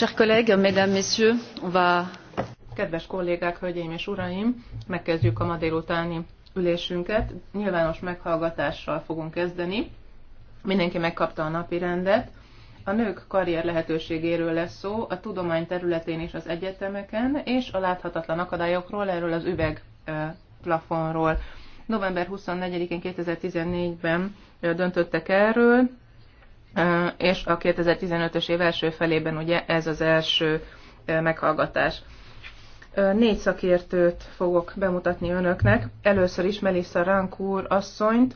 Chers collègues, mesdames, messieurs, on va... Kedves kollégák, hölgyeim és uraim, megkezdjük a ma délutáni ülésünket. Nyilvános meghallgatással fogunk kezdeni. Mindenki megkapta a napi rendet. A nők karrier lehetőségéről lesz szó, a tudomány területén és az egyetemeken, és a láthatatlan akadályokról, erről az üveg plafonról. November 24-én 2014-ben döntöttek erről, és a 2015-ös év első felében ugye ez az első meghallgatás. Négy szakértőt fogok bemutatni önöknek. Először is Melissa Rankúr asszonyt,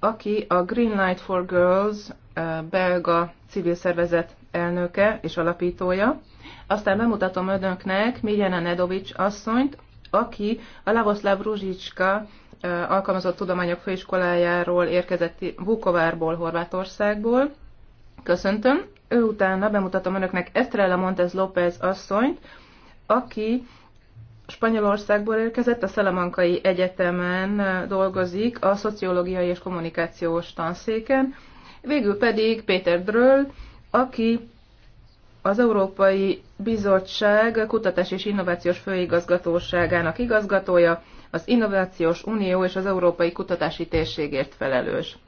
aki a Green Light for Girls belga civil szervezet elnöke és alapítója. Aztán bemutatom önöknek Mirjana Nedovics asszonyt, aki a Lavoslav Ruzsicska alkalmazott tudományok főiskolájáról érkezett Vukovárból, Horvátországból, Köszöntöm. Ő utána bemutatom önöknek Estrella Montez López asszonyt, aki Spanyolországból érkezett, a Szelemankai Egyetemen dolgozik, a szociológiai és kommunikációs tanszéken, végül pedig Péter Dröll, aki az Európai Bizottság Kutatás és Innovációs Főigazgatóságának igazgatója, az Innovációs Unió és az Európai Kutatási Térségért felelős.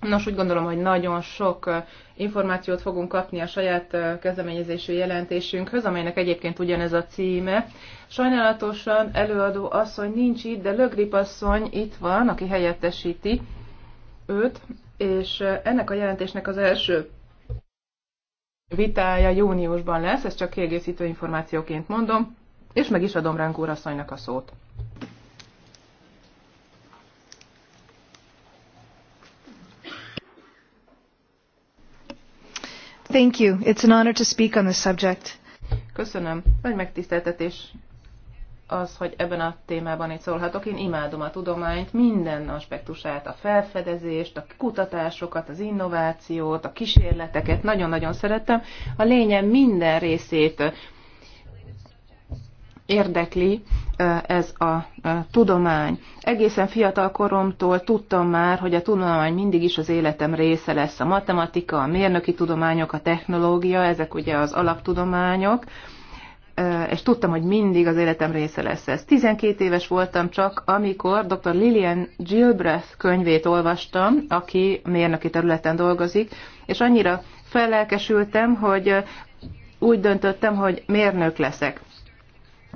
Nos, úgy gondolom, hogy nagyon sok információt fogunk kapni a saját kezdeményezésű jelentésünkhöz, amelynek egyébként ugyanez a címe. Sajnálatosan előadó asszony nincs itt, de Lögrip asszony itt van, aki helyettesíti őt, és ennek a jelentésnek az első vitája júniusban lesz, ezt csak kiegészítő információként mondom, és meg is adom ránk úrasszonynak a szót. Thank you. It's an honor to speak on this subject. Köszönöm. Nagy megtiszteltetés az, hogy ebben a témában itt szólhatok. Én imádom a tudományt, minden aspektusát, a felfedezést, a kutatásokat, az innovációt, a kísérleteket, nagyon-nagyon szerettem. A lényem minden részét érdekli ez a tudomány. Egészen fiatal koromtól tudtam már, hogy a tudomány mindig is az életem része lesz. A matematika, a mérnöki tudományok, a technológia, ezek ugye az alaptudományok, és tudtam, hogy mindig az életem része lesz ez. 12 éves voltam csak, amikor dr. Lillian Gilbreth könyvét olvastam, aki mérnöki területen dolgozik, és annyira fellelkesültem, hogy úgy döntöttem, hogy mérnök leszek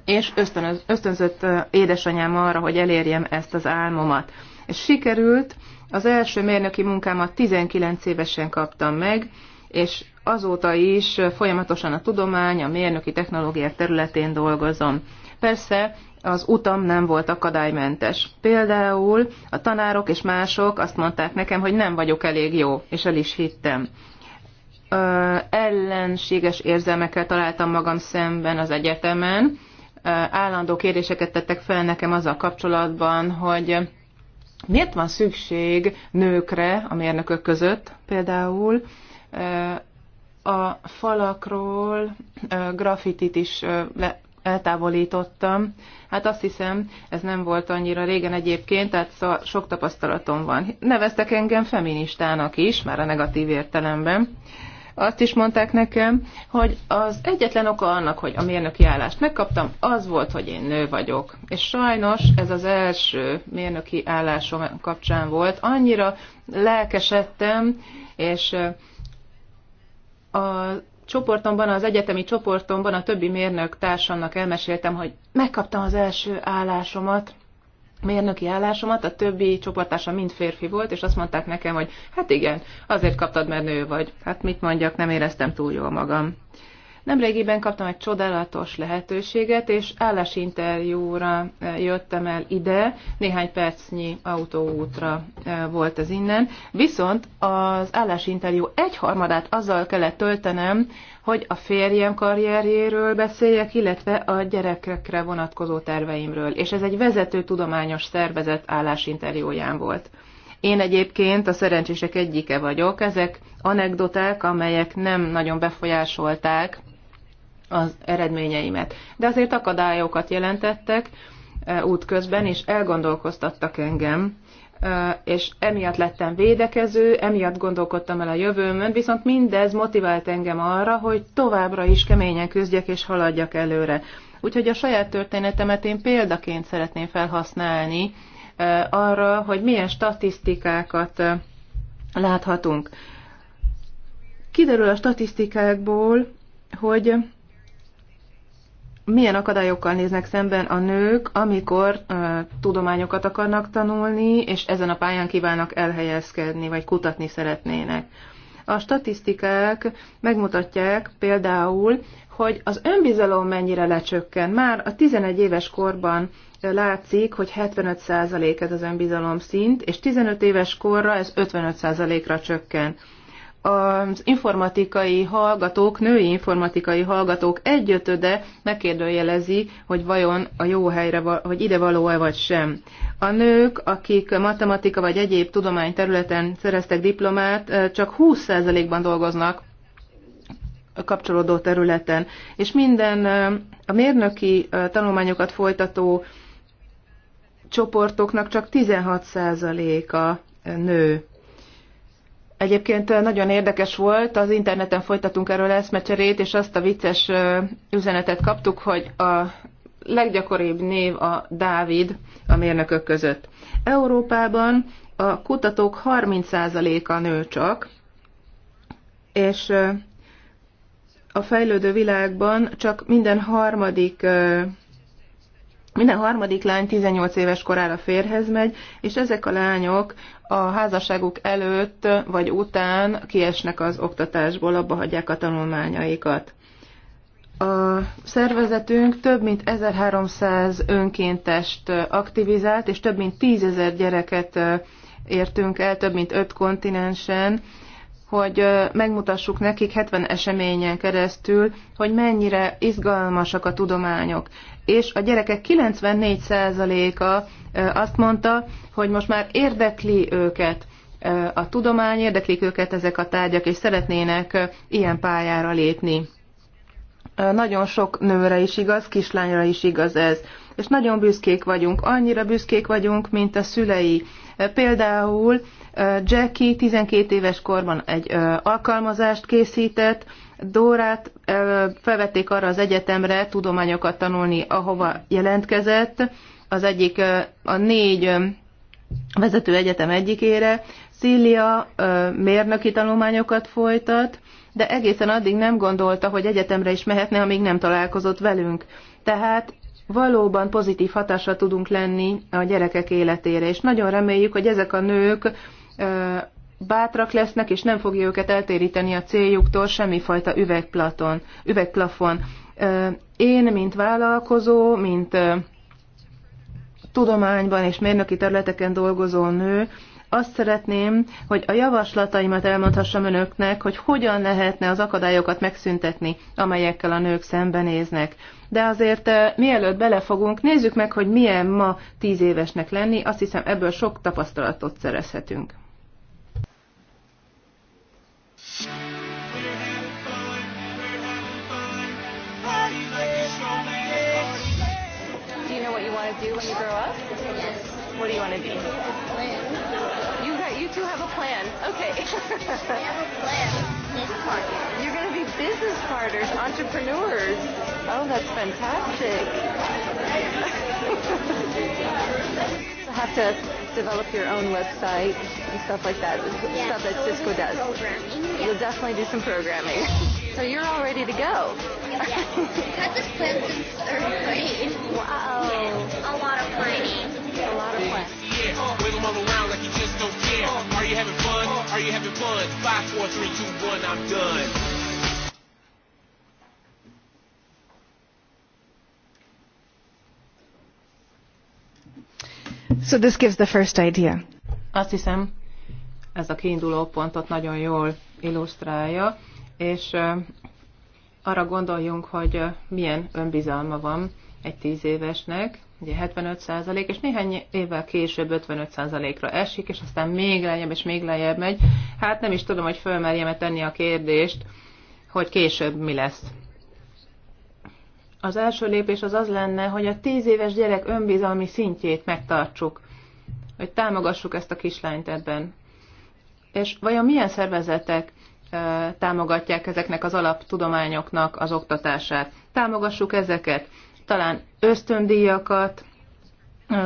és ösztönöz, ösztönzött édesanyám arra, hogy elérjem ezt az álmomat. És sikerült, az első mérnöki munkámat 19 évesen kaptam meg, és azóta is folyamatosan a tudomány, a mérnöki technológiák területén dolgozom. Persze az utam nem volt akadálymentes. Például a tanárok és mások azt mondták nekem, hogy nem vagyok elég jó, és el is hittem. Ö, ellenséges érzelmekkel találtam magam szemben az egyetemen, állandó kérdéseket tettek fel nekem azzal kapcsolatban, hogy miért van szükség nőkre a mérnökök között például, a falakról grafitit is le, eltávolítottam. Hát azt hiszem, ez nem volt annyira régen egyébként, tehát sok tapasztalatom van. Neveztek engem feministának is, már a negatív értelemben azt is mondták nekem, hogy az egyetlen oka annak, hogy a mérnöki állást megkaptam, az volt, hogy én nő vagyok. És sajnos ez az első mérnöki állásom kapcsán volt. Annyira lelkesedtem, és a csoportomban, az egyetemi csoportomban a többi mérnök társamnak elmeséltem, hogy megkaptam az első állásomat, mérnöki állásomat, a többi csoportása mind férfi volt, és azt mondták nekem, hogy hát igen, azért kaptad, mert nő vagy. Hát mit mondjak, nem éreztem túl jól magam. Nemrégiben kaptam egy csodálatos lehetőséget, és állásinterjúra e, jöttem el ide, néhány percnyi autóútra e, volt ez innen, viszont az állásinterjú egyharmadát azzal kellett töltenem, hogy a férjem karrierjéről beszéljek, illetve a gyerekekre vonatkozó terveimről. És ez egy vezető tudományos szervezet állásinterjúján volt. Én egyébként a szerencsések egyike vagyok. Ezek anekdoták, amelyek nem nagyon befolyásolták az eredményeimet. De azért akadályokat jelentettek e, útközben, és elgondolkoztattak engem, e, és emiatt lettem védekező, emiatt gondolkodtam el a jövőmön, viszont mindez motivált engem arra, hogy továbbra is keményen küzdjek és haladjak előre. Úgyhogy a saját történetemet én példaként szeretném felhasználni e, arra, hogy milyen statisztikákat láthatunk. Kiderül a statisztikákból, hogy milyen akadályokkal néznek szemben a nők, amikor uh, tudományokat akarnak tanulni, és ezen a pályán kívánnak elhelyezkedni, vagy kutatni szeretnének. A statisztikák megmutatják például, hogy az önbizalom mennyire lecsökken. Már a 11 éves korban látszik, hogy 75% ez az önbizalom szint, és 15 éves korra ez 55%-ra csökken az informatikai hallgatók, női informatikai hallgatók egyötöde megkérdőjelezi, hogy vajon a jó helyre, hogy ide való-e vagy sem. A nők, akik matematika vagy egyéb tudományterületen szereztek diplomát, csak 20%-ban dolgoznak a kapcsolódó területen. És minden a mérnöki tanulmányokat folytató csoportoknak csak 16%-a nő. Egyébként eh, nagyon érdekes volt, az interneten folytatunk erről eszmecserét, és azt a vicces eh, üzenetet kaptuk, hogy a leggyakoribb név a Dávid a mérnökök között. Európában a kutatók 30%-a nő csak, és eh, a fejlődő világban csak minden harmadik minden harmadik lány 18 éves korára férhez megy, és ezek a lányok a házasságuk előtt vagy után kiesnek az oktatásból, abba hagyják a tanulmányaikat. A szervezetünk több mint 1300 önkéntest aktivizált, és több mint 10.000 gyereket értünk el, több mint 5 kontinensen, hogy megmutassuk nekik 70 eseményen keresztül, hogy mennyire izgalmasak a tudományok és a gyerekek 94%-a azt mondta, hogy most már érdekli őket a tudomány, érdeklik őket ezek a tárgyak, és szeretnének ilyen pályára lépni. Nagyon sok nőre is igaz, kislányra is igaz ez. És nagyon büszkék vagyunk, annyira büszkék vagyunk, mint a szülei. Például Jackie 12 éves korban egy alkalmazást készített, Dórát felvették arra az egyetemre tudományokat tanulni, ahova jelentkezett, az egyik, a négy vezető egyetem egyikére. Szília mérnöki tanulmányokat folytat, de egészen addig nem gondolta, hogy egyetemre is mehetne, amíg nem találkozott velünk. Tehát valóban pozitív hatásra tudunk lenni a gyerekek életére, és nagyon reméljük, hogy ezek a nők bátrak lesznek, és nem fogja őket eltéríteni a céljuktól semmifajta üvegplaton, üvegplafon. Én, mint vállalkozó, mint tudományban és mérnöki területeken dolgozó nő, azt szeretném, hogy a javaslataimat elmondhassam önöknek, hogy hogyan lehetne az akadályokat megszüntetni, amelyekkel a nők szembenéznek. De azért mielőtt belefogunk, nézzük meg, hogy milyen ma tíz évesnek lenni, azt hiszem ebből sok tapasztalatot szerezhetünk. to do when you grow up? Yes. What do you want to be? a plan. You got you two have a plan. Okay. we have a plan. Business partners. You're gonna be business partners, entrepreneurs. Oh, that's fantastic. have to develop your own website and stuff like that. Yeah, stuff that Cisco does. Programming. Yeah. You'll definitely do some programming. So you're all ready to go. Yeah. Had this plan since third grade. Wow. A lot of planning. A lot of planning. Yeah, uh, wiggle all around like you just don't care. Are you having fun? Are you having fun? Five, four, three, two, one. I'm done. So this gives the first idea. Azt hiszem, ez a kiinduló pontot nagyon jól illusztrálja és arra gondoljunk, hogy milyen önbizalma van egy tíz évesnek, ugye 75 százalék, és néhány évvel később 55 százalékra esik, és aztán még lejjebb és még lejjebb megy. Hát nem is tudom, hogy fölmerjem-e tenni a kérdést, hogy később mi lesz. Az első lépés az az lenne, hogy a tíz éves gyerek önbizalmi szintjét megtartsuk, hogy támogassuk ezt a kislányt ebben. És vajon milyen szervezetek támogatják ezeknek az alaptudományoknak az oktatását. Támogassuk ezeket, talán ösztöndíjakat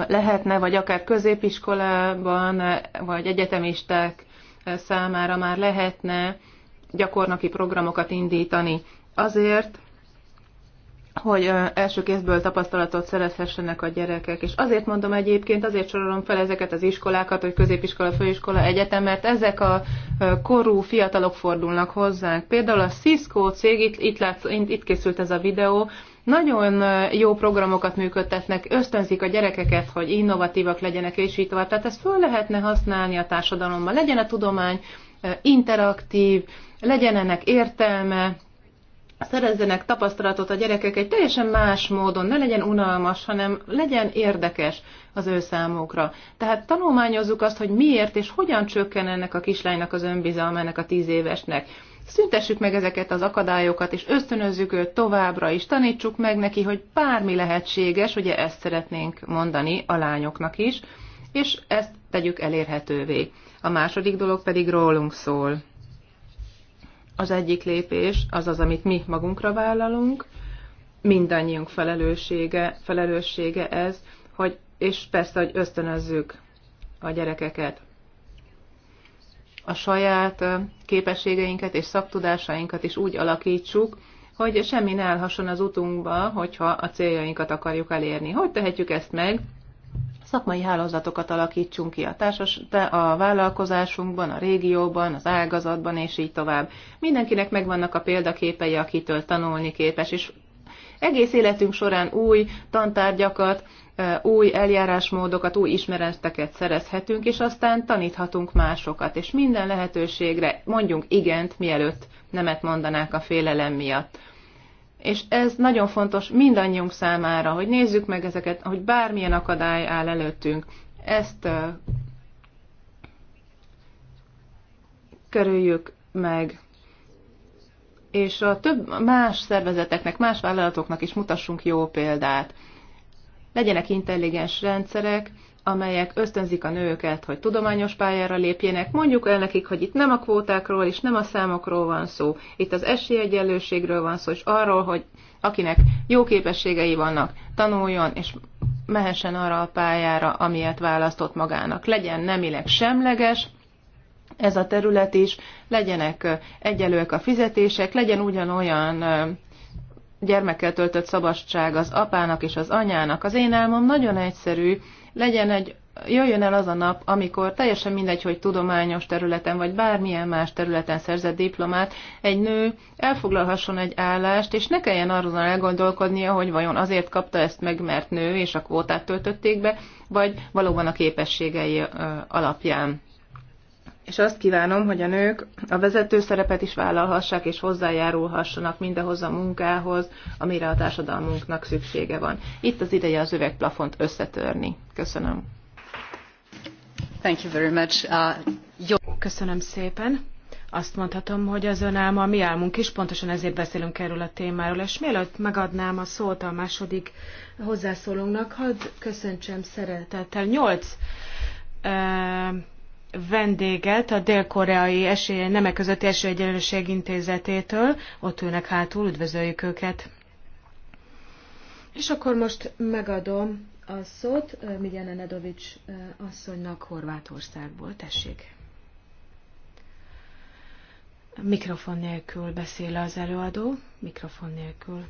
lehetne, vagy akár középiskolában, vagy egyetemisták számára már lehetne gyakornoki programokat indítani. Azért, hogy első kézből tapasztalatot szerezhessenek a gyerekek. És azért mondom egyébként, azért sorolom fel ezeket az iskolákat, hogy középiskola, főiskola, egyetem, mert ezek a korú fiatalok fordulnak hozzánk. Például a Cisco cég, itt, itt, látsz, itt készült ez a videó, nagyon jó programokat működtetnek, ösztönzik a gyerekeket, hogy innovatívak legyenek, és így tovább. Tehát ezt föl lehetne használni a társadalomban. Legyen a tudomány interaktív, legyen ennek értelme, szerezzenek tapasztalatot a gyerekek egy teljesen más módon, ne legyen unalmas, hanem legyen érdekes az ő számukra. Tehát tanulmányozzuk azt, hogy miért és hogyan csökken ennek a kislánynak az önbizalmának a tíz évesnek. Szüntessük meg ezeket az akadályokat, és ösztönözzük őt továbbra is, tanítsuk meg neki, hogy bármi lehetséges, ugye ezt szeretnénk mondani a lányoknak is, és ezt tegyük elérhetővé. A második dolog pedig rólunk szól. Az egyik lépés az az, amit mi magunkra vállalunk, mindannyiunk felelőssége, felelőssége ez, hogy, és persze, hogy ösztönözzük a gyerekeket. A saját képességeinket és szaktudásainkat is úgy alakítsuk, hogy semmi ne állhasson az utunkba, hogyha a céljainkat akarjuk elérni. Hogy tehetjük ezt meg? szakmai hálózatokat alakítsunk ki a, társas, a vállalkozásunkban, a régióban, az ágazatban, és így tovább. Mindenkinek megvannak a példaképei, akitől tanulni képes, és egész életünk során új tantárgyakat, új eljárásmódokat, új ismereteket szerezhetünk, és aztán taníthatunk másokat, és minden lehetőségre mondjunk igent, mielőtt nemet mondanák a félelem miatt és ez nagyon fontos mindannyiunk számára, hogy nézzük meg ezeket, hogy bármilyen akadály áll előttünk. Ezt körüljük meg. És a több más szervezeteknek, más vállalatoknak is mutassunk jó példát. Legyenek intelligens rendszerek, amelyek ösztönzik a nőket, hogy tudományos pályára lépjenek. Mondjuk el nekik, hogy itt nem a kvótákról és nem a számokról van szó, itt az esélyegyenlőségről van szó, és arról, hogy akinek jó képességei vannak, tanuljon és mehessen arra a pályára, amilyet választott magának. Legyen nemileg semleges, ez a terület is, legyenek egyelőek a fizetések, legyen ugyanolyan gyermekkel töltött szabadság az apának és az anyának. Az én álmom nagyon egyszerű, legyen egy jöjjön el az a nap, amikor teljesen mindegy, hogy tudományos területen, vagy bármilyen más területen szerzett diplomát, egy nő elfoglalhasson egy állást, és ne kelljen arról elgondolkodnia, hogy vajon azért kapta ezt meg, mert nő, és a kvótát töltötték be, vagy valóban a képességei alapján és azt kívánom, hogy a nők a vezető szerepet is vállalhassák, és hozzájárulhassanak mindehhoz a munkához, amire a társadalmunknak szüksége van. Itt az ideje az üvegplafont összetörni. Köszönöm. Thank you very much. Uh, jó. Köszönöm szépen. Azt mondhatom, hogy az ön álma a mi álmunk is, pontosan ezért beszélünk erről a témáról. És mielőtt megadnám a szót a második hozzászólónknak, hadd köszöntsem szeretettel nyolc uh, vendéget a dél-koreai esélye, nemek közötti esélyegyenlőség intézetétől. Ott ülnek hátul, üdvözöljük őket. És akkor most megadom a szót Migyana Nedovics asszonynak Horvátországból. Tessék! Mikrofon nélkül beszél az előadó. Mikrofon nélkül.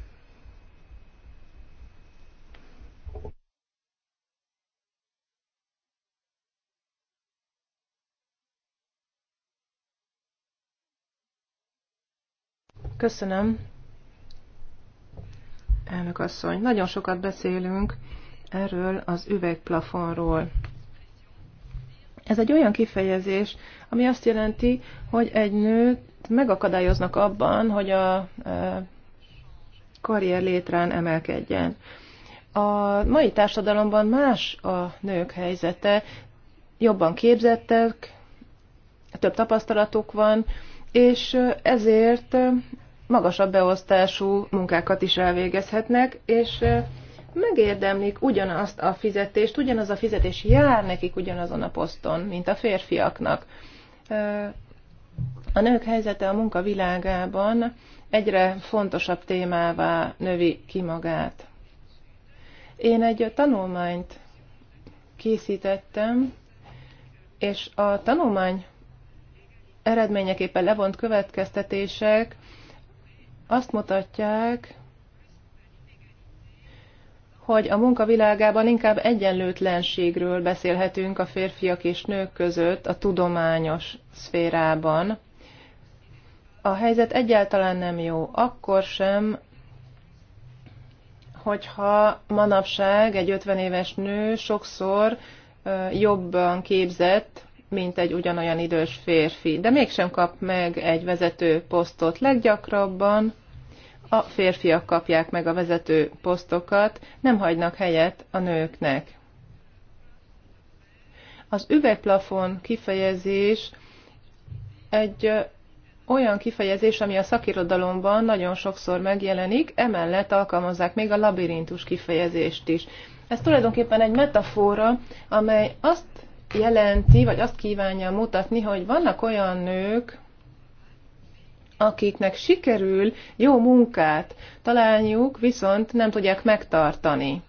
Köszönöm. Elnök asszony, nagyon sokat beszélünk erről az üvegplafonról. Ez egy olyan kifejezés, ami azt jelenti, hogy egy nőt megakadályoznak abban, hogy a e, karrier létrán emelkedjen. A mai társadalomban más a nők helyzete, jobban képzettek, több tapasztalatuk van, és ezért magasabb beosztású munkákat is elvégezhetnek, és megérdemlik ugyanazt a fizetést, ugyanaz a fizetés jár nekik ugyanazon a poszton, mint a férfiaknak. A nők helyzete a munkavilágában egyre fontosabb témává növi ki magát. Én egy tanulmányt készítettem, és a tanulmány eredményeképpen levont következtetések azt mutatják, hogy a munkavilágában inkább egyenlőtlenségről beszélhetünk a férfiak és nők között a tudományos szférában. A helyzet egyáltalán nem jó, akkor sem, hogyha manapság egy 50 éves nő sokszor jobban képzett, mint egy ugyanolyan idős férfi, de mégsem kap meg egy vezető posztot. Leggyakrabban a férfiak kapják meg a vezető posztokat, nem hagynak helyet a nőknek. Az üvegplafon kifejezés egy olyan kifejezés, ami a szakirodalomban nagyon sokszor megjelenik, emellett alkalmazzák még a labirintus kifejezést is. Ez tulajdonképpen egy metafora, amely azt jelenti, vagy azt kívánja mutatni, hogy vannak olyan nők, akiknek sikerül jó munkát találniuk, viszont nem tudják megtartani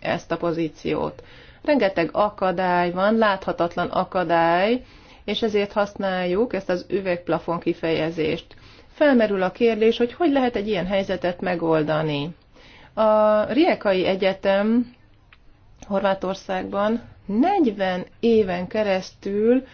ezt a pozíciót. Rengeteg akadály van, láthatatlan akadály, és ezért használjuk ezt az üvegplafon kifejezést. Felmerül a kérdés, hogy hogy lehet egy ilyen helyzetet megoldani. A Riekai Egyetem Horvátországban 40 éven keresztül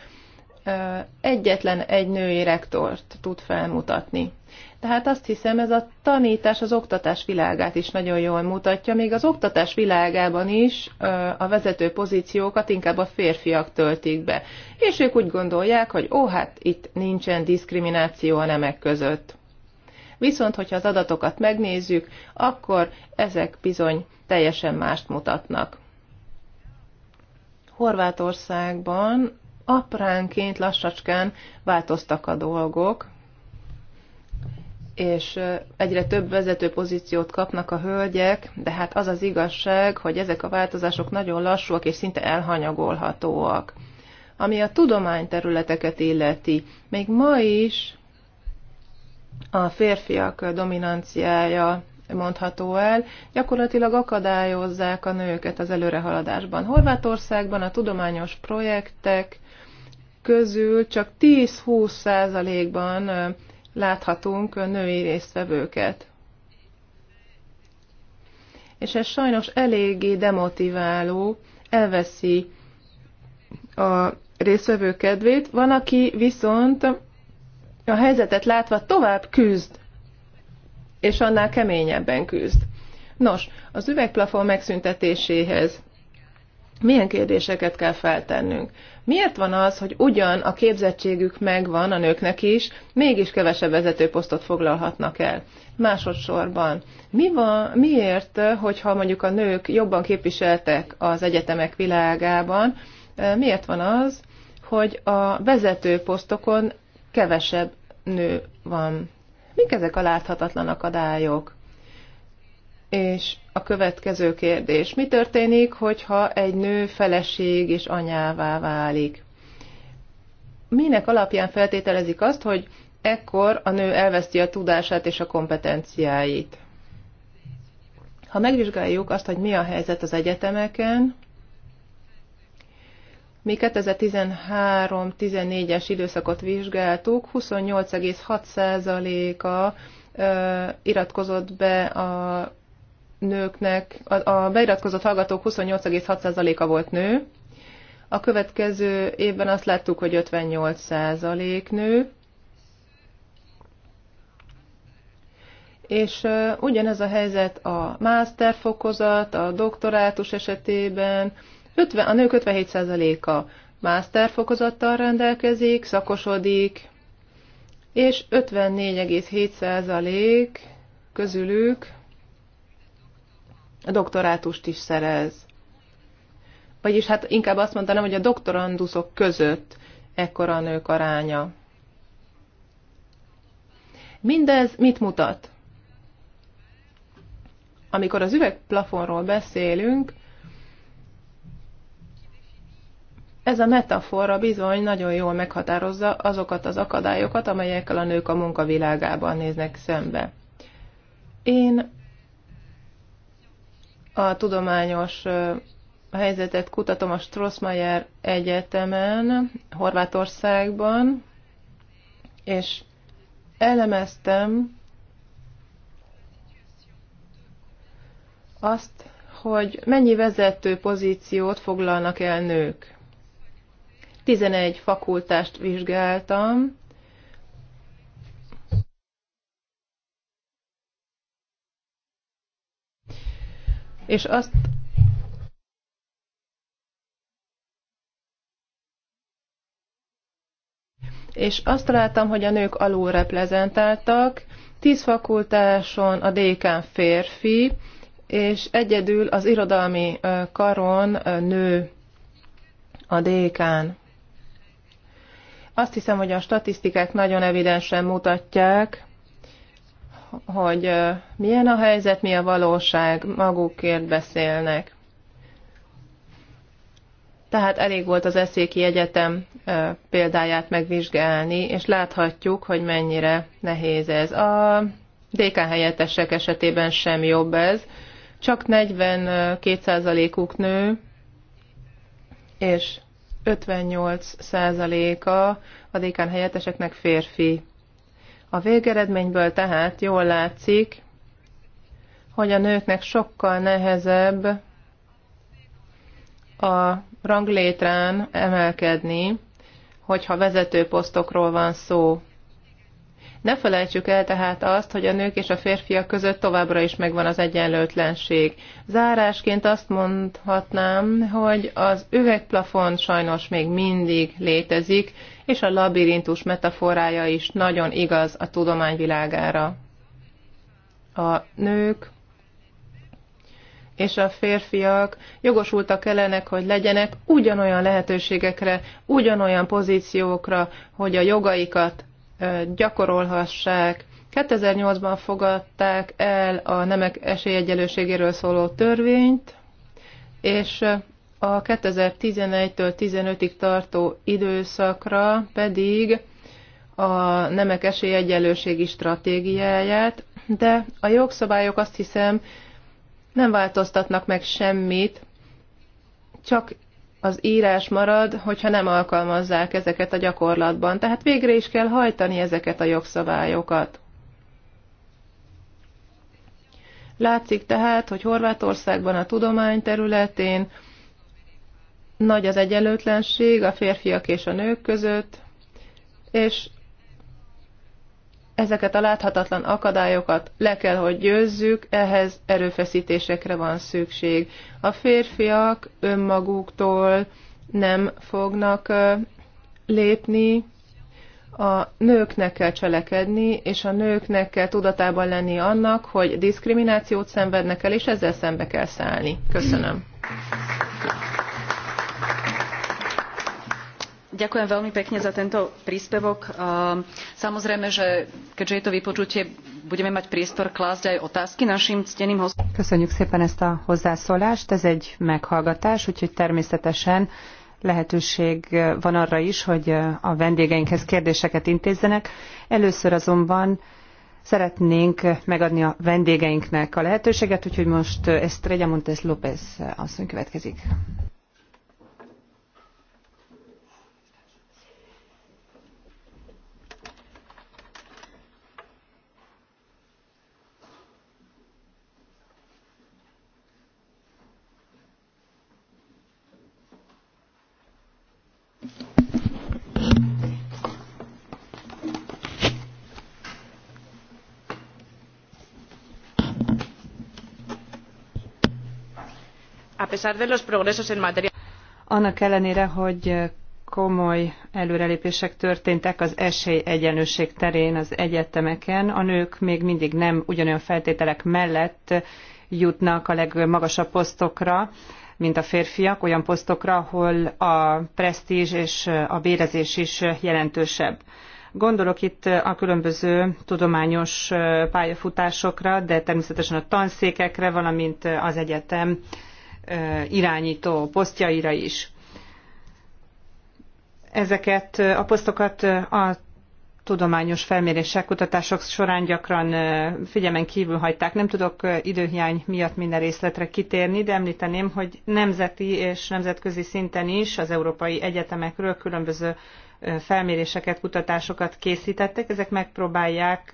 egyetlen egy női rektort tud felmutatni. Tehát azt hiszem, ez a tanítás az oktatás világát is nagyon jól mutatja, még az oktatás világában is a vezető pozíciókat inkább a férfiak töltik be. És ők úgy gondolják, hogy ó, hát itt nincsen diszkrimináció a nemek között. Viszont, hogyha az adatokat megnézzük, akkor ezek bizony teljesen mást mutatnak. Horvátországban apránként, lassacskán változtak a dolgok, és egyre több vezető pozíciót kapnak a hölgyek, de hát az az igazság, hogy ezek a változások nagyon lassúak és szinte elhanyagolhatóak. Ami a tudományterületeket illeti, még ma is a férfiak dominanciája mondható el, gyakorlatilag akadályozzák a nőket az előrehaladásban. Horvátországban a tudományos projektek közül csak 10-20 százalékban láthatunk női résztvevőket. És ez sajnos eléggé demotiváló, elveszi a résztvevő kedvét. Van, aki viszont a helyzetet látva tovább küzd és annál keményebben küzd. Nos, az üvegplafon megszüntetéséhez milyen kérdéseket kell feltennünk? Miért van az, hogy ugyan a képzettségük megvan a nőknek is, mégis kevesebb vezetőposztot foglalhatnak el? Másodszorban, mi van, miért, hogyha mondjuk a nők jobban képviseltek az egyetemek világában, miért van az, hogy a vezető posztokon kevesebb nő van? Mik ezek a láthatatlan akadályok? És a következő kérdés. Mi történik, hogyha egy nő feleség és anyává válik? Minek alapján feltételezik azt, hogy ekkor a nő elveszti a tudását és a kompetenciáit? Ha megvizsgáljuk azt, hogy mi a helyzet az egyetemeken, mi 2013-14-es időszakot vizsgáltuk, 28,6%-a iratkozott be a nőknek, a, a beiratkozott hallgatók 28,6%-a volt nő, a következő évben azt láttuk, hogy 58% nő, és ugyanez a helyzet a fokozat, a doktorátus esetében, 50, a nők 57%-a fokozattal rendelkezik, szakosodik, és 54,7% közülük a doktorátust is szerez. Vagyis hát inkább azt mondanám, hogy a doktoranduszok között ekkora a nők aránya. Mindez mit mutat? Amikor az üvegplafonról beszélünk, Ez a metafora bizony nagyon jól meghatározza azokat az akadályokat, amelyekkel a nők a munkavilágában néznek szembe. Én a tudományos helyzetet kutatom a Strossmayer Egyetemen, Horvátországban, és elemeztem azt, hogy mennyi vezető pozíciót foglalnak el nők. 11 fakultást vizsgáltam, és azt és azt találtam, hogy a nők alul reprezentáltak, 10 fakultáson a dékán férfi, és egyedül az irodalmi karon nő a dékán. Azt hiszem, hogy a statisztikák nagyon evidensen mutatják, hogy milyen a helyzet, mi a valóság, magukért beszélnek. Tehát elég volt az Eszéki Egyetem példáját megvizsgálni, és láthatjuk, hogy mennyire nehéz ez. A DK helyettesek esetében sem jobb ez, csak 42%-uk nő, és 58%-a a dékán helyetteseknek férfi. A végeredményből tehát jól látszik, hogy a nőknek sokkal nehezebb a ranglétrán emelkedni, hogyha vezető posztokról van szó. Ne felejtsük el tehát azt, hogy a nők és a férfiak között továbbra is megvan az egyenlőtlenség. Zárásként azt mondhatnám, hogy az üvegplafon sajnos még mindig létezik, és a labirintus metaforája is nagyon igaz a tudományvilágára. A nők és a férfiak jogosultak ellenek, hogy legyenek ugyanolyan lehetőségekre, ugyanolyan pozíciókra, hogy a jogaikat gyakorolhassák. 2008-ban fogadták el a nemek esélyegyelőségéről szóló törvényt, és a 2011-től 15-ig tartó időszakra pedig a nemek esélyegyelőségi stratégiáját, de a jogszabályok azt hiszem nem változtatnak meg semmit, csak az írás marad, hogyha nem alkalmazzák ezeket a gyakorlatban. Tehát végre is kell hajtani ezeket a jogszabályokat. Látszik tehát, hogy Horvátországban a tudomány területén nagy az egyenlőtlenség a férfiak és a nők között, és ezeket a láthatatlan akadályokat le kell, hogy győzzük, ehhez erőfeszítésekre van szükség. A férfiak önmaguktól nem fognak lépni, a nőknek kell cselekedni, és a nőknek kell tudatában lenni annak, hogy diszkriminációt szenvednek el, és ezzel szembe kell szállni. Köszönöm. ďakujem veľmi pekne za tento príspevok. Ehm, samozrejme že keďže je to vypočutie budeme mať priestor klásť aj otázky našim cteným hostom. Köszönjük szépen ezt a hozzászólást. Ez egy meghallgatás, úgyhogy természetesen lehetőség van arra is, hogy a vendégeinkhez kérdéseket intézzenek. Először azonban szeretnénk megadni a vendégeinknek a lehetőséget, úgyhogy most Estrella Montes López asszony következik. pesar de los progresos en materia. Annak ellenére, hogy komoly előrelépések történtek az esélyegyenlőség terén az egyetemeken, a nők még mindig nem ugyanolyan feltételek mellett jutnak a legmagasabb posztokra, mint a férfiak, olyan posztokra, ahol a presztízs és a bérezés is jelentősebb. Gondolok itt a különböző tudományos pályafutásokra, de természetesen a tanszékekre, valamint az egyetem irányító posztjaira is. Ezeket a posztokat a tudományos felmérések, kutatások során gyakran figyelmen kívül hagyták. Nem tudok időhiány miatt minden részletre kitérni, de említeném, hogy nemzeti és nemzetközi szinten is az európai egyetemekről különböző felméréseket, kutatásokat készítettek. Ezek megpróbálják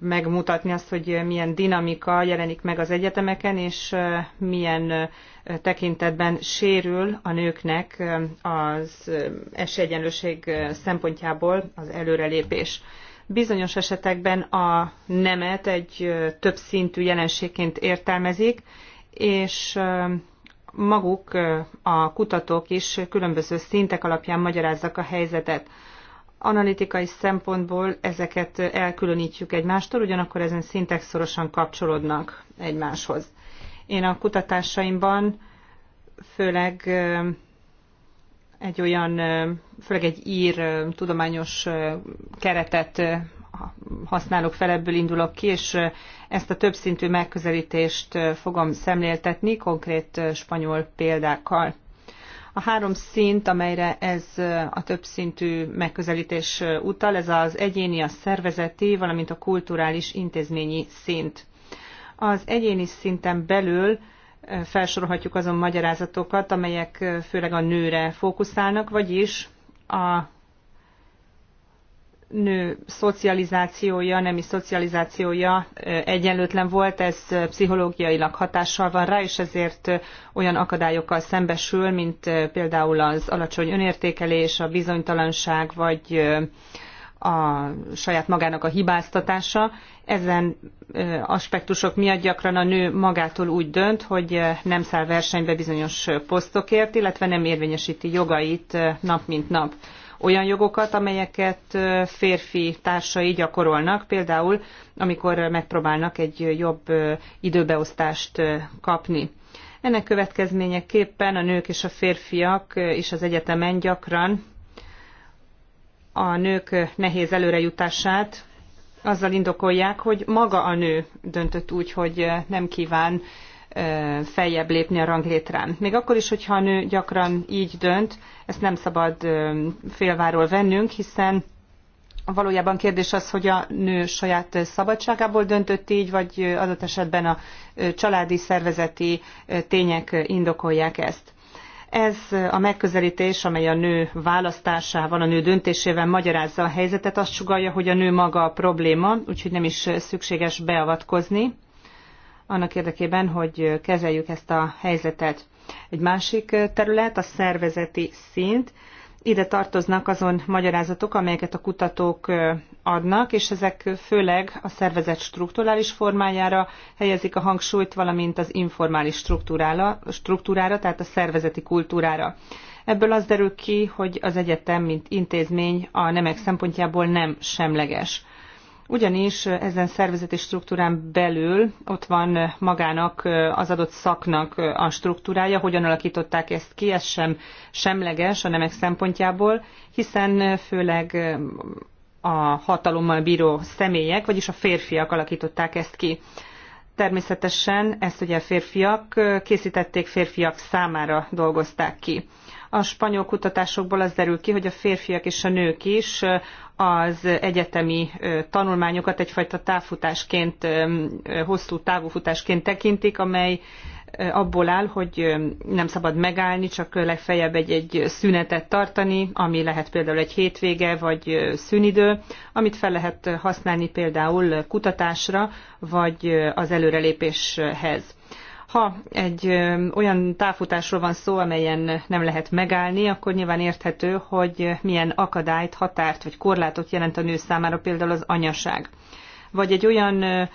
megmutatni azt, hogy milyen dinamika jelenik meg az egyetemeken, és milyen tekintetben sérül a nőknek az esélyegyenlőség szempontjából az előrelépés. Bizonyos esetekben a nemet egy többszintű jelenségként értelmezik, és maguk a kutatók is különböző szintek alapján magyarázzak a helyzetet analitikai szempontból ezeket elkülönítjük egymástól, ugyanakkor ezen szintek szorosan kapcsolódnak egymáshoz. Én a kutatásaimban főleg egy olyan, főleg egy ír tudományos keretet használok fel, ebből indulok ki, és ezt a többszintű megközelítést fogom szemléltetni konkrét spanyol példákkal. A három szint, amelyre ez a többszintű megközelítés utal, ez az egyéni, a szervezeti, valamint a kulturális intézményi szint. Az egyéni szinten belül felsorolhatjuk azon magyarázatokat, amelyek főleg a nőre fókuszálnak, vagyis a nő szocializációja, nemi szocializációja egyenlőtlen volt, ez pszichológiailag hatással van rá, és ezért olyan akadályokkal szembesül, mint például az alacsony önértékelés, a bizonytalanság, vagy a saját magának a hibáztatása. Ezen aspektusok miatt gyakran a nő magától úgy dönt, hogy nem száll versenybe bizonyos posztokért, illetve nem érvényesíti jogait nap mint nap olyan jogokat, amelyeket férfi társai gyakorolnak, például amikor megpróbálnak egy jobb időbeosztást kapni. Ennek következményeképpen a nők és a férfiak és az egyetemen gyakran a nők nehéz előrejutását azzal indokolják, hogy maga a nő döntött úgy, hogy nem kíván feljebb lépni a ranglétrán. Még akkor is, hogyha a nő gyakran így dönt, ezt nem szabad félváról vennünk, hiszen valójában kérdés az, hogy a nő saját szabadságából döntött így, vagy adott esetben a családi szervezeti tények indokolják ezt. Ez a megközelítés, amely a nő választásával, a nő döntésével magyarázza a helyzetet, azt sugalja, hogy a nő maga a probléma, úgyhogy nem is szükséges beavatkozni annak érdekében, hogy kezeljük ezt a helyzetet. Egy másik terület a szervezeti szint. Ide tartoznak azon magyarázatok, amelyeket a kutatók adnak, és ezek főleg a szervezet strukturális formájára helyezik a hangsúlyt, valamint az informális struktúrára, struktúrára tehát a szervezeti kultúrára. Ebből az derül ki, hogy az egyetem, mint intézmény a nemek szempontjából nem semleges ugyanis ezen szervezeti struktúrán belül ott van magának eh, az adott szaknak eh, a struktúrája, hogyan alakították ezt ki, ez sem semleges a nemek szempontjából, hiszen eh, főleg a hatalommal bíró személyek, vagyis a férfiak alakították ezt ki. Természetesen ezt ugye férfiak készítették, férfiak számára dolgozták ki. A spanyol kutatásokból az derül ki, hogy a férfiak és a nők is az egyetemi tanulmányokat egyfajta távfutásként, hosszú futásként tekintik, amely abból áll, hogy nem szabad megállni, csak legfeljebb egy-egy szünetet tartani, ami lehet például egy hétvége vagy szünidő, amit fel lehet használni például kutatásra, vagy az előrelépéshez ha egy olyan távfutásról van szó, amelyen nem lehet megállni, akkor nyilván érthető, hogy milyen akadályt, határt vagy korlátot jelent a nő számára például az anyaság. Vagy egy olyan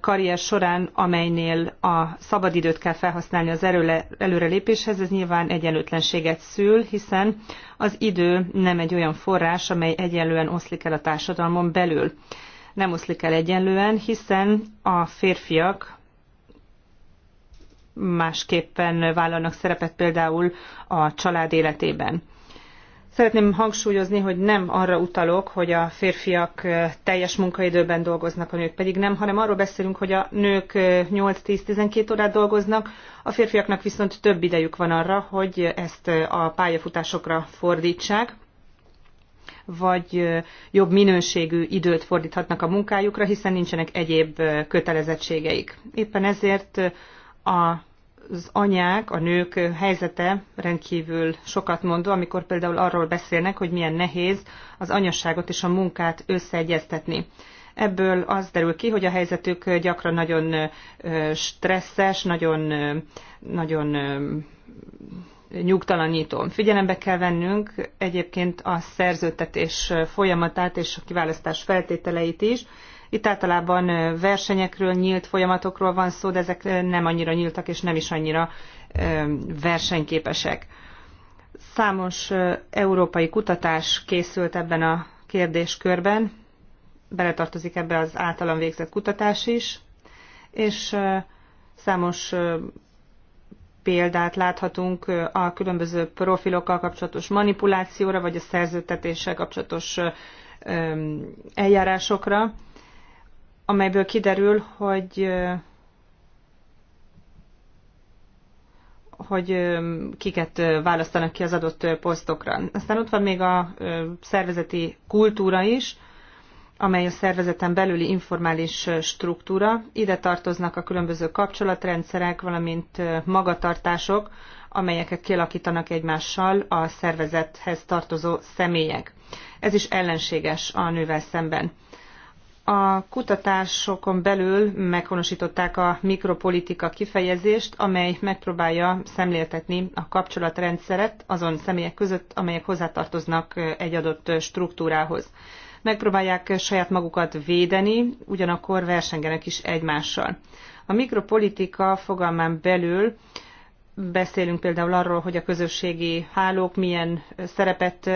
karrier során, amelynél a szabadidőt kell felhasználni az erőle, előrelépéshez, ez nyilván egyenlőtlenséget szül, hiszen az idő nem egy olyan forrás, amely egyenlően oszlik el a társadalmon belül. Nem oszlik el egyenlően, hiszen a férfiak másképpen vállalnak szerepet például a család életében. Szeretném hangsúlyozni, hogy nem arra utalok, hogy a férfiak teljes munkaidőben dolgoznak, a nők pedig nem, hanem arról beszélünk, hogy a nők 8-10-12 órát dolgoznak, a férfiaknak viszont több idejük van arra, hogy ezt a pályafutásokra fordítsák vagy jobb minőségű időt fordíthatnak a munkájukra, hiszen nincsenek egyéb kötelezettségeik. Éppen ezért az anyák, a nők helyzete rendkívül sokat mondó, amikor például arról beszélnek, hogy milyen nehéz az anyasságot és a munkát összeegyeztetni. Ebből az derül ki, hogy a helyzetük gyakran nagyon stresszes, nagyon, nagyon nyugtalanító. Figyelembe kell vennünk egyébként a szerződtetés folyamatát és a kiválasztás feltételeit is, itt általában versenyekről, nyílt folyamatokról van szó, de ezek nem annyira nyíltak és nem is annyira versenyképesek. Számos európai kutatás készült ebben a kérdéskörben, beletartozik ebbe az általam végzett kutatás is, és számos példát láthatunk a különböző profilokkal kapcsolatos manipulációra, vagy a szerződtetéssel kapcsolatos eljárásokra amelyből kiderül, hogy hogy kiket választanak ki az adott posztokra. Aztán ott van még a szervezeti kultúra is, amely a szervezeten belüli informális struktúra. Ide tartoznak a különböző kapcsolatrendszerek, valamint magatartások, amelyeket kialakítanak egymással a szervezethez tartozó személyek. Ez is ellenséges a nővel szemben. A kutatásokon belül meghonosították a mikropolitika kifejezést, amely megpróbálja szemléltetni a kapcsolatrendszeret azon személyek között, amelyek hozzátartoznak egy adott struktúrához. Megpróbálják saját magukat védeni, ugyanakkor versengenek is egymással. A mikropolitika fogalmán belül beszélünk például arról, hogy a közösségi hálók milyen szerepet,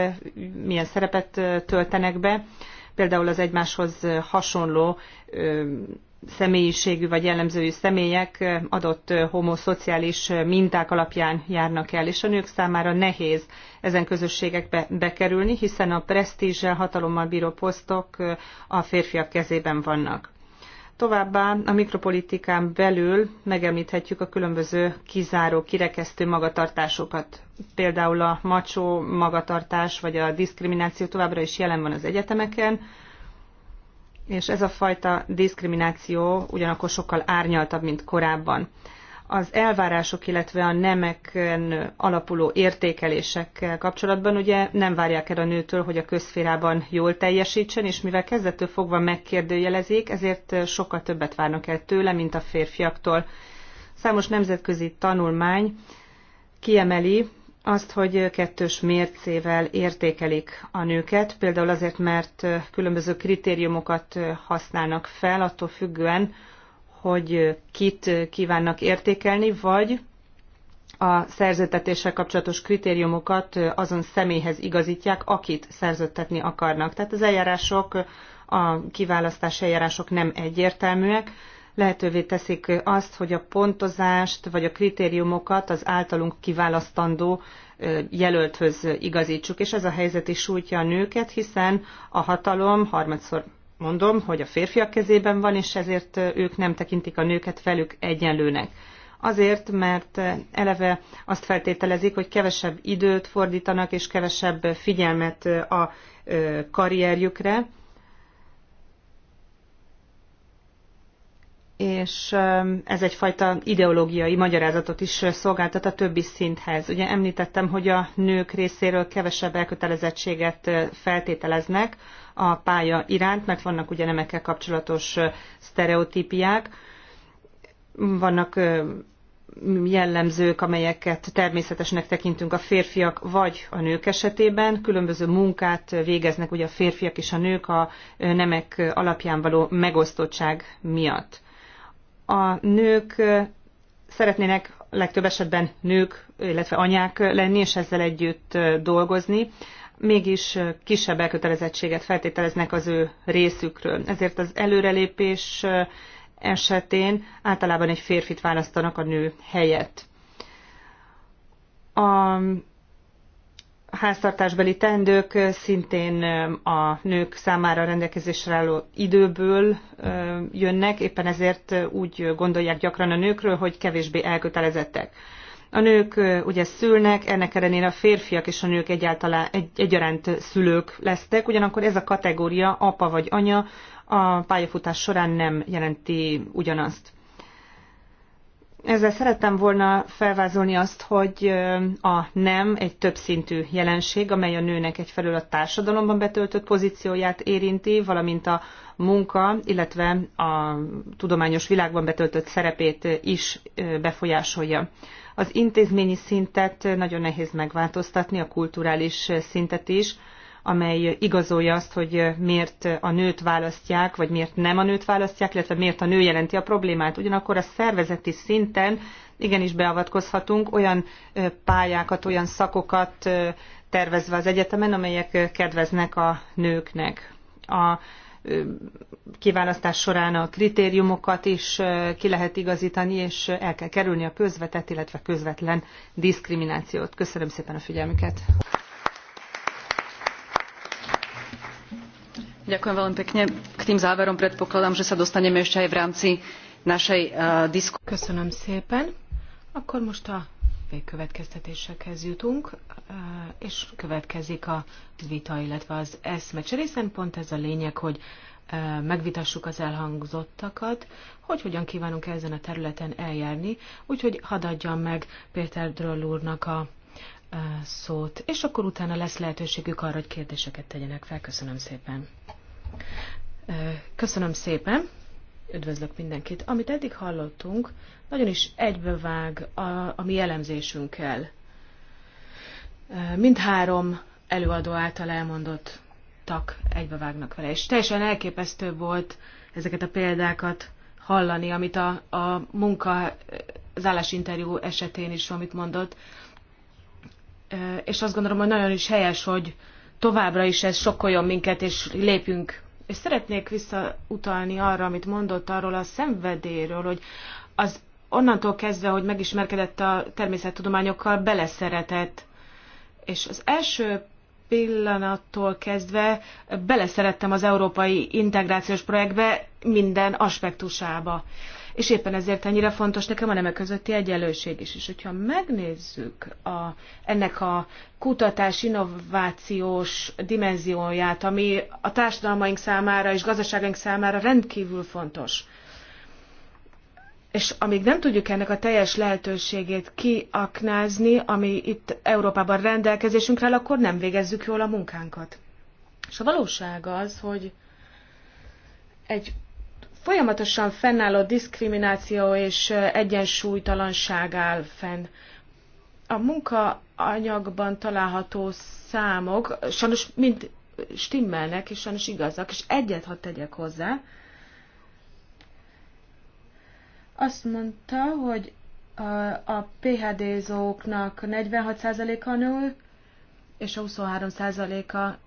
milyen szerepet töltenek be, például az egymáshoz hasonló személyiségű vagy jellemzői személyek adott homoszociális minták alapján járnak el, és a nők számára nehéz ezen közösségekbe bekerülni, hiszen a presztízsel, hatalommal bíró posztok a férfiak kezében vannak. Továbbá a mikropolitikán belül megemlíthetjük a különböző kizáró, kirekesztő magatartásokat. Például a macsó magatartás vagy a diszkrimináció továbbra is jelen van az egyetemeken, és ez a fajta diszkrimináció ugyanakkor sokkal árnyaltabb, mint korábban az elvárások, illetve a nemeken alapuló értékelésekkel kapcsolatban ugye nem várják el a nőtől, hogy a közférában jól teljesítsen, és mivel kezdettől fogva megkérdőjelezik, ezért sokkal többet várnak el tőle, mint a férfiaktól. Számos nemzetközi tanulmány kiemeli azt, hogy kettős mércével értékelik a nőket, például azért, mert különböző kritériumokat használnak fel, attól függően, hogy kit kívánnak értékelni, vagy a szerzőtetéssel kapcsolatos kritériumokat azon személyhez igazítják, akit szerzőtetni akarnak. Tehát az eljárások, a kiválasztási eljárások nem egyértelműek, lehetővé teszik azt, hogy a pontozást vagy a kritériumokat az általunk kiválasztandó jelölthöz igazítsuk. És ez a helyzet is sújtja a nőket, hiszen a hatalom, harmadszor mondom, hogy a férfiak kezében van, és ezért ők nem tekintik a nőket velük egyenlőnek. Azért, mert eleve azt feltételezik, hogy kevesebb időt fordítanak, és kevesebb figyelmet a karrierjükre, és ez egyfajta ideológiai magyarázatot is szolgáltat a többi szinthez. Ugye említettem, hogy a nők részéről kevesebb elkötelezettséget feltételeznek, a pálya iránt, mert vannak ugye nemekkel kapcsolatos sztereotípiák, vannak jellemzők, amelyeket természetesnek tekintünk a férfiak vagy a nők esetében. Különböző munkát végeznek ugye a férfiak és a nők a nemek alapján való megosztottság miatt. A nők szeretnének legtöbb esetben nők, illetve anyák lenni, és ezzel együtt dolgozni mégis kisebb elkötelezettséget feltételeznek az ő részükről. Ezért az előrelépés esetén általában egy férfit választanak a nő helyett. A háztartásbeli tendők szintén a nők számára rendelkezésre álló időből jönnek, éppen ezért úgy gondolják gyakran a nőkről, hogy kevésbé elkötelezettek. A nők ugye szülnek, ennek ellenére a férfiak és a nők egyáltalán egy, egyaránt szülők lesztek, ugyanakkor ez a kategória apa vagy anya a pályafutás során nem jelenti ugyanazt. Ezzel szerettem volna felvázolni azt, hogy a nem egy többszintű jelenség, amely a nőnek egyfelől a társadalomban betöltött pozícióját érinti, valamint a munka, illetve a tudományos világban betöltött szerepét is befolyásolja. Az intézményi szintet nagyon nehéz megváltoztatni, a kulturális szintet is, amely igazolja azt, hogy miért a nőt választják, vagy miért nem a nőt választják, illetve miért a nő jelenti a problémát. Ugyanakkor a szervezeti szinten igenis beavatkozhatunk, olyan pályákat, olyan szakokat tervezve az egyetemen, amelyek kedveznek a nőknek. A kiválasztás során a kritériumokat is ki lehet igazítani, és el kell kerülni a közvetett, illetve közvetlen diszkriminációt. Köszönöm szépen a figyelmüket! Ďakujem veľmi pekne. K tým záverom predpokladám, že sa dostaneme ešte aj v rámci našej uh, e, diskusie. Köszönöm szépen. Akkor most a végkövetkeztetésekhez jutunk, eh, és következik a vita, illetve az eszmecsere, szempont pont ez a lényeg, hogy eh, megvitassuk az elhangzottakat, hogy hogyan kívánunk ezen a területen eljárni, úgyhogy hadd adjam meg Péter Dröll úrnak a eh, szót, és akkor utána lesz lehetőségük arra, hogy kérdéseket tegyenek fel. Köszönöm szépen. Köszönöm szépen. Üdvözlök mindenkit. Amit eddig hallottunk, nagyon is egybevág a, a mi elemzésünkkel. Mindhárom előadó által elmondottak egybevágnak vele. És teljesen elképesztő volt ezeket a példákat hallani, amit a, a munka, az állásinterjú esetén is, amit mondott. És azt gondolom, hogy nagyon is helyes, hogy továbbra is ez sokkoljon minket, és lépjünk és szeretnék visszautalni arra, amit mondott arról a szenvedéről, hogy az onnantól kezdve, hogy megismerkedett a természettudományokkal, beleszeretett. És az első pillanattól kezdve beleszerettem az európai integrációs projektbe minden aspektusába és éppen ezért ennyire fontos nekem a nemek közötti egyenlőség is. És hogyha megnézzük a, ennek a kutatás innovációs dimenzióját, ami a társadalmaink számára és gazdaságaink számára rendkívül fontos, és amíg nem tudjuk ennek a teljes lehetőségét kiaknázni, ami itt Európában rendelkezésünkre áll, akkor nem végezzük jól a munkánkat. És a valóság az, hogy egy folyamatosan fennálló diszkrimináció és egyensúlytalanság áll fenn. A munkaanyagban található számok sajnos mind stimmelnek, és sajnos igazak, és egyet hadd tegyek hozzá. Azt mondta, hogy a PHD-zóknak 46%-a nő, és a 23%-a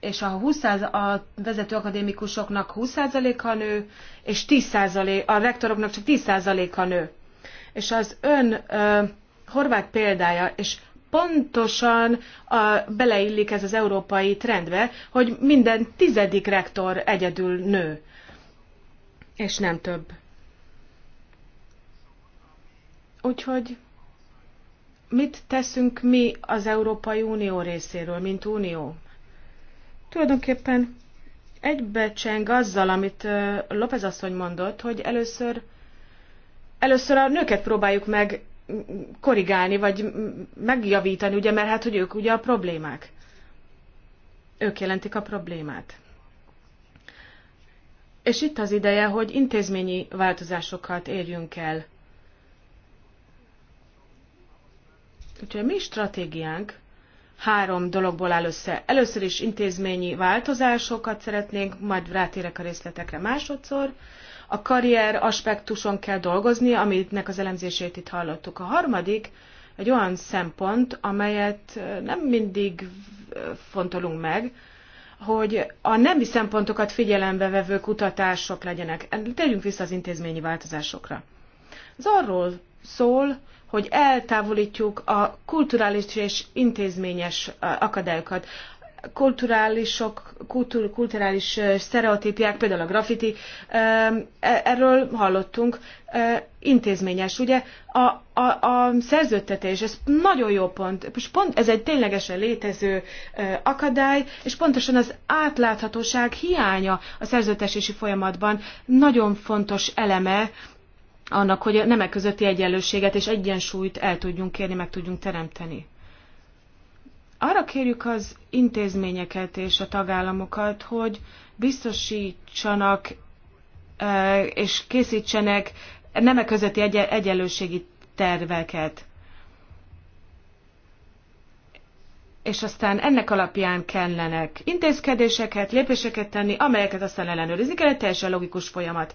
és a, 20 a vezető akadémikusoknak 20%-a nő, és 10% a rektoroknak csak 10%-a nő. És az ön ö, horvát példája, és pontosan a, beleillik ez az európai trendbe, hogy minden tizedik rektor egyedül nő, és nem több. Úgyhogy mit teszünk mi az Európai Unió részéről, mint Unió? tulajdonképpen egybecseng azzal, amit López asszony mondott, hogy először, először a nőket próbáljuk meg korrigálni, vagy megjavítani, ugye, mert hát, hogy ők ugye a problémák. Ők jelentik a problémát. És itt az ideje, hogy intézményi változásokat érjünk el. Úgyhogy a mi stratégiánk három dologból áll össze. Először is intézményi változásokat szeretnénk, majd rátérek a részletekre másodszor. A karrier aspektuson kell dolgozni, aminek az elemzését itt hallottuk. A harmadik egy olyan szempont, amelyet nem mindig fontolunk meg, hogy a nemi szempontokat figyelembe vevő kutatások legyenek. Térjünk vissza az intézményi változásokra. Ez arról szól, hogy eltávolítjuk a kulturális és intézményes akadályokat. Kulturálisok, kultúr, kulturális sztereotípiák, például a graffiti, e, erről hallottunk, intézményes, ugye? A, a, a szerződtetés, ez nagyon jó pont, és pont ez egy ténylegesen létező akadály, és pontosan az átláthatóság hiánya a szerződtetési folyamatban nagyon fontos eleme annak, hogy a nemek közötti egyenlőséget és egyensúlyt el tudjunk kérni, meg tudjunk teremteni. Arra kérjük az intézményeket és a tagállamokat, hogy biztosítsanak e, és készítsenek nemek közötti egyenlőségi terveket. És aztán ennek alapján kellenek intézkedéseket, lépéseket tenni, amelyeket aztán ellenőrizni kell, egy teljesen logikus folyamat.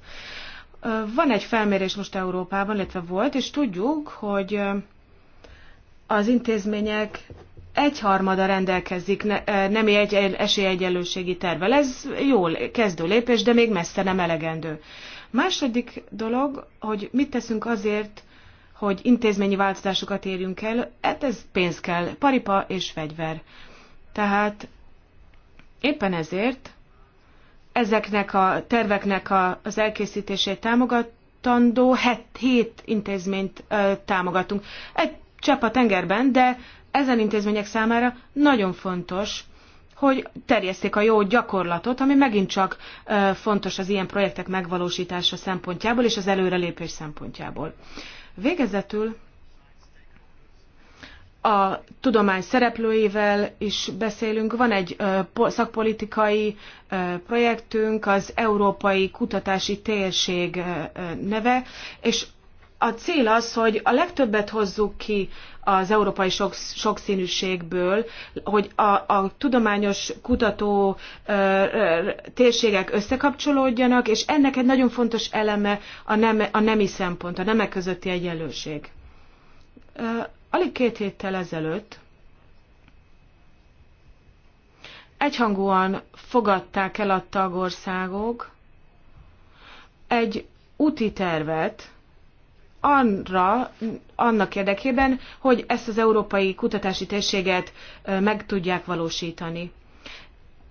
Van egy felmérés most Európában, illetve volt, és tudjuk, hogy az intézmények egyharmada rendelkezik nemi nem egy esélyegyenlőségi tervvel. Ez jó kezdő lépés, de még messze nem elegendő. Második dolog, hogy mit teszünk azért, hogy intézményi változásokat érjünk el, hát ez pénz kell, paripa és fegyver. Tehát éppen ezért ezeknek a terveknek a, az elkészítését támogatandó het, hét intézményt ö, támogatunk. Egy csepp a tengerben, de ezen intézmények számára nagyon fontos, hogy terjeszték a jó gyakorlatot, ami megint csak ö, fontos az ilyen projektek megvalósítása szempontjából és az előrelépés szempontjából. Végezetül a tudomány szereplőivel is beszélünk. Van egy szakpolitikai projektünk, az Európai Kutatási Térség neve, és a cél az, hogy a legtöbbet hozzuk ki az európai sokszínűségből, hogy a, a tudományos kutató ö, ö, térségek összekapcsolódjanak, és ennek egy nagyon fontos eleme a, nem, a nemi szempont, a nemek közötti egyenlőség. Alig két héttel ezelőtt egyhangúan fogadták el a tagországok egy úti tervet arra, annak érdekében, hogy ezt az európai kutatási térséget meg tudják valósítani.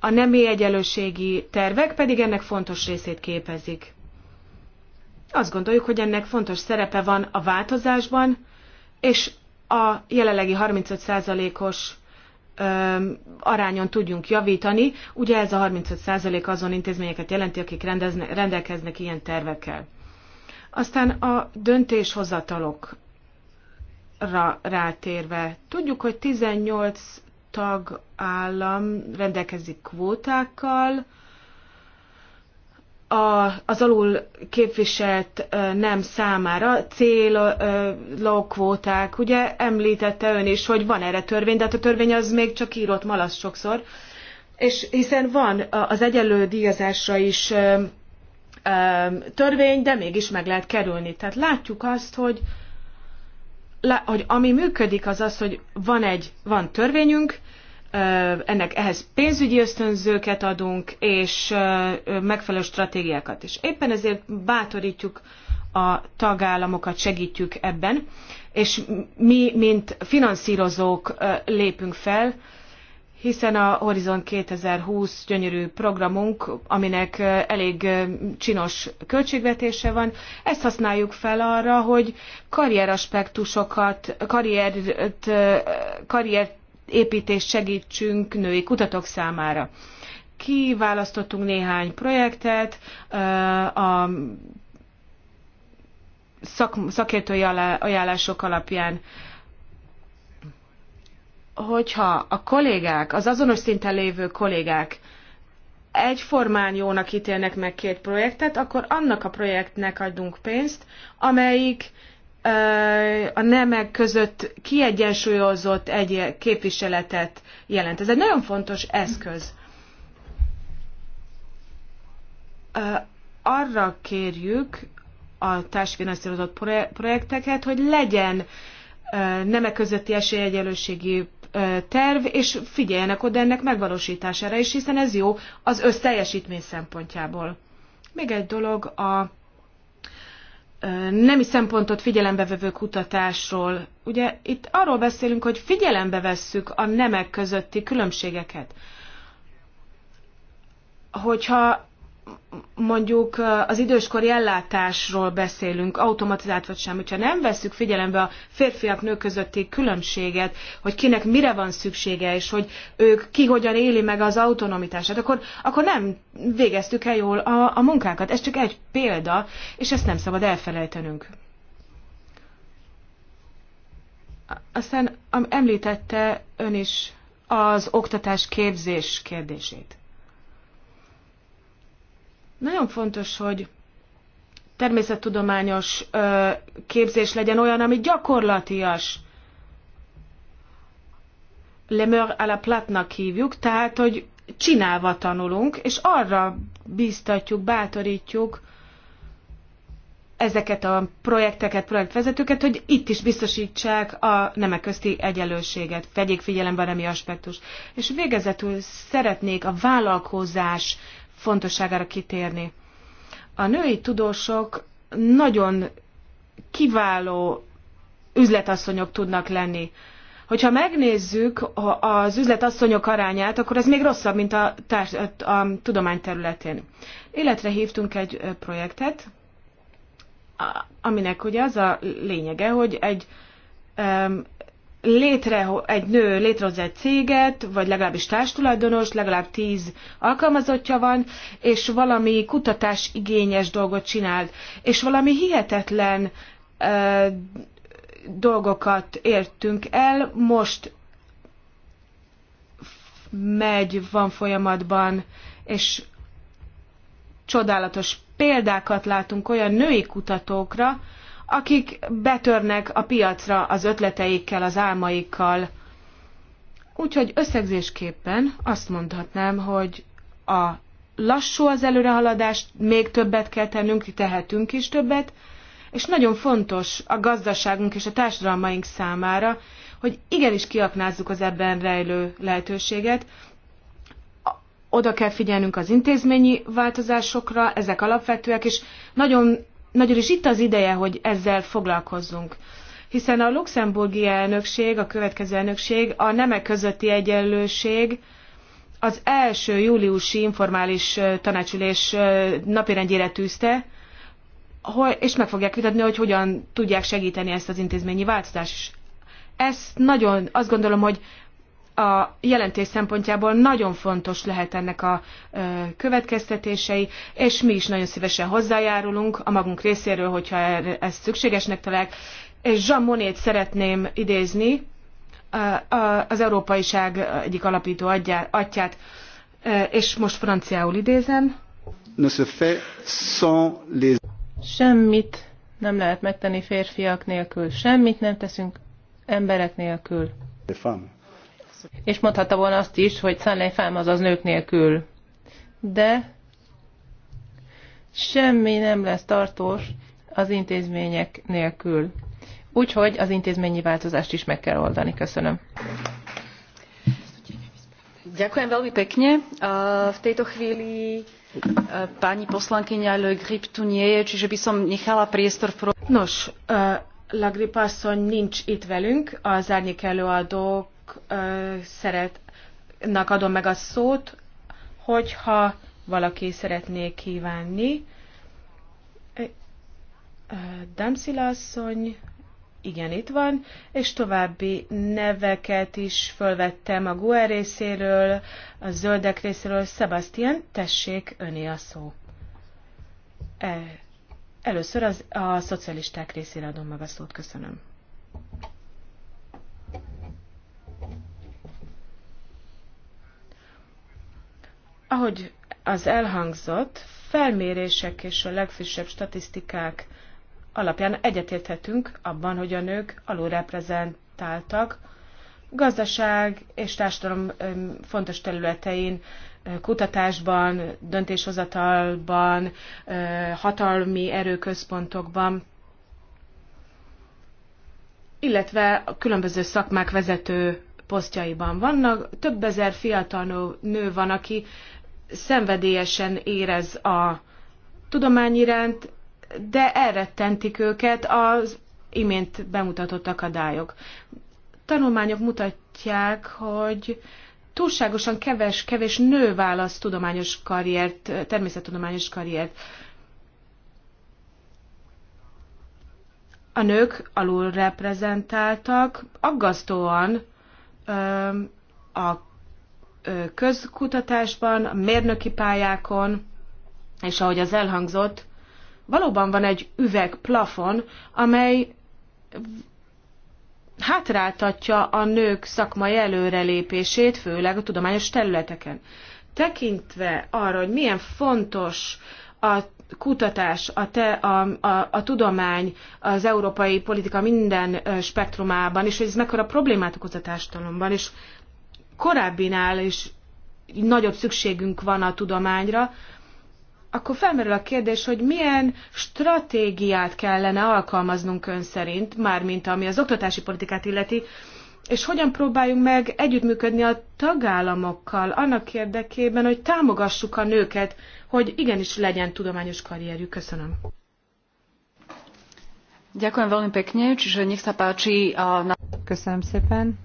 A nemi egyenlőségi tervek pedig ennek fontos részét képezik. Azt gondoljuk, hogy ennek fontos szerepe van a változásban, és a jelenlegi 35%-os arányon tudjunk javítani. Ugye ez a 35% azon intézményeket jelenti, akik rendelkeznek ilyen tervekkel. Aztán a döntéshozatalokra rátérve, tudjuk, hogy 18 tagállam rendelkezik kvótákkal, a, az alul képviselt nem számára célló kvóták. Ugye említette ön is, hogy van erre törvény, de hát a törvény az még csak írott malasz sokszor. És hiszen van az egyenlő díjazásra is törvény, de mégis meg lehet kerülni. Tehát látjuk azt, hogy, hogy ami működik, az az, hogy van egy, van törvényünk, ennek ehhez pénzügyi ösztönzőket adunk, és megfelelő stratégiákat is. Éppen ezért bátorítjuk a tagállamokat, segítjük ebben, és mi, mint finanszírozók lépünk fel, hiszen a Horizon 2020 gyönyörű programunk, aminek elég csinos költségvetése van, ezt használjuk fel arra, hogy karrieraspektusokat, karriert, karriert építést segítsünk női kutatók számára. Kiválasztottunk néhány projektet, a szak, szakértői ajánlások alapján hogyha a kollégák, az azonos szinten lévő kollégák egyformán jónak ítélnek meg két projektet, akkor annak a projektnek adunk pénzt, amelyik a nemek között kiegyensúlyozott egy képviseletet jelent. Ez egy nagyon fontos eszköz. Arra kérjük a társfinanszírozott projekteket, hogy legyen nemek közötti esélyegyelőségi terv, és figyeljenek oda ennek megvalósítására is, hiszen ez jó az összteljesítmény szempontjából. Még egy dolog a nemi szempontot figyelembe vevő kutatásról. Ugye itt arról beszélünk, hogy figyelembe vesszük a nemek közötti különbségeket. Hogyha mondjuk az időskori ellátásról beszélünk, automatizált vagy semmit, ha nem vesszük figyelembe a férfiak nők közötti különbséget, hogy kinek mire van szüksége, és hogy ők ki hogyan éli meg az autonomitását, akkor, akkor nem végeztük el jól a, a munkákat. Ez csak egy példa, és ezt nem szabad elfelejtenünk. Aztán említette ön is az oktatás képzés kérdését nagyon fontos, hogy természettudományos ö, képzés legyen olyan, ami gyakorlatias. Lemör à la platnak hívjuk, tehát, hogy csinálva tanulunk, és arra bíztatjuk, bátorítjuk ezeket a projekteket, projektvezetőket, hogy itt is biztosítsák a nemek közti egyenlőséget, vegyék figyelembe a nemi aspektus. És végezetül szeretnék a vállalkozás fontosságára kitérni. A női tudósok nagyon kiváló üzletasszonyok tudnak lenni. Hogyha megnézzük az üzletasszonyok arányát, akkor ez még rosszabb, mint a, társ, a tudomány területén. Életre hívtunk egy projektet, aminek ugye az a lényege, hogy egy létre, egy nő létrehoz egy céget, vagy legalábbis társtulajdonos, legalább tíz alkalmazottja van, és valami kutatás igényes dolgot csinál, és valami hihetetlen ö, dolgokat értünk el, most megy, van folyamatban, és csodálatos példákat látunk olyan női kutatókra, akik betörnek a piacra az ötleteikkel, az álmaikkal. Úgyhogy összegzésképpen azt mondhatnám, hogy a lassú az előrehaladás, még többet kell tennünk, tehetünk is többet, és nagyon fontos a gazdaságunk és a társadalmaink számára, hogy igenis kiaknázzuk az ebben rejlő lehetőséget. Oda kell figyelnünk az intézményi változásokra, ezek alapvetőek, és nagyon nagyon is itt az ideje, hogy ezzel foglalkozzunk. Hiszen a luxemburgi elnökség, a következő elnökség, a nemek közötti egyenlőség az első júliusi informális tanácsülés napirendjére tűzte, és meg fogják vitatni, hogy hogyan tudják segíteni ezt az intézményi változást. Ezt nagyon, azt gondolom, hogy a jelentés szempontjából nagyon fontos lehet ennek a következtetései, és mi is nagyon szívesen hozzájárulunk a magunk részéről, hogyha ezt szükségesnek találják. És Jean Monnet szeretném idézni, az Európai Ság egyik alapító atyát, és most franciául idézem. Ne se fait sans les... Semmit nem lehet megtenni férfiak nélkül, semmit nem teszünk emberek nélkül. De femme. És mondhatta volna azt is, hogy Szenlej Farm az az nők nélkül. De semmi nem lesz tartós az intézmények nélkül. Úgyhogy az intézményi változást is meg kell oldani. Köszönöm. Ďakujem veľmi pekne. V tejto chvíli pani poslankyňa Le Grip tu nie je, čiže by som nechala priestor... Pro... Nos, Le Grip asszony nincs itt velünk, az árnyék előadók úrnak szeretnak adom meg a szót, hogyha valaki szeretné kívánni. Damszila asszony, igen, itt van, és további neveket is fölvettem a GUE részéről, a zöldek részéről. Sebastian, tessék, öné a szó. Először az, a szocialisták részére adom meg a szót, köszönöm. Ahogy az elhangzott, felmérések és a legfrissebb statisztikák alapján egyetérthetünk abban, hogy a nők alulreprezentáltak gazdaság és társadalom fontos területein, kutatásban, döntéshozatalban, hatalmi erőközpontokban, illetve a különböző szakmák vezető posztjaiban vannak. Több ezer fiatal nő van, aki szenvedélyesen érez a tudomány iránt, de elrettentik őket az imént bemutatott akadályok. Tanulmányok mutatják, hogy túlságosan keves, kevés nő választ tudományos karriert, természettudományos karriert. A nők alul reprezentáltak, aggasztóan ö, a közkutatásban, a mérnöki pályákon, és ahogy az elhangzott, valóban van egy üvegplafon, amely hátráltatja a nők szakmai előrelépését, főleg a tudományos területeken. Tekintve arra, hogy milyen fontos a kutatás, a, te, a, a, a tudomány az európai politika minden spektrumában, és hogy ez mekkora problémát okoz a társadalomban, és korábbinál is nagyobb szükségünk van a tudományra, akkor felmerül a kérdés, hogy milyen stratégiát kellene alkalmaznunk ön szerint, mármint ami az oktatási politikát illeti, és hogyan próbáljunk meg együttműködni a tagállamokkal annak érdekében, hogy támogassuk a nőket, hogy igenis legyen tudományos karrierjük. Köszönöm. Ďakujem veľmi pekne, čiže nech sa páči. Köszönöm szépen.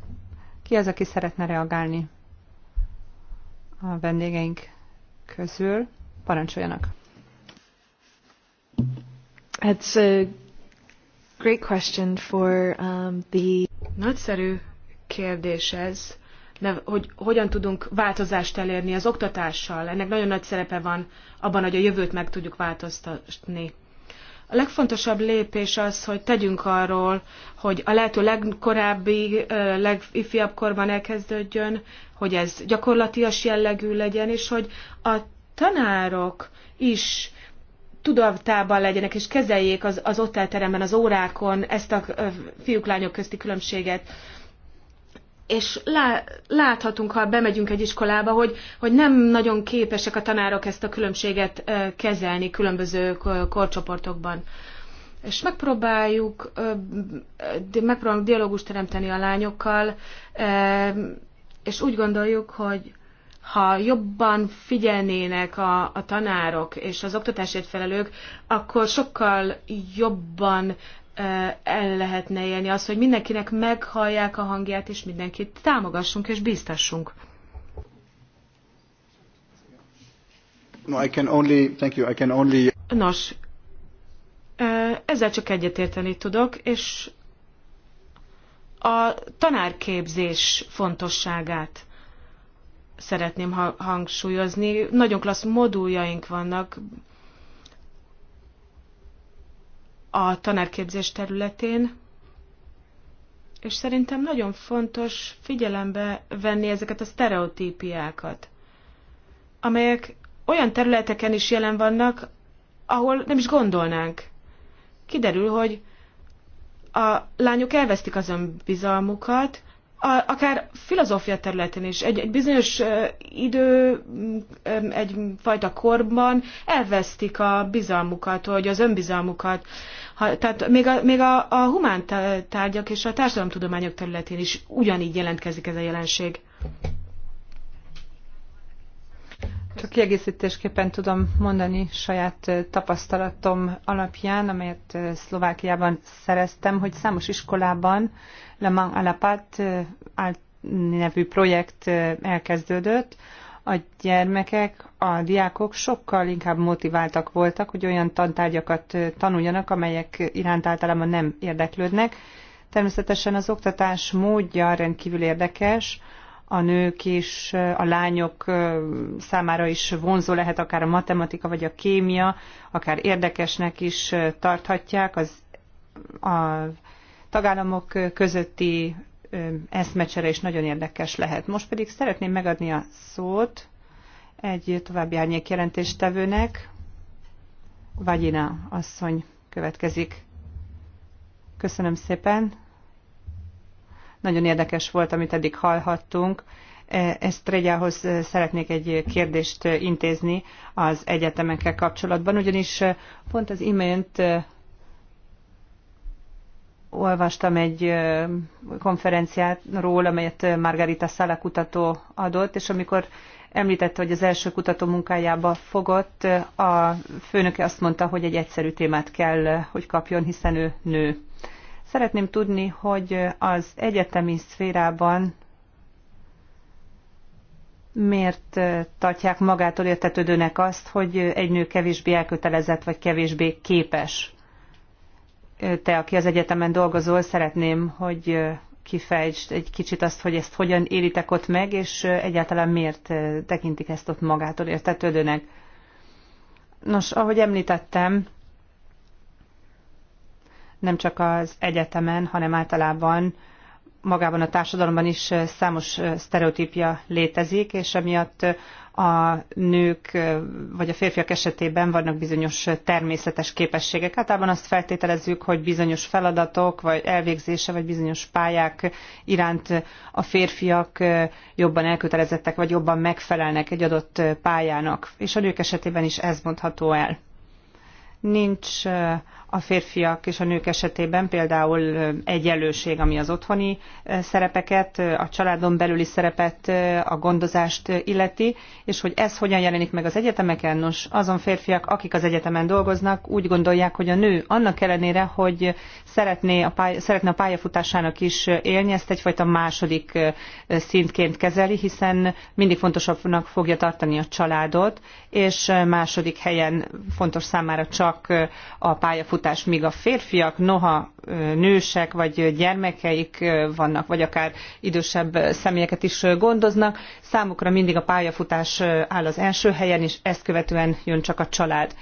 Ki az, aki szeretne reagálni a vendégeink közül? Parancsoljanak. It's a great question for um, the... Nagyszerű kérdés ez, de hogy hogyan tudunk változást elérni az oktatással. Ennek nagyon nagy szerepe van abban, hogy a jövőt meg tudjuk változtatni a legfontosabb lépés az, hogy tegyünk arról, hogy a lehető legkorábbi, legifjabb korban elkezdődjön, hogy ez gyakorlatias jellegű legyen, és hogy a tanárok is tudatában legyenek, és kezeljék az, az ott elteremben, az órákon ezt a fiúk-lányok közti különbséget és láthatunk, ha bemegyünk egy iskolába, hogy, hogy nem nagyon képesek a tanárok ezt a különbséget kezelni különböző korcsoportokban. És megpróbáljuk, megpróbálunk dialógust teremteni a lányokkal, és úgy gondoljuk, hogy ha jobban figyelnének a, a tanárok és az oktatásért felelők, akkor sokkal jobban el lehetne élni az, hogy mindenkinek meghallják a hangját, és mindenkit támogassunk és biztassunk. No, I can only, thank you, I can only... Nos, ezzel csak egyetérteni tudok, és a tanárképzés fontosságát szeretném hangsúlyozni. Nagyon klassz moduljaink vannak, a tanárképzés területén, és szerintem nagyon fontos figyelembe venni ezeket a sztereotípiákat, amelyek olyan területeken is jelen vannak, ahol nem is gondolnánk. Kiderül, hogy a lányok elvesztik az önbizalmukat, a, akár filozófia területén is, egy, egy bizonyos uh, idő, um, egyfajta korban elvesztik a bizalmukat, vagy az önbizalmukat. Ha, tehát még a, még a, a humántárgyak tárgyak és a társadalomtudományok területén is ugyanígy jelentkezik ez a jelenség. Csak kiegészítésképpen tudom mondani saját tapasztalatom alapján, amelyet Szlovákiában szereztem, hogy számos iskolában Le Mans Alapat nevű projekt elkezdődött. A gyermekek, a diákok sokkal inkább motiváltak voltak, hogy olyan tantárgyakat tanuljanak, amelyek iránt általában nem érdeklődnek. Természetesen az oktatás módja rendkívül érdekes, a nők is, a lányok számára is vonzó lehet akár a matematika vagy a kémia, akár érdekesnek is tarthatják az a tagállamok közötti eszmecsere is nagyon érdekes lehet. Most pedig szeretném megadni a szót egy további árnyék jelentéstevőnek. Vagyina asszony következik. Köszönöm szépen. Nagyon érdekes volt, amit eddig hallhattunk. E, ezt Regyához e, szeretnék egy kérdést e, intézni az egyetemekkel kapcsolatban, ugyanis pont az imént olvastam egy konferenciát róla, amelyet Margarita Szala kutató adott, és amikor említette, hogy az első kutató munkájába fogott, a főnöke azt mondta, hogy egy egyszerű témát kell, hogy kapjon, hiszen ő nő. Szeretném tudni, hogy az egyetemi szférában miért tartják magától értetődőnek azt, hogy egy nő kevésbé elkötelezett vagy kevésbé képes. Te, aki az egyetemen dolgozol, szeretném, hogy kifejtsd egy kicsit azt, hogy ezt hogyan éritek ott meg, és egyáltalán miért tekintik ezt ott magától értetődőnek. Nos, ahogy említettem, nem csak az egyetemen, hanem általában magában a társadalomban is számos sztereotípia létezik, és emiatt a nők vagy a férfiak esetében vannak bizonyos természetes képességek. Általában azt feltételezzük, hogy bizonyos feladatok, vagy elvégzése, vagy bizonyos pályák iránt a férfiak jobban elkötelezettek, vagy jobban megfelelnek egy adott pályának. És a nők esetében is ez mondható el. Nincs a férfiak és a nők esetében például egyenlőség, ami az otthoni szerepeket, a családon belüli szerepet, a gondozást illeti, és hogy ez hogyan jelenik meg az egyetemeken. Nos, azon férfiak, akik az egyetemen dolgoznak, úgy gondolják, hogy a nő annak ellenére, hogy szeretné a pály- szeretne a pályafutásának is élni, ezt egyfajta második szintként kezeli, hiszen mindig fontosabbnak fogja tartani a családot, és második helyen fontos számára csak a pályafutás pályafutás, míg a férfiak, noha nősek vagy gyermekeik vannak, vagy akár idősebb személyeket is gondoznak, számukra mindig a pályafutás áll az első helyen, és ezt követően jön csak a család.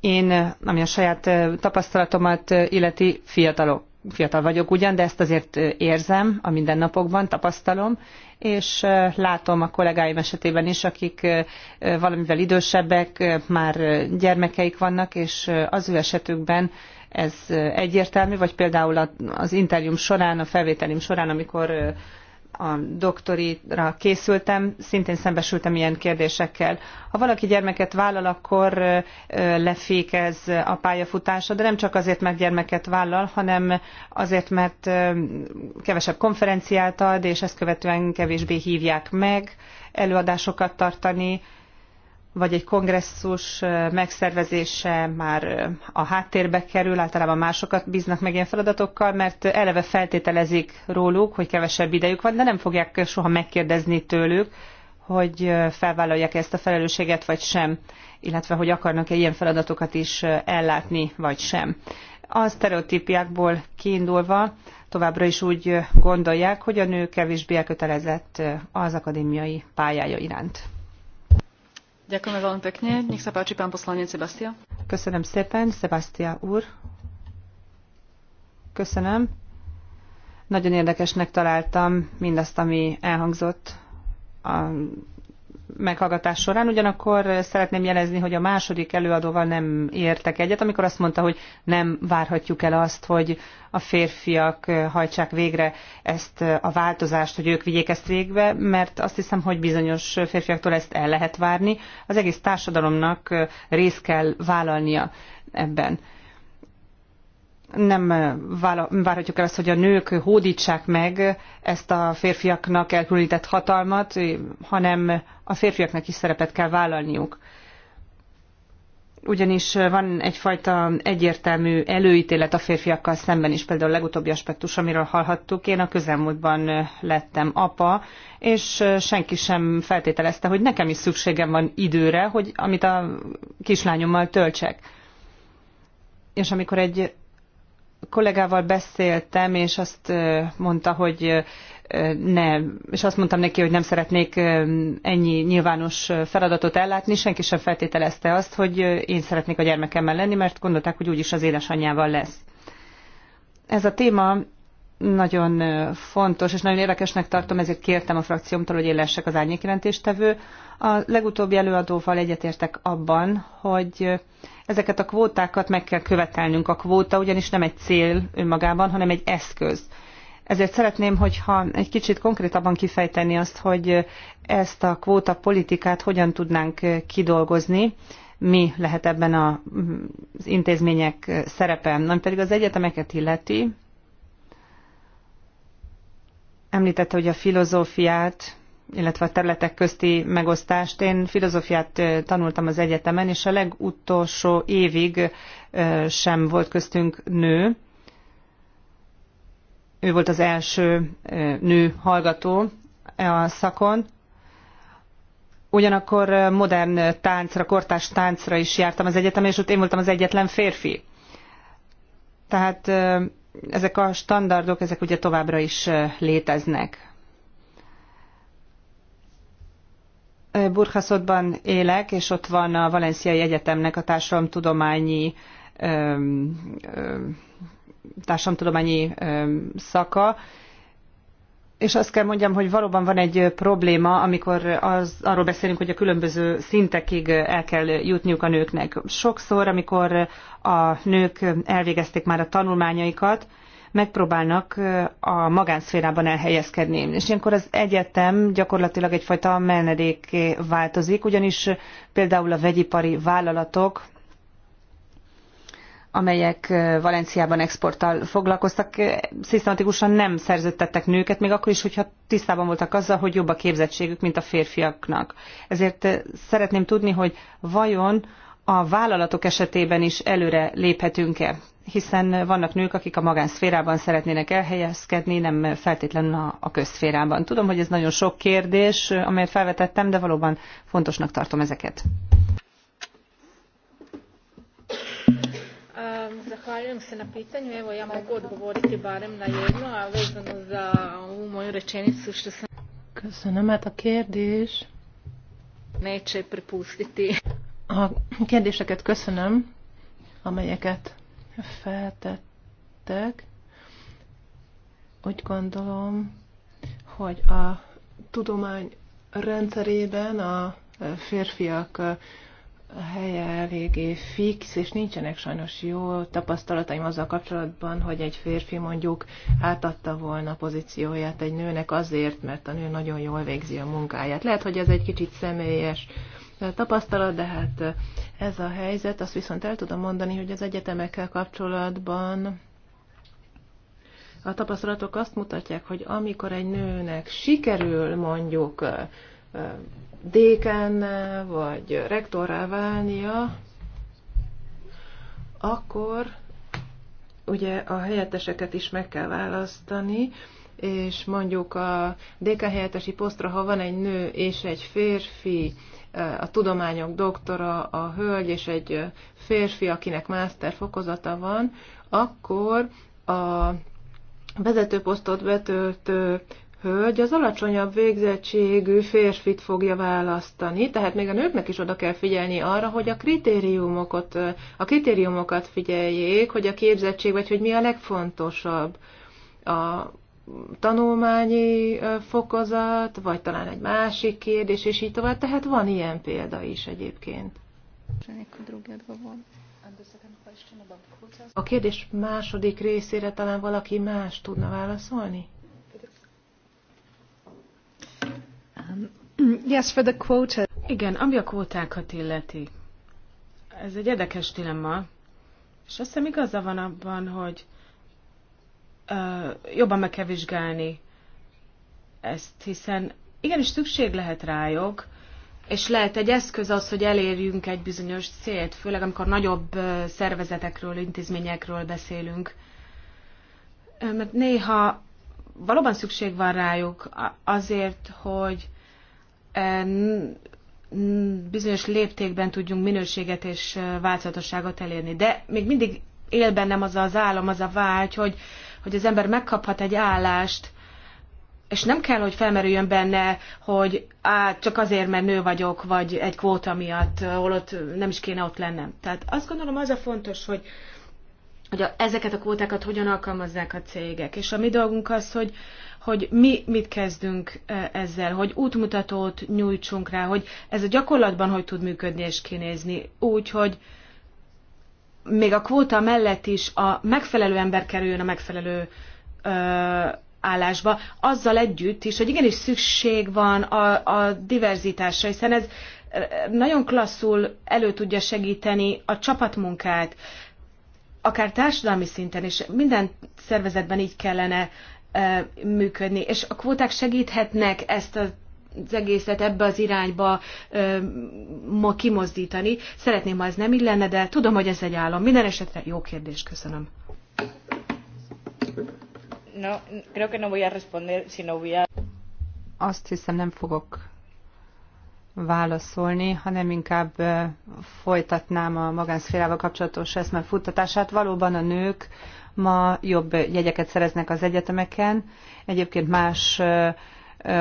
Én, ami a saját tapasztalatomat illeti, fiatalok fiatal vagyok ugyan, de ezt azért érzem a mindennapokban, tapasztalom, és látom a kollégáim esetében is, akik valamivel idősebbek, már gyermekeik vannak, és az ő esetükben ez egyértelmű, vagy például az interjúm során, a felvételim során, amikor a doktorira készültem, szintén szembesültem ilyen kérdésekkel. Ha valaki gyermeket vállal, akkor lefékez a pályafutása, de nem csak azért, mert gyermeket vállal, hanem azért, mert kevesebb konferenciát ad, és ezt követően kevésbé hívják meg előadásokat tartani, vagy egy kongresszus megszervezése már a háttérbe kerül, általában másokat bíznak meg ilyen feladatokkal, mert eleve feltételezik róluk, hogy kevesebb idejük van, de nem fogják soha megkérdezni tőlük, hogy felvállalják ezt a felelősséget, vagy sem, illetve hogy akarnak-e ilyen feladatokat is ellátni, vagy sem. A sztereotípiákból kiindulva továbbra is úgy gondolják, hogy a nő kevésbé elkötelezett az akadémiai pályája iránt. Ďakujeme veľmi pekne. Nech sa páči pán poslanec Sebastia. Köszönöm szépen, Sebastia úr. Köszönöm. Nagyon érdekesnek találtam mindazt, ami elhangzott a meghallgatás során, ugyanakkor szeretném jelezni, hogy a második előadóval nem értek egyet, amikor azt mondta, hogy nem várhatjuk el azt, hogy a férfiak hajtsák végre ezt a változást, hogy ők vigyék ezt végbe, mert azt hiszem, hogy bizonyos férfiaktól ezt el lehet várni. Az egész társadalomnak részt kell vállalnia ebben nem eh, várhatjuk el azt, hogy a nők hódítsák meg ezt a férfiaknak elkülönített hatalmat, eh, hanem a férfiaknak is szerepet kell vállalniuk. Ugyanis eh, van egyfajta egyértelmű előítélet a férfiakkal szemben is, például a legutóbbi aspektus, amiről hallhattuk, én a közelmúltban lettem apa, és senki sem feltételezte, hogy nekem is szükségem van időre, hogy amit a kislányommal töltsek. És amikor egy kollégával beszéltem, és azt mondta, hogy ne, és azt mondtam neki, hogy nem szeretnék ennyi nyilvános feladatot ellátni, senki sem feltételezte azt, hogy én szeretnék a gyermekemmel lenni, mert gondolták, hogy úgyis az édesanyjával lesz. Ez a téma nagyon fontos, és nagyon érdekesnek tartom, ezért kértem a frakciómtól, hogy én lessek az árnyékjelentéstevő. A legutóbbi előadóval egyetértek abban, hogy ezeket a kvótákat meg kell követelnünk. A kvóta ugyanis nem egy cél önmagában, hanem egy eszköz. Ezért szeretném, hogyha egy kicsit konkrétabban kifejteni azt, hogy ezt a kvóta politikát hogyan tudnánk kidolgozni, mi lehet ebben az intézmények szerepe, nem pedig az egyetemeket illeti, Említette, hogy a filozófiát, illetve a területek közti megosztást. Én filozófiát tanultam az egyetemen, és a legutolsó évig sem volt köztünk nő. Ő volt az első nő hallgató a szakon, ugyanakkor modern táncra, kortás táncra is jártam az egyetemen, és ott én voltam az egyetlen férfi. Tehát ezek a standardok, ezek ugye továbbra is léteznek. Burkhaszotban élek, és ott van a Valenciai Egyetemnek a társadalomtudományi társadalomtudományi szaka, és azt kell mondjam, hogy valóban van egy probléma, amikor az, arról beszélünk, hogy a különböző szintekig el kell jutniuk a nőknek. Sokszor, amikor a nők elvégezték már a tanulmányaikat, megpróbálnak a magánszférában elhelyezkedni. És ilyenkor az egyetem gyakorlatilag egyfajta menedék változik, ugyanis például a vegyipari vállalatok amelyek Valenciában exporttal foglalkoztak, szisztematikusan nem szerződtettek nőket, még akkor is, hogyha tisztában voltak azzal, hogy jobb a képzettségük, mint a férfiaknak. Ezért szeretném tudni, hogy vajon a vállalatok esetében is előre léphetünk-e? Hiszen vannak nők, akik a magánszférában szeretnének elhelyezkedni, nem feltétlenül a, a közszférában. Tudom, hogy ez nagyon sok kérdés, amelyet felvetettem, de valóban fontosnak tartom ezeket. Zahvaljujem se na pitanju. Evo ja mogu odgovoriti barem na jedno, a vezano za ovu moju rečenicu što sam... Kad se hát a kérdés... Neće prepustiti. A kérdéseket köszönöm, amelyeket feltettek. Úgy gondolom, hogy a tudomány rendszerében a férfiak helye eléggé fix, és nincsenek sajnos jó tapasztalataim azzal kapcsolatban, hogy egy férfi mondjuk átadta volna pozícióját egy nőnek azért, mert a nő nagyon jól végzi a munkáját. Lehet, hogy ez egy kicsit személyes eh, tapasztalat, de hát eh, ez a helyzet. Azt viszont el tudom mondani, hogy az egyetemekkel kapcsolatban a tapasztalatok azt mutatják, hogy amikor egy nőnek sikerül mondjuk eh, dékenne, vagy rektorrá válnia, akkor ugye a helyetteseket is meg kell választani, és mondjuk a DK helyettesi posztra, ha van egy nő és egy férfi, a tudományok doktora, a hölgy és egy férfi, akinek master fokozata van, akkor a vezetőposztot betöltő hölgy az alacsonyabb végzettségű férfit fogja választani, tehát még a nőknek is oda kell figyelni arra, hogy a kritériumokat, a kritériumokat figyeljék, hogy a képzettség, vagy hogy mi a legfontosabb. A tanulmányi fokozat, vagy talán egy másik kérdés, és így tovább. Tehát van ilyen példa is egyébként. A kérdés második részére talán valaki más tudna válaszolni? Um, yes, for the quota. Igen, ami a kvótákat illeti. Ez egy érdekes dilemma, és azt hiszem igaza van abban, hogy uh, jobban meg kell vizsgálni ezt, hiszen igenis szükség lehet rájuk, és lehet egy eszköz az, hogy elérjünk egy bizonyos célt, főleg amikor nagyobb szervezetekről, intézményekről beszélünk. Mert néha valóban szükség van rájuk azért, hogy E, bizonyos léptékben tudjunk minőséget és e, változatosságot elérni. De még mindig él bennem az az állam, az a vágy, hogy, hogy az ember megkaphat egy állást, és nem kell, hogy felmerüljön benne, hogy á, csak azért, mert nő vagyok, vagy egy kvóta miatt, holott nem is kéne ott lennem. Tehát azt gondolom az a fontos, hogy, hogy a, ezeket a kvótákat hogyan alkalmazzák a cégek. És a mi dolgunk az, hogy, hogy mi mit kezdünk e, ezzel, hogy útmutatót nyújtsunk rá, hogy ez a gyakorlatban hogy tud működni és kinézni, úgy, hogy még a kvóta mellett is a megfelelő ember kerüljön a megfelelő ö, állásba, azzal együtt is, hogy igenis szükség van a, a diverzitásra, hiszen ez e, nagyon klasszul elő tudja segíteni a csapatmunkát, akár társadalmi szinten, és minden szervezetben így kellene működni. És a kvóták segíthetnek ezt a az egészet ebbe az irányba ö, ma kimozdítani. Szeretném, ha ez nem így lenne, de tudom, hogy ez egy állam. Minden esetre jó kérdés, köszönöm. No, creo que no voy a responder, sino voy a... Azt hiszem, nem fogok válaszolni, hanem inkább folytatnám a magánszférával kapcsolatos eszmefuttatását. Valóban a nők ma jobb jegyeket szereznek az egyetemeken, egyébként más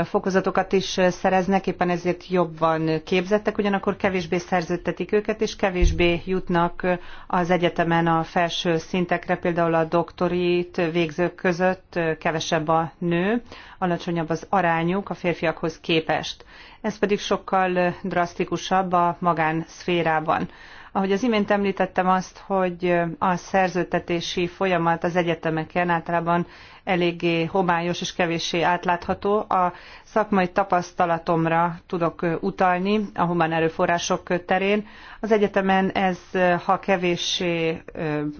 fokozatokat is szereznek, éppen ezért jobban képzettek, ugyanakkor kevésbé szerződtetik őket, és kevésbé jutnak az egyetemen a felső szintekre, például a doktorit végzők között kevesebb a nő, alacsonyabb az arányuk a férfiakhoz képest. Ez pedig sokkal drasztikusabb a magánszférában. Ahogy az imént említettem azt, hogy a szerződtetési folyamat az egyetemeken általában eléggé homályos és kevéssé átlátható. A szakmai tapasztalatomra tudok utalni a humán erőforrások terén. Az egyetemen ez, ha kevéssé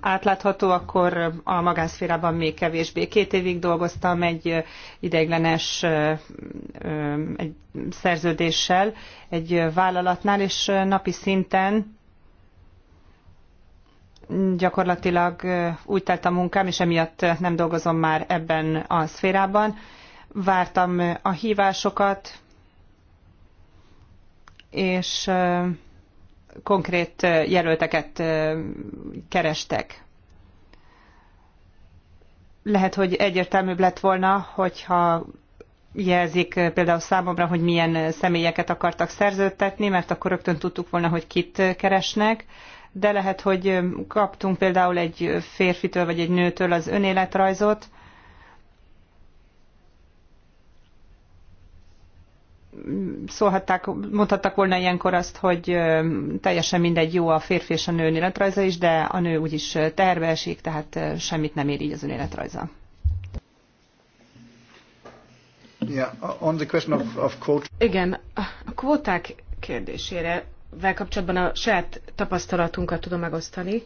átlátható, akkor a magánszférában még kevésbé. Két évig dolgoztam egy ideiglenes egy szerződéssel egy vállalatnál, és napi szinten gyakorlatilag úgy telt a munkám, és emiatt nem dolgozom már ebben a szférában. Vártam a hívásokat, és konkrét jelölteket kerestek. Lehet, hogy egyértelműbb lett volna, hogyha jelzik például számomra, hogy milyen személyeket akartak szerződtetni, mert akkor rögtön tudtuk volna, hogy kit keresnek de lehet, hogy kaptunk például egy férfitől vagy egy nőtől az önéletrajzot, szólhatták, mondhattak volna ilyenkor azt, hogy teljesen mindegy jó a férfi és a nő önéletrajza is, de a nő úgyis terve esik, tehát semmit nem ér így az önéletrajza. Yeah, on the question of, of quote... Igen, a kvóták kérdésére vel kapcsolatban a saját tapasztalatunkat tudom megosztani.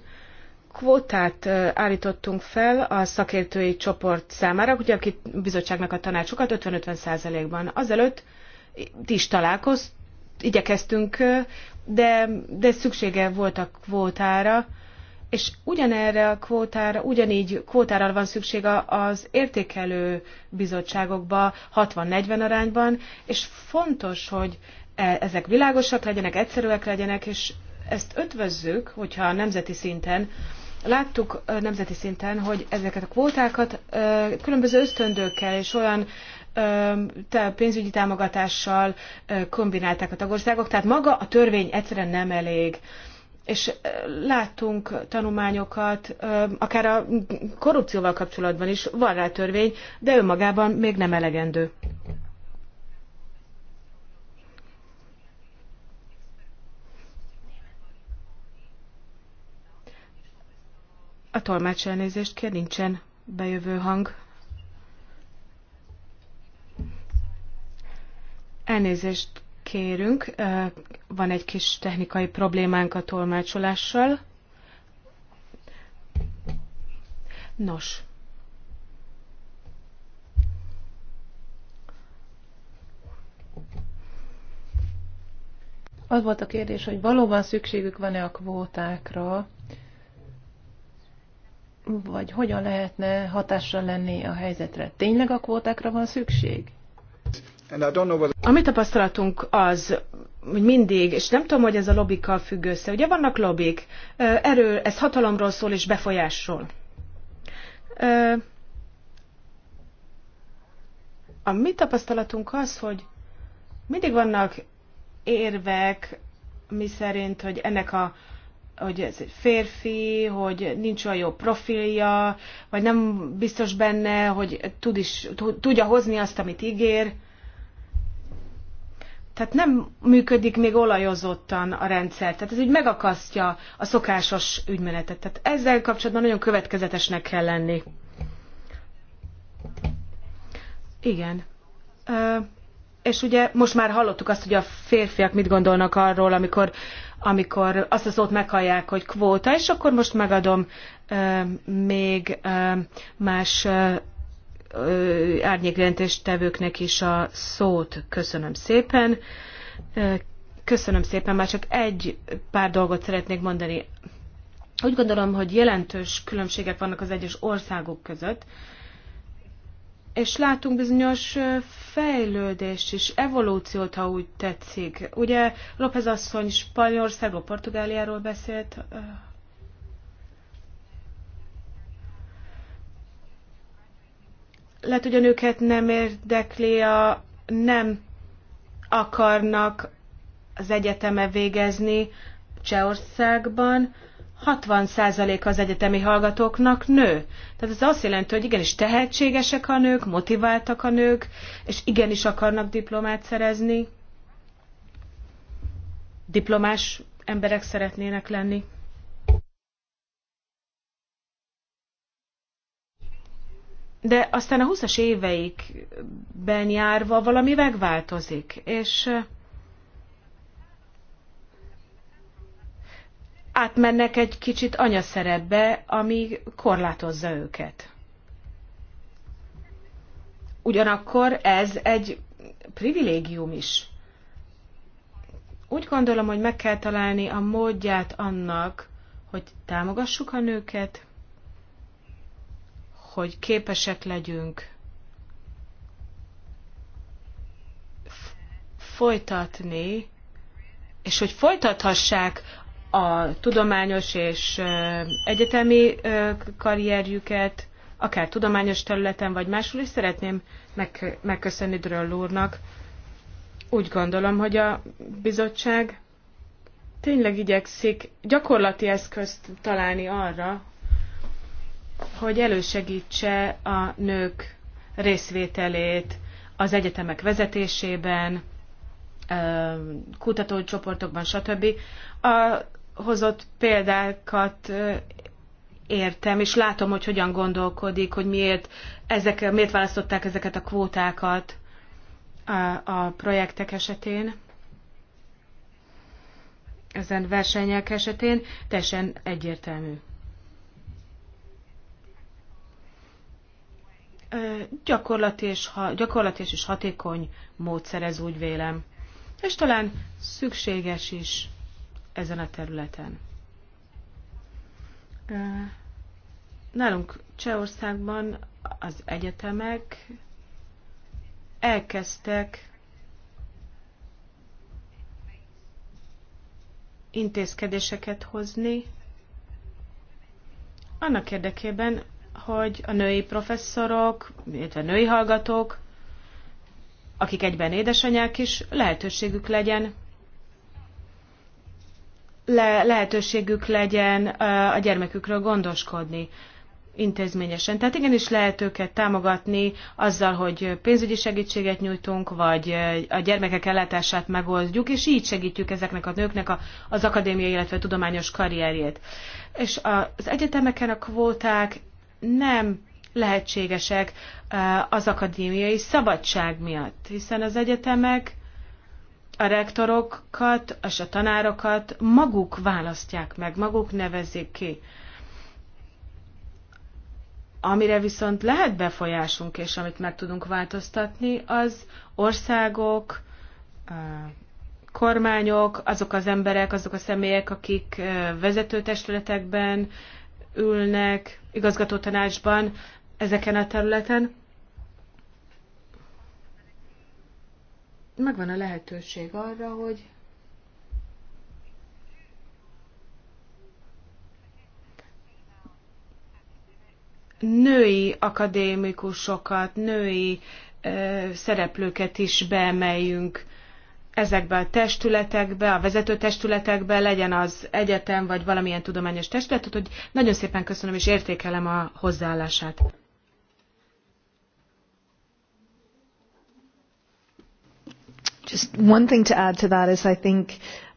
Kvótát állítottunk fel a szakértői csoport számára, ugye aki bizottságnak a tanácsokat 50-50 százalékban. Azelőtt is találkozt, igyekeztünk, de, de szüksége volt a kvótára, és ugyanerre a kvótára, ugyanígy kvótára van szükség az értékelő bizottságokba 60-40 arányban, és fontos, hogy E, ezek világosak legyenek, egyszerűek legyenek, és ezt ötvözzük, hogyha a nemzeti szinten láttuk e, nemzeti szinten, hogy ezeket a kvótákat e, különböző ösztöndőkkel és olyan pénzügyi támogatással kombinálták a tagországok, tehát maga a törvény egyszerűen nem elég. És láttunk tanulmányokat, akár a korrupcióval kapcsolatban is van rá törvény, de önmagában még nem elegendő. A tolmács elnézést kér, nincsen bejövő hang. Elnézést kérünk, van egy kis technikai problémánk a tolmácsolással. Nos. Az volt a kérdés, hogy valóban szükségük van-e a kvótákra, vagy hogyan lehetne hatással lenni a helyzetre? Tényleg a kvótákra van szükség? A mi tapasztalatunk az, hogy mindig, és nem tudom, hogy ez a lobbikkal függ össze, ugye vannak lobbik, erő, ez hatalomról szól és befolyásról. A mi tapasztalatunk az, hogy mindig vannak érvek, mi szerint, hogy ennek a hogy ez egy férfi, hogy nincs olyan jó profilja, vagy nem biztos benne, hogy tud is, tudja hozni azt, amit ígér. Tehát nem működik még olajozottan a rendszer. Tehát ez úgy megakasztja a szokásos ügymenetet. Tehát ezzel kapcsolatban nagyon következetesnek kell lenni. Igen. Ö, és ugye most már hallottuk azt, hogy a férfiak mit gondolnak arról, amikor amikor azt a szót meghallják, hogy kvóta, és akkor most megadom még más tevőknek is a szót. Köszönöm szépen. Köszönöm szépen, már csak egy pár dolgot szeretnék mondani. Úgy gondolom, hogy jelentős különbségek vannak az egyes országok között, és látunk bizonyos fejlődést is, evolúciót, ha úgy tetszik. Ugye López asszony Spanyolországról, Portugáliáról beszélt. Lehet, hogy a nőket nem érdekli, a, nem akarnak az egyeteme végezni Csehországban, 60% az egyetemi hallgatóknak nő. Tehát ez azt jelenti, hogy igenis tehetségesek a nők, motiváltak a nők, és igenis akarnak diplomát szerezni. Diplomás emberek szeretnének lenni. De aztán a 20-as éveikben járva valami megváltozik, és átmennek egy kicsit anyaszerepbe, ami korlátozza őket. Ugyanakkor ez egy privilégium is. Úgy gondolom, hogy meg kell találni a módját annak, hogy támogassuk a nőket, hogy képesek legyünk folytatni, és hogy folytathassák a tudományos és egyetemi karrierjüket, akár tudományos területen, vagy máshol is szeretném meg, megköszönni Dröll úrnak. Úgy gondolom, hogy a bizottság tényleg igyekszik gyakorlati eszközt találni arra, hogy elősegítse a nők részvételét az egyetemek vezetésében, kutatócsoportokban, stb. A hozott példákat értem, és látom, hogy hogyan gondolkodik, hogy miért, ezek, miért választották ezeket a kvótákat a, a projektek esetén, ezen versenyek esetén, teljesen egyértelmű. Gyakorlati és, ha, gyakorlati és hatékony módszer, ez úgy vélem. És talán szükséges is ezen a területen. Nálunk Csehországban az egyetemek elkezdtek intézkedéseket hozni annak érdekében, hogy a női professzorok, illetve női hallgatók, akik egyben édesanyák is, lehetőségük legyen le- lehetőségük legyen a gyermekükről gondoskodni intézményesen. Tehát igenis lehet őket támogatni azzal, hogy pénzügyi segítséget nyújtunk, vagy a gyermekek ellátását megoldjuk, és így segítjük ezeknek a nőknek az akadémiai, illetve a tudományos karrierjét. És az egyetemeken a kvóták nem lehetségesek az akadémiai szabadság miatt, hiszen az egyetemek a rektorokat és a tanárokat maguk választják meg, maguk nevezik ki. Amire viszont lehet befolyásunk, és amit meg tudunk változtatni, az országok, kormányok, azok az emberek, azok a személyek, akik vezetőtestületekben ülnek, igazgatótanácsban, ezeken a területen, megvan a lehetőség arra, hogy női akadémikusokat, női ö, szereplőket is beemeljünk ezekbe a testületekbe, a vezető testületekbe, legyen az egyetem vagy valamilyen tudományos testület, hogy nagyon szépen köszönöm és értékelem a hozzáállását. Just one thing to add to that is I think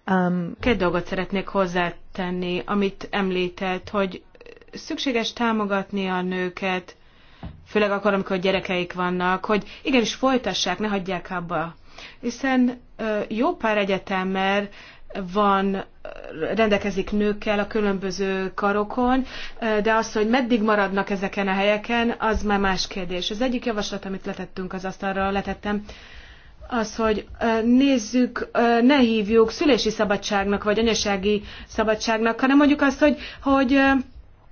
um, Két dolgot szeretnék hozzátenni, amit említett, hogy szükséges támogatni a nőket, főleg akkor, amikor gyerekeik vannak, hogy igenis folytassák, ne hagyják abba. Hiszen jó pár egyetemmel van, rendelkezik nőkkel a különböző karokon, de az, hogy meddig maradnak ezeken a helyeken, az már más kérdés. Az egyik javaslat, amit letettünk az asztalra, letettem, az, hogy nézzük, ne hívjuk szülési szabadságnak vagy anyasági szabadságnak, hanem mondjuk azt, hogy, hogy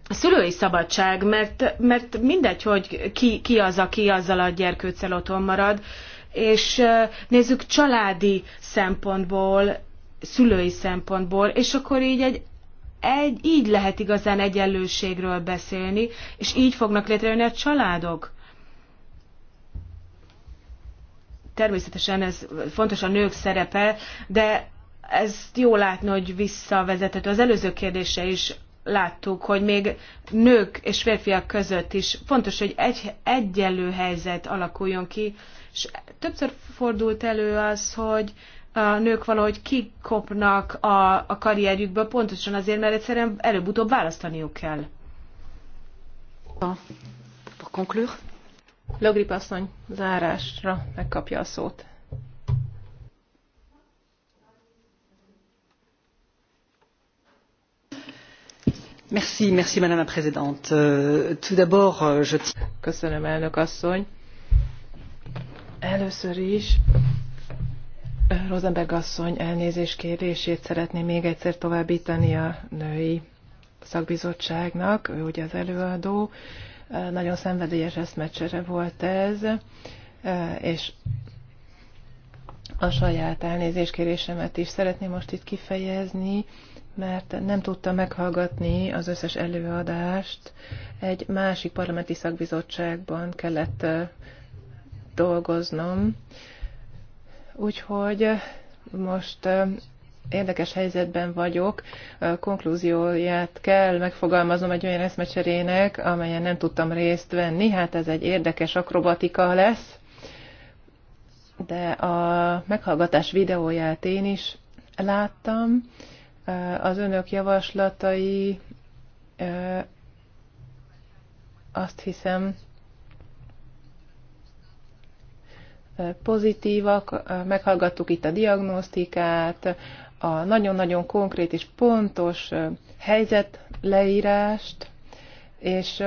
szülői szabadság, mert, mert mindegy, hogy ki, ki az, aki azzal a gyerkőccel otthon marad, és nézzük családi szempontból, szülői szempontból, és akkor így egy egy, így lehet igazán egyenlőségről beszélni, és így fognak létrejönni a családok. természetesen ez fontos a nők szerepe, de ez jó látni, hogy visszavezethető. Az előző kérdése is láttuk, hogy még nők és férfiak között is fontos, hogy egy, egyenlő helyzet alakuljon ki, és többször fordult elő az, hogy a nők valahogy kikopnak a, a karrierjükből, pontosan azért, mert egyszerűen előbb-utóbb választaniuk kell. Pour conclure. Logrip asszony zárásra megkapja a szót. Merci, merci Madame la Présidente. Euh, tout d'abord, euh, je Köszönöm, elnök asszony. Először is Rosenberg asszony elnézés kérdését szeretném még egyszer továbbítani a női szakbizottságnak, ő ugye az előadó, nagyon szenvedélyes eszmecsere volt ez, e, és a saját elnézéskérésemet is szeretném most itt kifejezni, mert nem tudta meghallgatni az összes előadást. Egy másik parlamenti szakbizottságban kellett e, dolgoznom, úgyhogy most e, érdekes helyzetben vagyok, konklúzióját kell megfogalmaznom egy olyan eszmecserének, amelyen nem tudtam részt venni. Hát ez egy érdekes akrobatika lesz, de a meghallgatás videóját én is láttam. Az önök javaslatai azt hiszem pozitívak, meghallgattuk itt a diagnosztikát, a nagyon-nagyon konkrét és pontos leírást és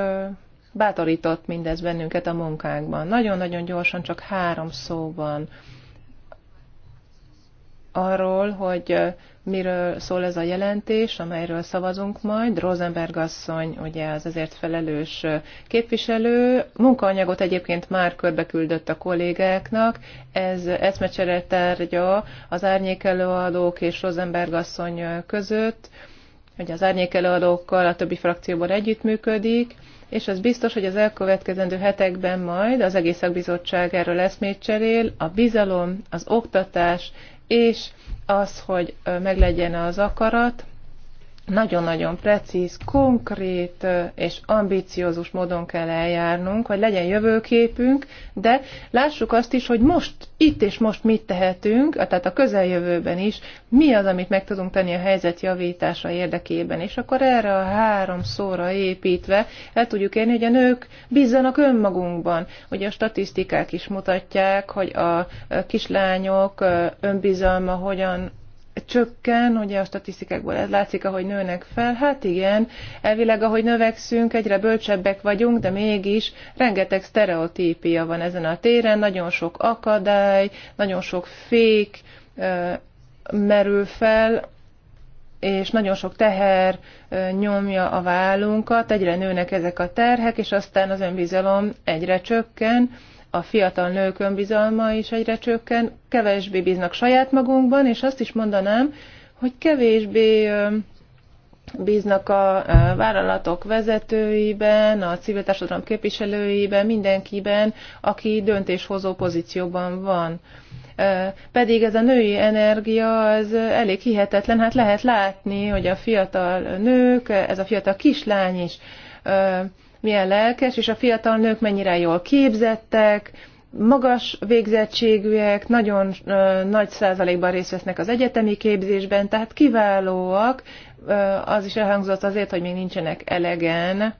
bátorított mindez bennünket a munkánkban. Nagyon-nagyon gyorsan, csak három szóban arról, hogy miről szól ez a jelentés, amelyről szavazunk majd. Rosenberg asszony, ugye az ezért felelős képviselő. Munkaanyagot egyébként már körbeküldött a kollégáknak. Ez eszmecsere tárgya az árnyék előadók és Rosenberg asszony között, hogy az árnyék előadókkal a többi frakcióban együttműködik és az biztos, hogy az elkövetkezendő hetekben majd az egész szakbizottság erről eszmét cserél, a bizalom, az oktatás és az, hogy meglegyen az akarat, nagyon-nagyon precíz, konkrét és ambiciózus módon kell eljárnunk, hogy legyen jövőképünk, de lássuk azt is, hogy most, itt és most mit tehetünk, tehát a közeljövőben is, mi az, amit meg tudunk tenni a helyzet javítása érdekében, és akkor erre a három szóra építve el tudjuk érni, hogy a nők bízzanak önmagunkban. Ugye a statisztikák is mutatják, hogy a kislányok önbizalma hogyan csökken, ugye a statisztikákból ez látszik, ahogy nőnek fel. Hát igen, elvileg ahogy növekszünk, egyre bölcsebbek vagyunk, de mégis rengeteg sztereotípia van ezen a téren, nagyon sok akadály, nagyon sok fék merül fel, és nagyon sok teher nyomja a vállunkat, egyre nőnek ezek a terhek, és aztán az önbizalom egyre csökken, a fiatal nők önbizalma is egyre csökken, kevésbé bíznak saját magunkban, és azt is mondanám, hogy kevésbé bíznak a vállalatok vezetőiben, a civil társadalom képviselőiben, mindenkiben, aki döntéshozó pozícióban van. Pedig ez a női energia, ez elég hihetetlen, hát lehet látni, hogy a fiatal nők, ez a fiatal kislány is milyen lelkes, és a fiatal nők mennyire jól képzettek, magas végzettségűek, nagyon ö, nagy százalékban részt vesznek az egyetemi képzésben, tehát kiválóak. Ö, az is elhangzott azért, hogy még nincsenek elegen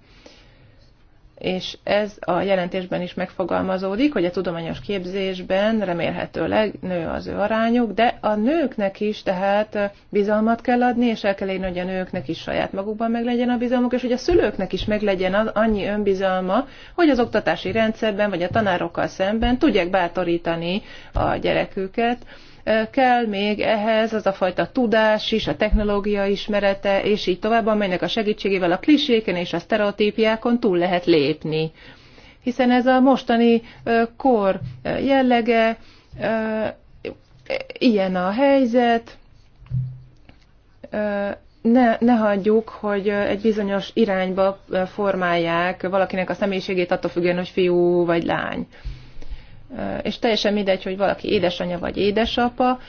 és ez a jelentésben is megfogalmazódik, hogy a tudományos képzésben remélhetőleg nő az ő arányuk, de a nőknek is tehát bizalmat kell adni, és el kell érni, hogy a nőknek is saját magukban meglegyen a bizalmuk, és hogy a szülőknek is meglegyen az annyi önbizalma, hogy az oktatási rendszerben vagy a tanárokkal szemben tudják bátorítani a gyereküket, kell még ehhez az a fajta tudás is, a technológia ismerete, és így tovább, amelynek a segítségével a kliséken és a sztereotípiákon túl lehet lépni. Hiszen ez a mostani kor jellege, ilyen a helyzet, ne, ne hagyjuk, hogy egy bizonyos irányba formálják valakinek a személyiségét attól függően, hogy fiú vagy lány és teljesen mindegy, hogy valaki édesanyja vagy édesapa,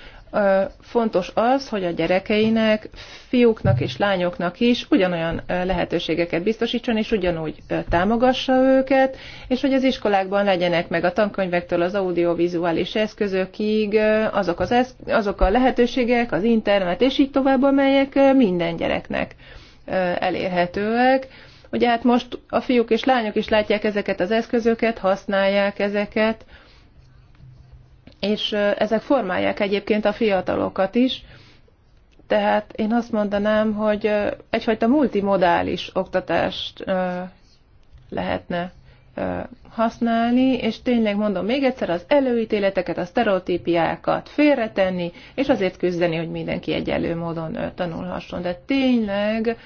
fontos az, hogy a gyerekeinek, fiúknak és lányoknak is ugyanolyan lehetőségeket biztosítson, és ugyanúgy támogassa őket, és hogy az iskolákban legyenek meg a tankönyvektől az audiovizuális eszközökig azok, az esz- azok a lehetőségek, az internet, és így tovább, amelyek minden gyereknek elérhetőek. Ugye hát most a fiúk és lányok is látják ezeket az eszközöket, használják ezeket, és ezek formálják egyébként a fiatalokat is, tehát én azt mondanám, hogy egyfajta multimodális oktatást lehetne használni, és tényleg mondom még egyszer, az előítéleteket, a sztereotípiákat félretenni, és azért küzdeni, hogy mindenki egyenlő módon tanulhasson. De tényleg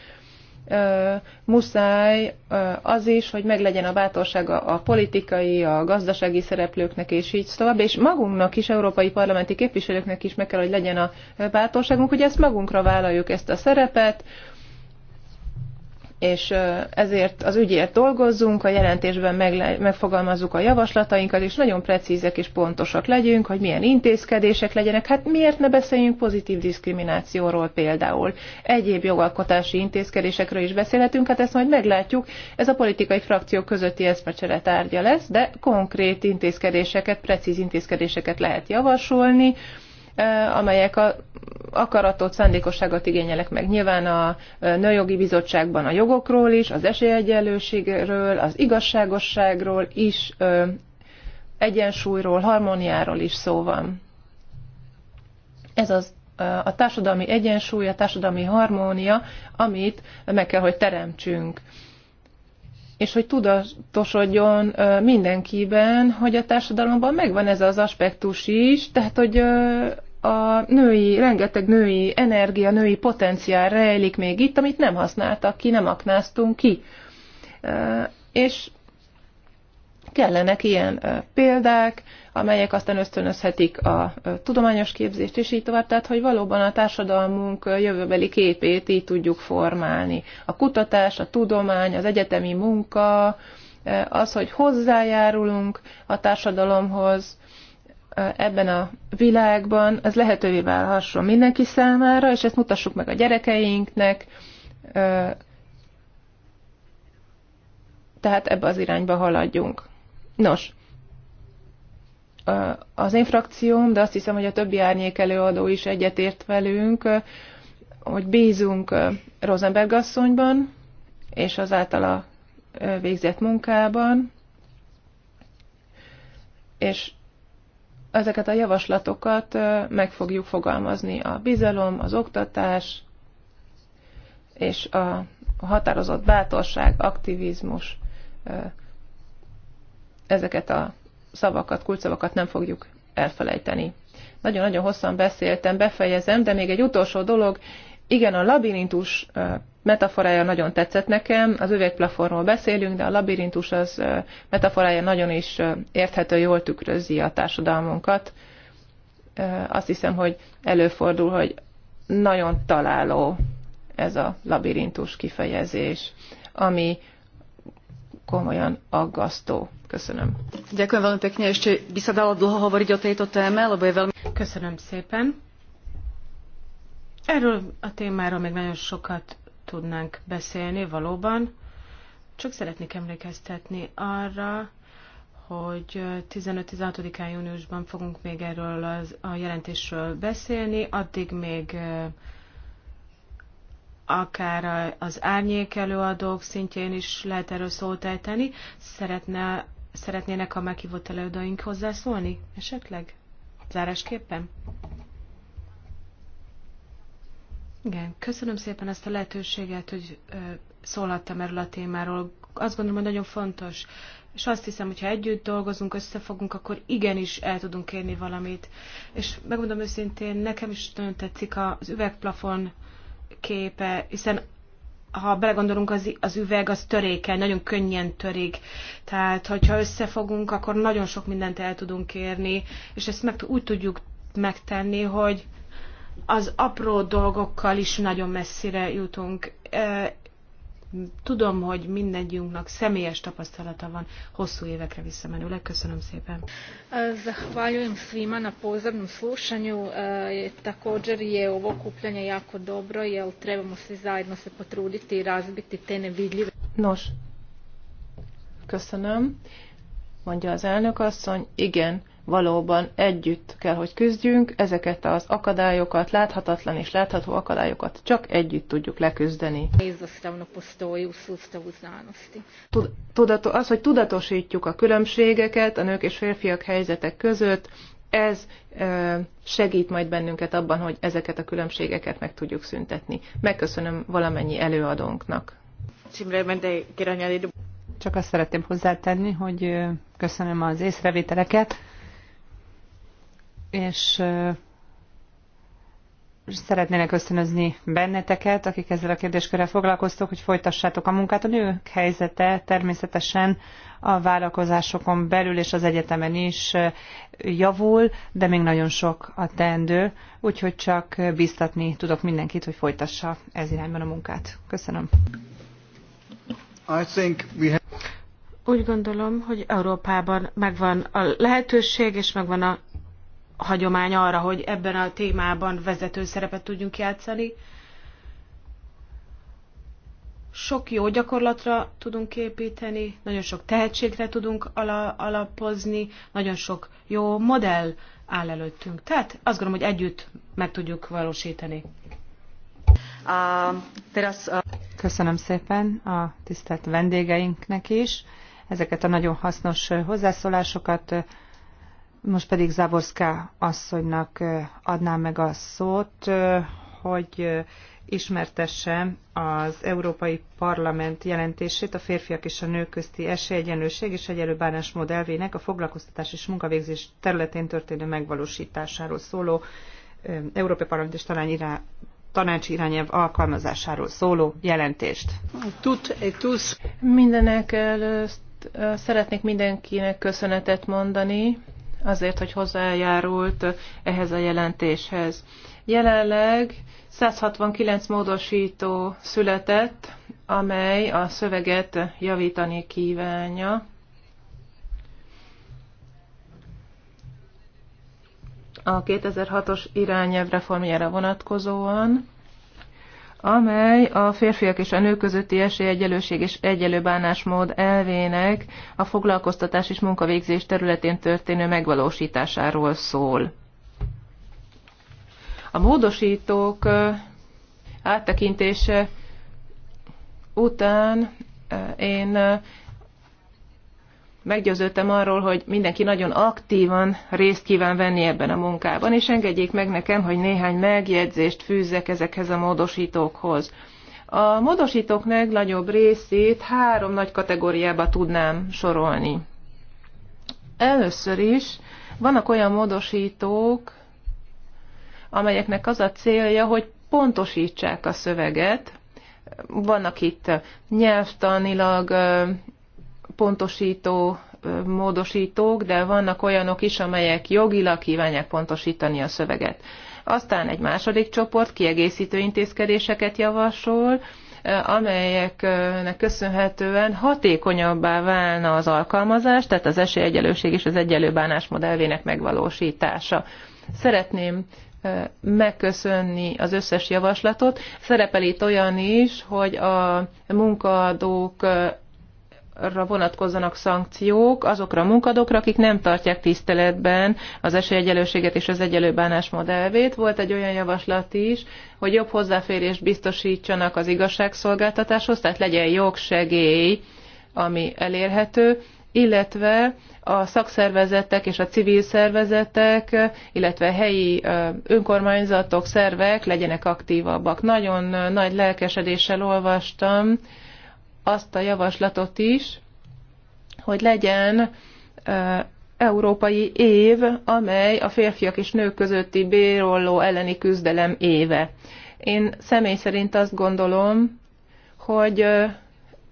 muszáj az is, hogy meglegyen a bátorsága a politikai, a gazdasági szereplőknek, és így tovább, és magunknak is, európai parlamenti képviselőknek is meg kell, hogy legyen a bátorságunk, hogy ezt magunkra vállaljuk ezt a szerepet, és ezért az ügyért dolgozzunk, a jelentésben megfogalmazzuk a javaslatainkat, és nagyon precízek és pontosak legyünk, hogy milyen intézkedések legyenek. Hát miért ne beszéljünk pozitív diszkriminációról például? Egyéb jogalkotási intézkedésekről is beszélhetünk, hát ezt majd meglátjuk. Ez a politikai frakciók közötti eszmecsere tárgya lesz, de konkrét intézkedéseket, precíz intézkedéseket lehet javasolni, amelyek a akaratot, szándékosságot igényelek meg. Nyilván a Nőjogi Bizottságban a jogokról is, az esélyegyenlőségről, az igazságosságról is, egyensúlyról, harmóniáról is szó van. Ez az a társadalmi egyensúly, a társadalmi harmónia, amit meg kell, hogy teremtsünk és hogy tudatosodjon mindenkiben, hogy a társadalomban megvan ez az aspektus is, tehát hogy a női, rengeteg női energia, női potenciál rejlik még itt, amit nem használtak ki, nem aknáztunk ki. És kellenek ilyen példák, amelyek aztán ösztönözhetik a tudományos képzést, és így tovább, tehát hogy valóban a társadalmunk jövőbeli képét így tudjuk formálni. A kutatás, a tudomány, az egyetemi munka, az, hogy hozzájárulunk a társadalomhoz, ebben a világban ez lehetővé válhasson mindenki számára, és ezt mutassuk meg a gyerekeinknek, tehát ebbe az irányba haladjunk. Nos, az én frakcióm, de azt hiszem, hogy a többi árnyék előadó is egyetért velünk, hogy bízunk Rosenberg asszonyban, és az általa végzett munkában, és ezeket a javaslatokat meg fogjuk fogalmazni. A bizalom, az oktatás és a határozott bátorság, aktivizmus, ezeket a szavakat, kulcsszavakat nem fogjuk elfelejteni. Nagyon-nagyon hosszan beszéltem, befejezem, de még egy utolsó dolog, igen, a labirintus metaforája nagyon tetszett nekem, az üvegplafonról beszélünk, de a labirintus az metaforája nagyon is érthető, jól tükrözi a társadalmunkat. Azt hiszem, hogy előfordul, hogy nagyon találó ez a labirintus kifejezés, ami komolyan aggasztó. Köszönöm. Ďakujem veľmi pekne. Ešte by sa dalo dlho hovoriť o tejto téme, lebo je veľmi... Köszönöm szépen. Erről a témáról még nagyon sokat tudnánk beszélni valóban. Csak szeretnék emlékeztetni arra, hogy 15 16 júniusban fogunk még erről az, a jelentésről beszélni, addig még akár az árnyék előadók szintjén is lehet erről szót ejteni. Szeretne, szeretnének a meghívott előadóink hozzászólni esetleg? Zárásképpen? Igen, köszönöm szépen ezt a lehetőséget, hogy szólhattam erről a témáról. Azt gondolom, hogy nagyon fontos, és azt hiszem, hogyha együtt dolgozunk, összefogunk, akkor igenis el tudunk érni valamit. És megmondom őszintén, nekem is nagyon tetszik az üvegplafon képe, hiszen ha belegondolunk, az, az üveg az töréke nagyon könnyen törik. Tehát, hogyha összefogunk, akkor nagyon sok mindent el tudunk érni, és ezt meg úgy tudjuk megtenni, hogy az apró dolgokkal is nagyon messzire jutunk. Tudom, hogy mindegyünknek személyes tapasztalata van hosszú évekre visszamenőleg. Köszönöm szépen. Zahvaljujem svima na pozornom slušanju. Također je ovo kupljanje jako dobro, jel trebamo svi zajedno se potruditi i razbiti te nevidljive... Nos, köszönöm, mondja az elnök asszony. Igen, valóban együtt kell, hogy küzdjünk, ezeket az akadályokat, láthatatlan és látható akadályokat csak együtt tudjuk leküzdeni. Tudato, az, hogy tudatosítjuk a különbségeket a nők és férfiak helyzetek között, ez segít majd bennünket abban, hogy ezeket a különbségeket meg tudjuk szüntetni. Megköszönöm valamennyi előadónknak. Csak azt szeretném hozzátenni, hogy köszönöm az észrevételeket és szeretnének ösztönözni benneteket, akik ezzel a kérdéskörrel foglalkoztok, hogy folytassátok a munkát. A nők helyzete természetesen a vállalkozásokon belül és az egyetemen is javul, de még nagyon sok a teendő, úgyhogy csak biztatni tudok mindenkit, hogy folytassa ez irányban a munkát. Köszönöm. I think we have... Úgy gondolom, hogy Európában megvan a lehetőség, és megvan a hagyomány arra, hogy ebben a témában vezető szerepet tudjunk játszani. Sok jó gyakorlatra tudunk építeni, nagyon sok tehetségre tudunk ala, alapozni, nagyon sok jó modell áll előttünk. Tehát azt gondolom, hogy együtt meg tudjuk valósítani. Köszönöm szépen a tisztelt vendégeinknek is ezeket a nagyon hasznos hozzászólásokat. Most pedig Záborská asszonynak adnám meg a szót, hogy ismertesse az Európai Parlament jelentését a férfiak és a nők közti esélyegyenlőség és egyelő bánásmód elvének a foglalkoztatás és munkavégzés területén történő megvalósításáról szóló Európai Parlament és talán irá, tanácsi irányelv alkalmazásáról szóló jelentést. Tut, eh, tusz. Mindenek előtt szeretnék mindenkinek köszönetet mondani, azért, hogy hozzájárult ehhez a jelentéshez. Jelenleg 169 módosító született, amely a szöveget javítani kívánja. A 2006-os irányelv reformjára vonatkozóan amely a férfiak és a nők közötti esélyegyelőség és egyelő bánásmód elvének a foglalkoztatás és munkavégzés területén történő megvalósításáról szól. A módosítók áttekintése után én meggyőződtem arról, hogy mindenki nagyon aktívan részt kíván venni ebben a munkában, és engedjék meg nekem, hogy néhány megjegyzést fűzzek ezekhez a módosítókhoz. A módosítók legnagyobb részét három nagy kategóriába tudnám sorolni. Először is vannak olyan módosítók, amelyeknek az a célja, hogy pontosítsák a szöveget. Vannak itt nyelvtanilag pontosító módosítók, de vannak olyanok is, amelyek jogilag kívánják pontosítani a szöveget. Aztán egy második csoport kiegészítő intézkedéseket javasol, amelyeknek köszönhetően hatékonyabbá válna az alkalmazás, tehát az esélyegyelőség és az egyelő bánásmód elvének megvalósítása. Szeretném megköszönni az összes javaslatot. Szerepel itt olyan is, hogy a munkaadók vonatkozzanak szankciók azokra a munkadokra, akik nem tartják tiszteletben az esélyegyelőséget és az egyelő bánásmód elvét. Volt egy olyan javaslat is, hogy jobb hozzáférést biztosítsanak az igazságszolgáltatáshoz, tehát legyen jogsegély, ami elérhető, illetve a szakszervezetek és a civil szervezetek, illetve helyi önkormányzatok, szervek legyenek aktívabbak. Nagyon nagy lelkesedéssel olvastam, azt a javaslatot is, hogy legyen európai év, amely a férfiak és nők közötti bérolló elleni küzdelem éve. Én személy szerint azt gondolom, hogy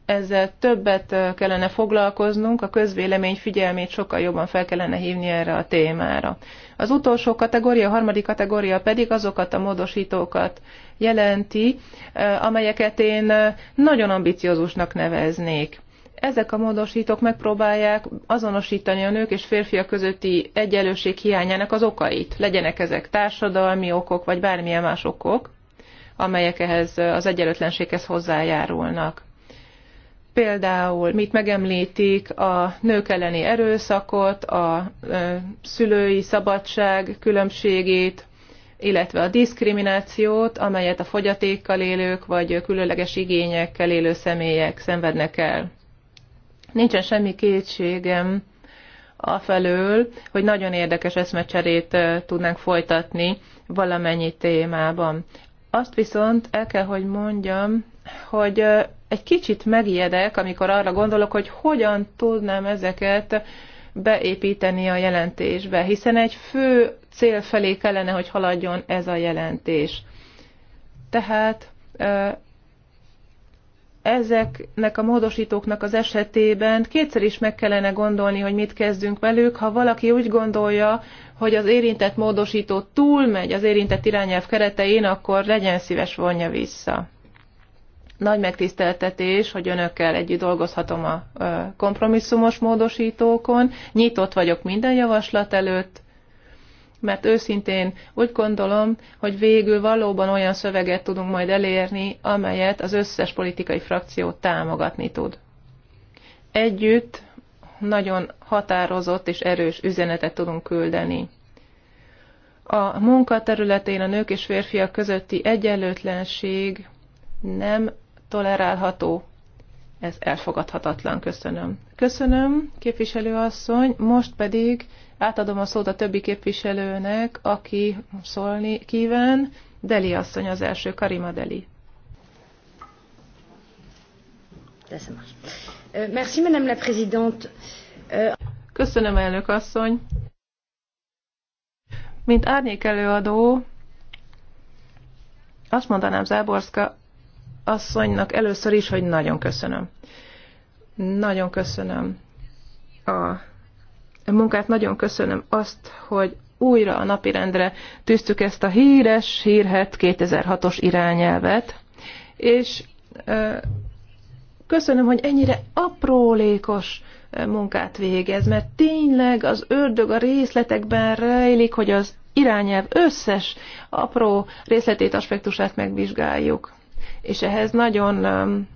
ezzel többet kellene foglalkoznunk, a közvélemény figyelmét sokkal jobban fel kellene hívni erre a témára. Az utolsó kategória, a harmadik kategória pedig azokat a módosítókat jelenti, amelyeket én nagyon ambiciózusnak neveznék ezek a módosítók megpróbálják azonosítani a nők és férfiak közötti egyenlőség hiányának az okait. Legyenek ezek társadalmi okok, vagy bármilyen más okok, amelyek ehhez az egyenlőtlenséghez hozzájárulnak. Például mit megemlítik a nők elleni erőszakot, a szülői szabadság különbségét, illetve a diszkriminációt, amelyet a fogyatékkal élők vagy különleges igényekkel élő személyek szenvednek el. Nincsen semmi kétségem afelől, hogy nagyon érdekes eszmecserét tudnánk folytatni valamennyi témában. Azt viszont el kell, hogy mondjam, hogy egy kicsit megijedek, amikor arra gondolok, hogy hogyan tudnám ezeket beépíteni a jelentésbe, hiszen egy fő cél felé kellene, hogy haladjon ez a jelentés. Tehát ezeknek a módosítóknak az esetében kétszer is meg kellene gondolni, hogy mit kezdünk velük. Ha valaki úgy gondolja, hogy az érintett módosító túlmegy az érintett irányelv keretein, akkor legyen szíves vonja vissza nagy megtiszteltetés, hogy önökkel együtt dolgozhatom a kompromisszumos módosítókon. Nyitott vagyok minden javaslat előtt, mert őszintén úgy gondolom, hogy végül valóban olyan szöveget tudunk majd elérni, amelyet az összes politikai frakció támogatni tud. Együtt nagyon határozott és erős üzenetet tudunk küldeni. A munkaterületén a nők és férfiak közötti egyenlőtlenség nem tolerálható. Ez elfogadhatatlan. Köszönöm. Köszönöm, képviselőasszony. Most pedig átadom a szót a többi képviselőnek, aki szólni kíván. Deli asszony az első, Karima Deli. Merci, Madame la Présidente. Köszönöm, elnök asszony. Mint árnyék előadó, azt mondanám Záborszka asszonynak először is, hogy nagyon köszönöm. Nagyon köszönöm a munkát, nagyon köszönöm azt, hogy újra a napirendre tűztük ezt a híres, hírhet 2006-os irányelvet, és köszönöm, hogy ennyire aprólékos munkát végez, mert tényleg az ördög a részletekben rejlik, hogy az irányelv összes apró részletét, aspektusát megvizsgáljuk és ehhez nagyon um,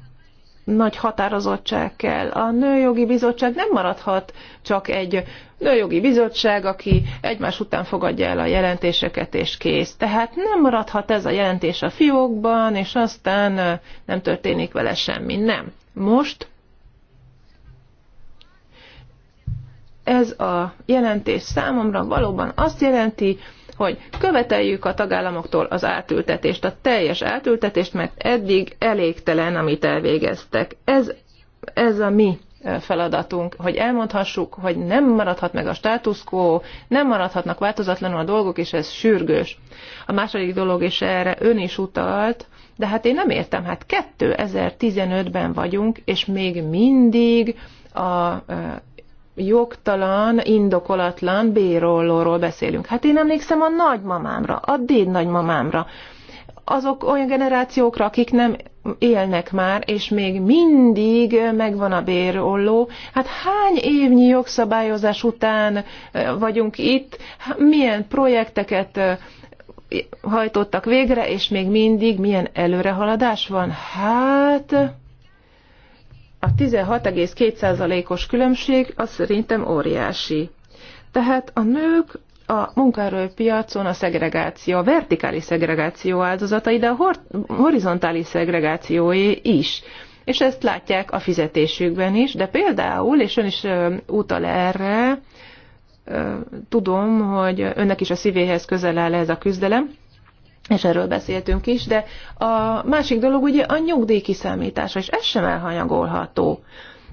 nagy határozottság kell. A Nőjogi Bizottság nem maradhat csak egy Nőjogi Bizottság, aki egymás után fogadja el a jelentéseket, és kész. Tehát nem maradhat ez a jelentés a fiókban, és aztán uh, nem történik vele semmi. Nem. Most ez a jelentés számomra valóban azt jelenti, hogy követeljük a tagállamoktól az átültetést, a teljes átültetést, mert eddig elégtelen, amit elvégeztek. Ez, ez a mi feladatunk, hogy elmondhassuk, hogy nem maradhat meg a status quo, nem maradhatnak változatlanul a dolgok, és ez sürgős. A második dolog, is erre ön is utalt, de hát én nem értem, hát 2015-ben vagyunk, és még mindig a jogtalan, indokolatlan bérollóról beszélünk. Hát én emlékszem a nagymamámra, a déd nagymamámra, azok olyan generációkra, akik nem élnek már, és még mindig megvan a bérolló. Hát hány évnyi jogszabályozás után vagyunk itt, hát milyen projekteket hajtottak végre, és még mindig milyen előrehaladás van? Hát a 16,2%-os különbség az szerintem óriási. Tehát a nők a munkaerőpiacon a szegregáció, a vertikális szegregáció áldozatai, de a horizontális szegregációé is. És ezt látják a fizetésükben is, de például, és ön is utal erre, tudom, hogy önnek is a szívéhez közel áll ez a küzdelem, és erről beszéltünk is, de a másik dolog ugye a nyugdíj kiszámítása, és ez sem elhanyagolható.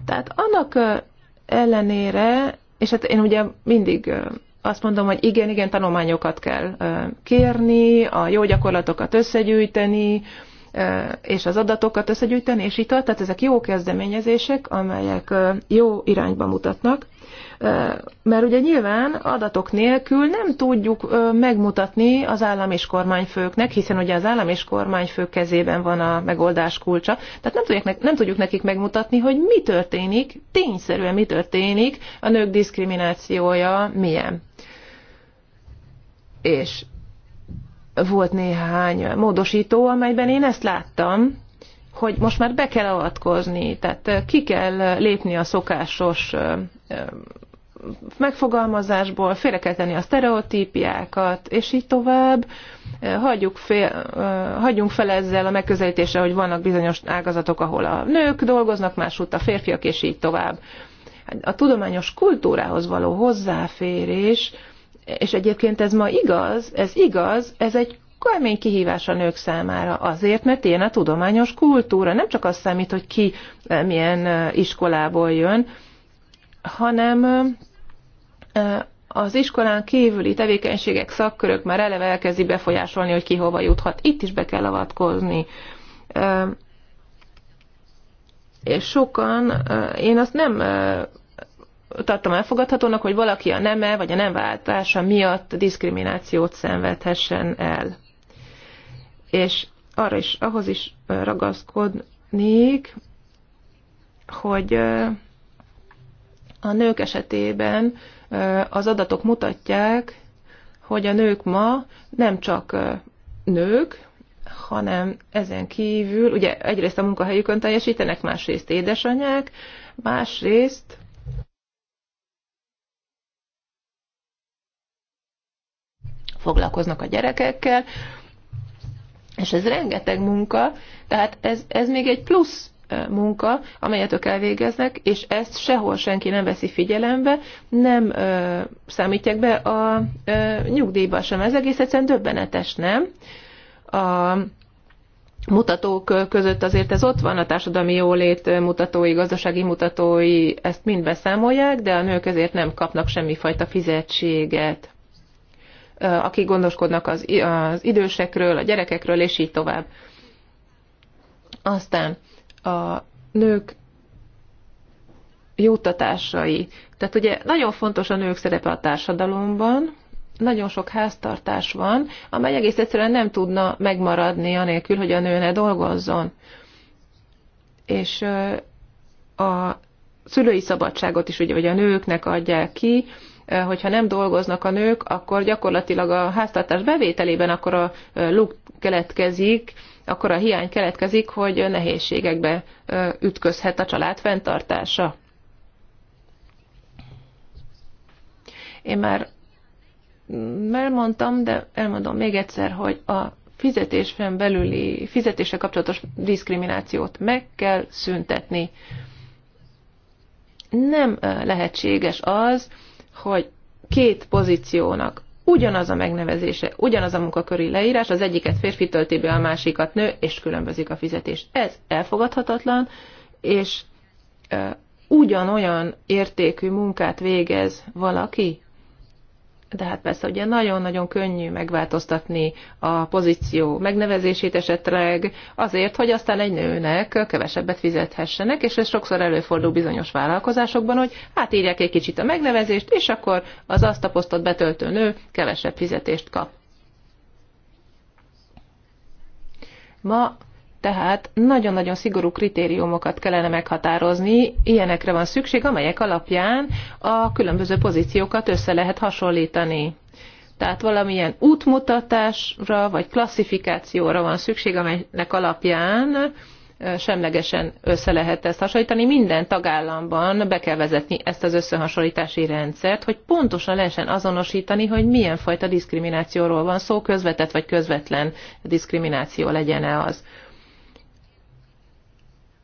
Tehát annak ellenére, és hát én ugye mindig azt mondom, hogy igen, igen, tanulmányokat kell kérni, a jó gyakorlatokat összegyűjteni, és az adatokat összegyűjteni, és itt, tehát ezek jó kezdeményezések, amelyek jó irányba mutatnak. Mert ugye nyilván adatok nélkül nem tudjuk megmutatni az állam és kormányfőknek, hiszen ugye az állam és kormányfők kezében van a megoldás kulcsa, tehát nem, tudják, nem tudjuk nekik megmutatni, hogy mi történik, tényszerűen mi történik, a nők diszkriminációja milyen. És volt néhány módosító, amelyben én ezt láttam, hogy most már be kell avatkozni, tehát ki kell lépni a szokásos megfogalmazásból, félre kell tenni a sztereotípiákat, és így tovább. Eh, hagyjuk fél, eh, hagyjunk fel ezzel a megközelítésre, hogy vannak bizonyos ágazatok, ahol a nők dolgoznak, másútt a férfiak, és így tovább. A tudományos kultúrához való hozzáférés, és egyébként ez ma igaz, ez igaz, ez egy kemény kihívás a nők számára azért, mert ilyen a tudományos kultúra. Nem csak az számít, hogy ki eh, milyen iskolából jön, hanem az iskolán kívüli tevékenységek, szakkörök már eleve elkezdi befolyásolni, hogy ki hova juthat. Itt is be kell avatkozni. És sokan, én azt nem tartom elfogadhatónak, hogy valaki a neme vagy a nem váltása miatt diszkriminációt szenvedhessen el. És arra is, ahhoz is ragaszkodnék, hogy a nők esetében az adatok mutatják, hogy a nők ma nem csak nők, hanem ezen kívül, ugye egyrészt a munkahelyükön teljesítenek, másrészt édesanyák, másrészt foglalkoznak a gyerekekkel, és ez rengeteg munka, tehát ez, ez még egy plusz munka, amelyet ők elvégeznek, és ezt sehol senki nem veszi figyelembe, nem ö, számítják be a ö, nyugdíjba sem. Ez egész egyszerűen döbbenetes, nem? A mutatók között azért ez ott van, a társadalmi jólét mutatói, gazdasági mutatói ezt mind beszámolják, de a nők ezért nem kapnak semmifajta fizetséget akik gondoskodnak az, az idősekről, a gyerekekről, és így tovább. Aztán a nők juttatásai. Tehát ugye nagyon fontos a nők szerepe a társadalomban, nagyon sok háztartás van, amely egész egyszerűen nem tudna megmaradni anélkül, hogy a nő ne dolgozzon. És a szülői szabadságot is ugye, hogy a nőknek adják ki, hogyha nem dolgoznak a nők, akkor gyakorlatilag a háztartás bevételében akkor a luk keletkezik, akkor a hiány keletkezik, hogy nehézségekbe ütközhet a család fenntartása. Én már elmondtam, de elmondom még egyszer, hogy a fizetésen belüli, fizetése kapcsolatos diszkriminációt meg kell szüntetni. Nem lehetséges az, hogy két pozíciónak ugyanaz a megnevezése, ugyanaz a munkaköri leírás, az egyiket férfi tölti be, a másikat nő, és különbözik a fizetés. Ez elfogadhatatlan, és ugyanolyan értékű munkát végez valaki, de hát persze, ugye nagyon-nagyon könnyű megváltoztatni a pozíció megnevezését esetleg azért, hogy aztán egy nőnek kevesebbet fizethessenek, és ez sokszor előfordul bizonyos vállalkozásokban, hogy hát írják egy kicsit a megnevezést, és akkor az azt a posztot betöltő nő kevesebb fizetést kap. Ma tehát nagyon-nagyon szigorú kritériumokat kellene meghatározni, ilyenekre van szükség, amelyek alapján a különböző pozíciókat össze lehet hasonlítani. Tehát valamilyen útmutatásra vagy klasszifikációra van szükség, amelynek alapján semlegesen össze lehet ezt hasonlítani. Minden tagállamban be kell vezetni ezt az összehasonlítási rendszert, hogy pontosan lehessen azonosítani, hogy milyen fajta diszkriminációról van szó, közvetett vagy közvetlen diszkrimináció legyen-e az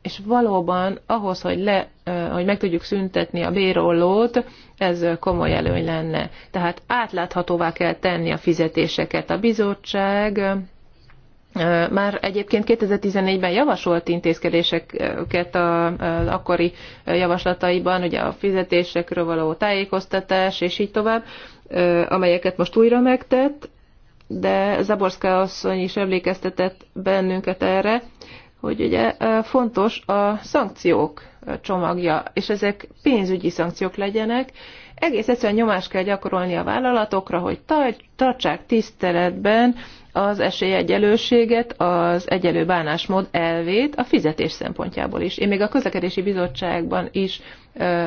és valóban ahhoz, hogy, le, hogy meg tudjuk szüntetni a bérollót, ez komoly előny lenne. Tehát átláthatóvá kell tenni a fizetéseket. A bizottság már egyébként 2014-ben javasolt intézkedéseket a, az akkori javaslataiban, ugye a fizetésekről való tájékoztatás és így tovább, amelyeket most újra megtett, de Zaborszka asszony is emlékeztetett bennünket erre, hogy ugye fontos a szankciók csomagja, és ezek pénzügyi szankciók legyenek. Egész egyszerűen nyomást kell gyakorolni a vállalatokra, hogy tartsák tiszteletben az esélyegyelőséget, az egyelő bánásmód elvét a fizetés szempontjából is. Én még a közlekedési bizottságban is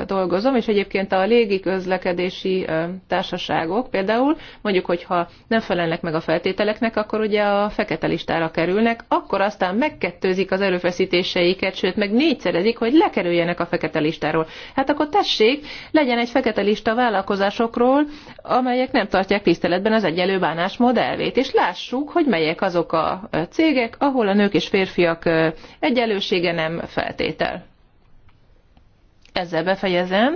dolgozom, és egyébként a légi közlekedési társaságok például, mondjuk, hogyha nem felelnek meg a feltételeknek, akkor ugye a fekete listára kerülnek, akkor aztán megkettőzik az erőfeszítéseiket, sőt, meg négyszerezik, hogy lekerüljenek a fekete listáról. Hát akkor tessék, legyen egy fekete lista vállalkozásokról, amelyek nem tartják tiszteletben az egyenlő bánásmód elvét, és lássuk, hogy melyek azok a cégek, ahol a nők és férfiak egyenlősége nem feltétel. Ezzel befejezem,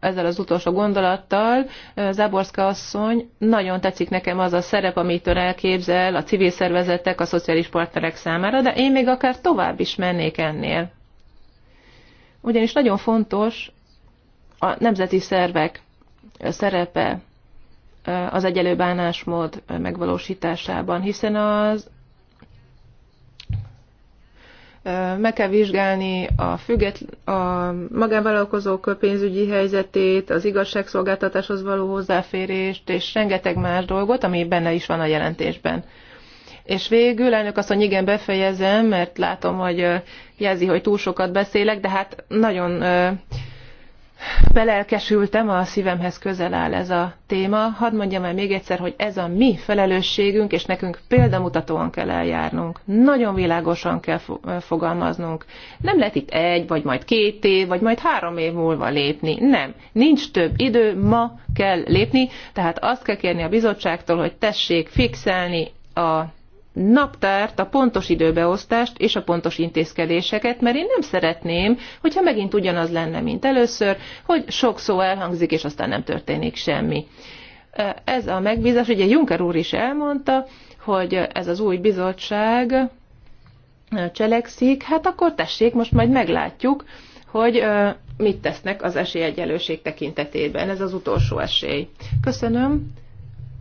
ezzel az utolsó gondolattal. Záborszka asszony, nagyon tetszik nekem az a szerep, amit ön elképzel a civil szervezetek, a szociális partnerek számára, de én még akár tovább is mennék ennél. Ugyanis nagyon fontos a nemzeti szervek szerepe az egyelő bánásmód megvalósításában, hiszen az meg kell vizsgálni a, függet, a magánvállalkozók pénzügyi helyzetét, az igazságszolgáltatáshoz való hozzáférést, és rengeteg más dolgot, ami benne is van a jelentésben. És végül, elnök azt mondja, igen, befejezem, mert látom, hogy jelzi, hogy túl sokat beszélek, de hát nagyon belelkesültem, a szívemhez közel áll ez a téma. Hadd mondjam el még egyszer, hogy ez a mi felelősségünk, és nekünk példamutatóan kell eljárnunk. Nagyon világosan kell fogalmaznunk. Nem lehet itt egy, vagy majd két év, vagy majd három év múlva lépni. Nem. Nincs több idő, ma kell lépni, tehát azt kell kérni a bizottságtól, hogy tessék fixelni a naptárt, a pontos időbeosztást és a pontos intézkedéseket, mert én nem szeretném, hogyha megint ugyanaz lenne, mint először, hogy sok szó elhangzik, és aztán nem történik semmi. Ez a megbízás, ugye Juncker úr is elmondta, hogy ez az új bizottság cselekszik, hát akkor tessék, most majd meglátjuk, hogy mit tesznek az esélyegyelőség tekintetében. Ez az utolsó esély. Köszönöm,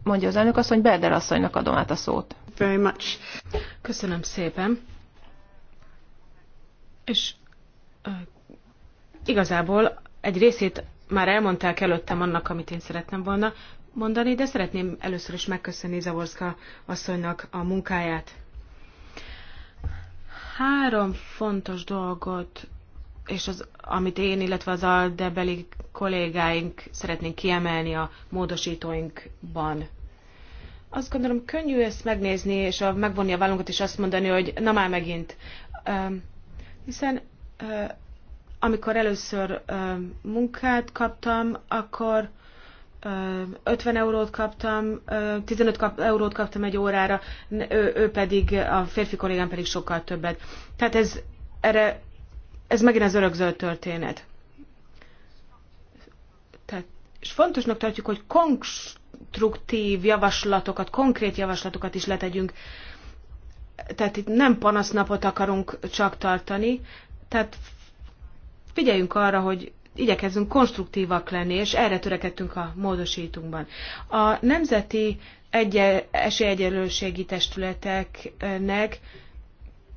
mondja az elnök asszony, Berder asszonynak adom át a szót very much. Köszönöm szépen. És uh, igazából egy részét már elmondták előttem annak, amit én szerettem volna mondani, de szeretném először is megköszönni Zavorszka asszonynak a munkáját. Három fontos dolgot, és az, amit én, illetve az aldebeli kollégáink szeretnénk kiemelni a módosítóinkban azt gondolom, könnyű ezt megnézni, és a, megvonni a vállunkat, és azt mondani, hogy na már megint. Hiszen amikor először munkát kaptam, akkor 50 eurót kaptam, 15 kap, eurót kaptam egy órára, ő, ő pedig, a férfi kollégám pedig sokkal többet. Tehát ez, erre, ez megint az örökzöld történet. Tehát, és fontosnak tartjuk, hogy konstruktív javaslatokat, konkrét javaslatokat is letegyünk. Tehát itt nem panasznapot akarunk csak tartani, tehát figyeljünk arra, hogy igyekezzünk konstruktívak lenni, és erre törekedtünk a módosítunkban. A nemzeti egye, esélyegyenlőségi testületeknek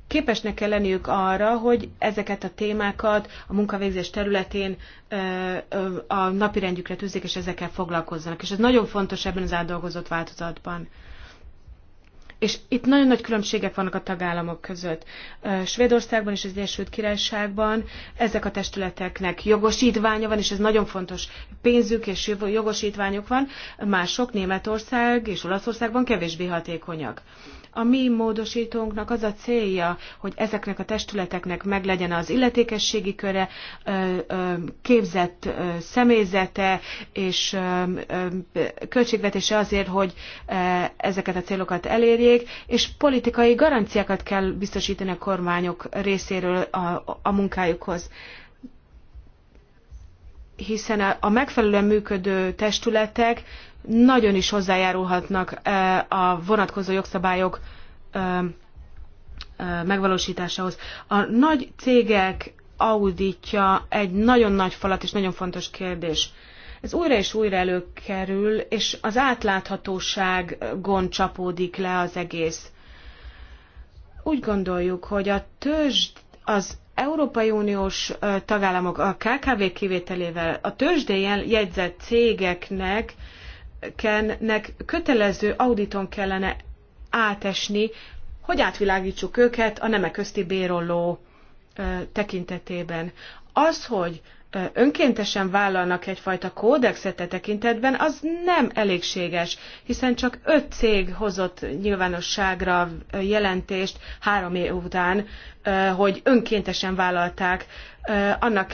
képesnek kell lenniük arra, hogy ezeket a témákat a munkavégzés területén a napirendjükre tűzzék, és ezekkel foglalkozzanak. És ez nagyon fontos ebben az átdolgozott változatban. És itt nagyon nagy különbségek vannak a tagállamok között. Svédországban és az Egyesült Királyságban ezek a testületeknek jogosítványa van, és ez nagyon fontos. Pénzük és jogosítványuk van, mások Németország és Olaszországban kevésbé hatékonyak. A mi módosítónknak az a célja, hogy ezeknek a testületeknek meglegyen az illetékességi köre, képzett személyzete és költségvetése azért, hogy ezeket a célokat elérjék, és politikai garanciákat kell biztosítani a kormányok részéről a, a munkájukhoz hiszen a, megfelelően működő testületek nagyon is hozzájárulhatnak a vonatkozó jogszabályok megvalósításához. A nagy cégek auditja egy nagyon nagy falat és nagyon fontos kérdés. Ez újra és újra előkerül, és az átláthatóság gond csapódik le az egész. Úgy gondoljuk, hogy a tőzsd az Európai Uniós tagállamok a KKV kivételével a tőzsdén jegyzett cégeknek nek kötelező auditon kellene átesni, hogy átvilágítsuk őket a nemek közti bérolló tekintetében. Az, hogy önkéntesen vállalnak egyfajta kódexet e tekintetben, az nem elégséges, hiszen csak öt cég hozott nyilvánosságra jelentést három év után, hogy önkéntesen vállalták annak,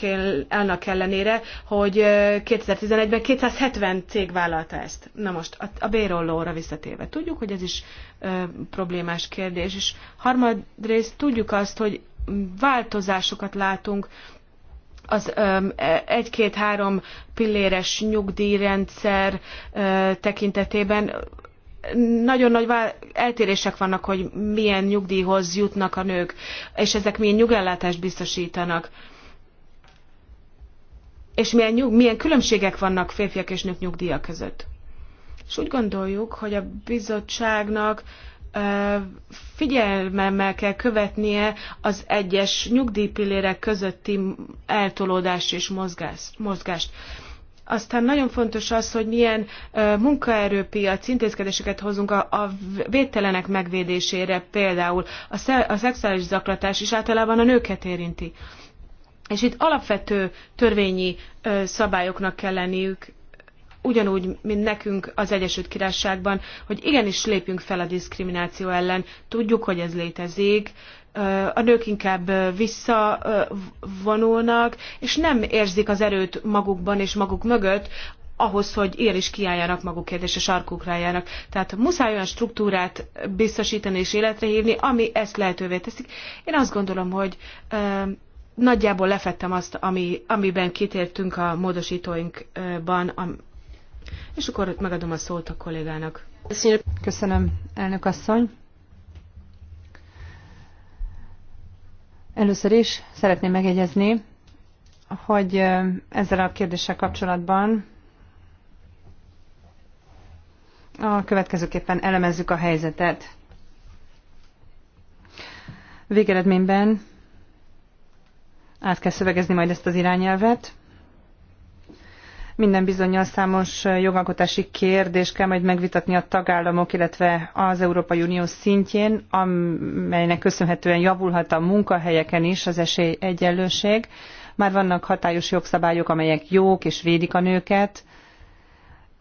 annak ellenére, hogy 2011-ben 270 cég vállalta ezt. Na most a, a bérollóra visszatérve. Tudjuk, hogy ez is ö, problémás kérdés, és harmadrészt tudjuk azt, hogy változásokat látunk az egy-két-három pilléres nyugdíjrendszer ö, tekintetében nagyon nagy eltérések vannak, hogy milyen nyugdíjhoz jutnak a nők, és ezek milyen nyugellátást biztosítanak és milyen, nyug, milyen különbségek vannak férfiak és nők nyugdíja között. És úgy gondoljuk, hogy a bizottságnak figyelmemmel kell követnie az egyes nyugdíjpillérek közötti eltolódást és mozgást. Aztán nagyon fontos az, hogy milyen munkaerőpiac intézkedéseket hozunk a, a védtelenek megvédésére, például a, szexuális zaklatás is általában a nőket érinti. És itt alapvető törvényi szabályoknak kell lenniük, ugyanúgy, mint nekünk az Egyesült Királyságban, hogy igenis lépjünk fel a diszkrimináció ellen, tudjuk, hogy ez létezik, a nők inkább visszavonulnak, és nem érzik az erőt magukban és maguk mögött, ahhoz, hogy ilyen is kiálljanak magukért és a sarkukra álljanak. Tehát muszáj olyan struktúrát biztosítani és életre hívni, ami ezt lehetővé teszik. Én azt gondolom, hogy nagyjából lefettem azt, ami, amiben kitértünk a módosítóinkban, és akkor megadom a szót a kollégának. Köszönöm, elnök asszony. Először is szeretném megjegyezni, hogy ezzel a kérdéssel kapcsolatban a következőképpen elemezzük a helyzetet. Végeredményben át kell szövegezni majd ezt az irányelvet. Minden bizonyal számos jogalkotási kérdést kell majd megvitatni a tagállamok, illetve az Európai Unió szintjén, amelynek köszönhetően javulhat a munkahelyeken is az esélyegyenlőség. Már vannak hatályos jogszabályok, amelyek jók és védik a nőket.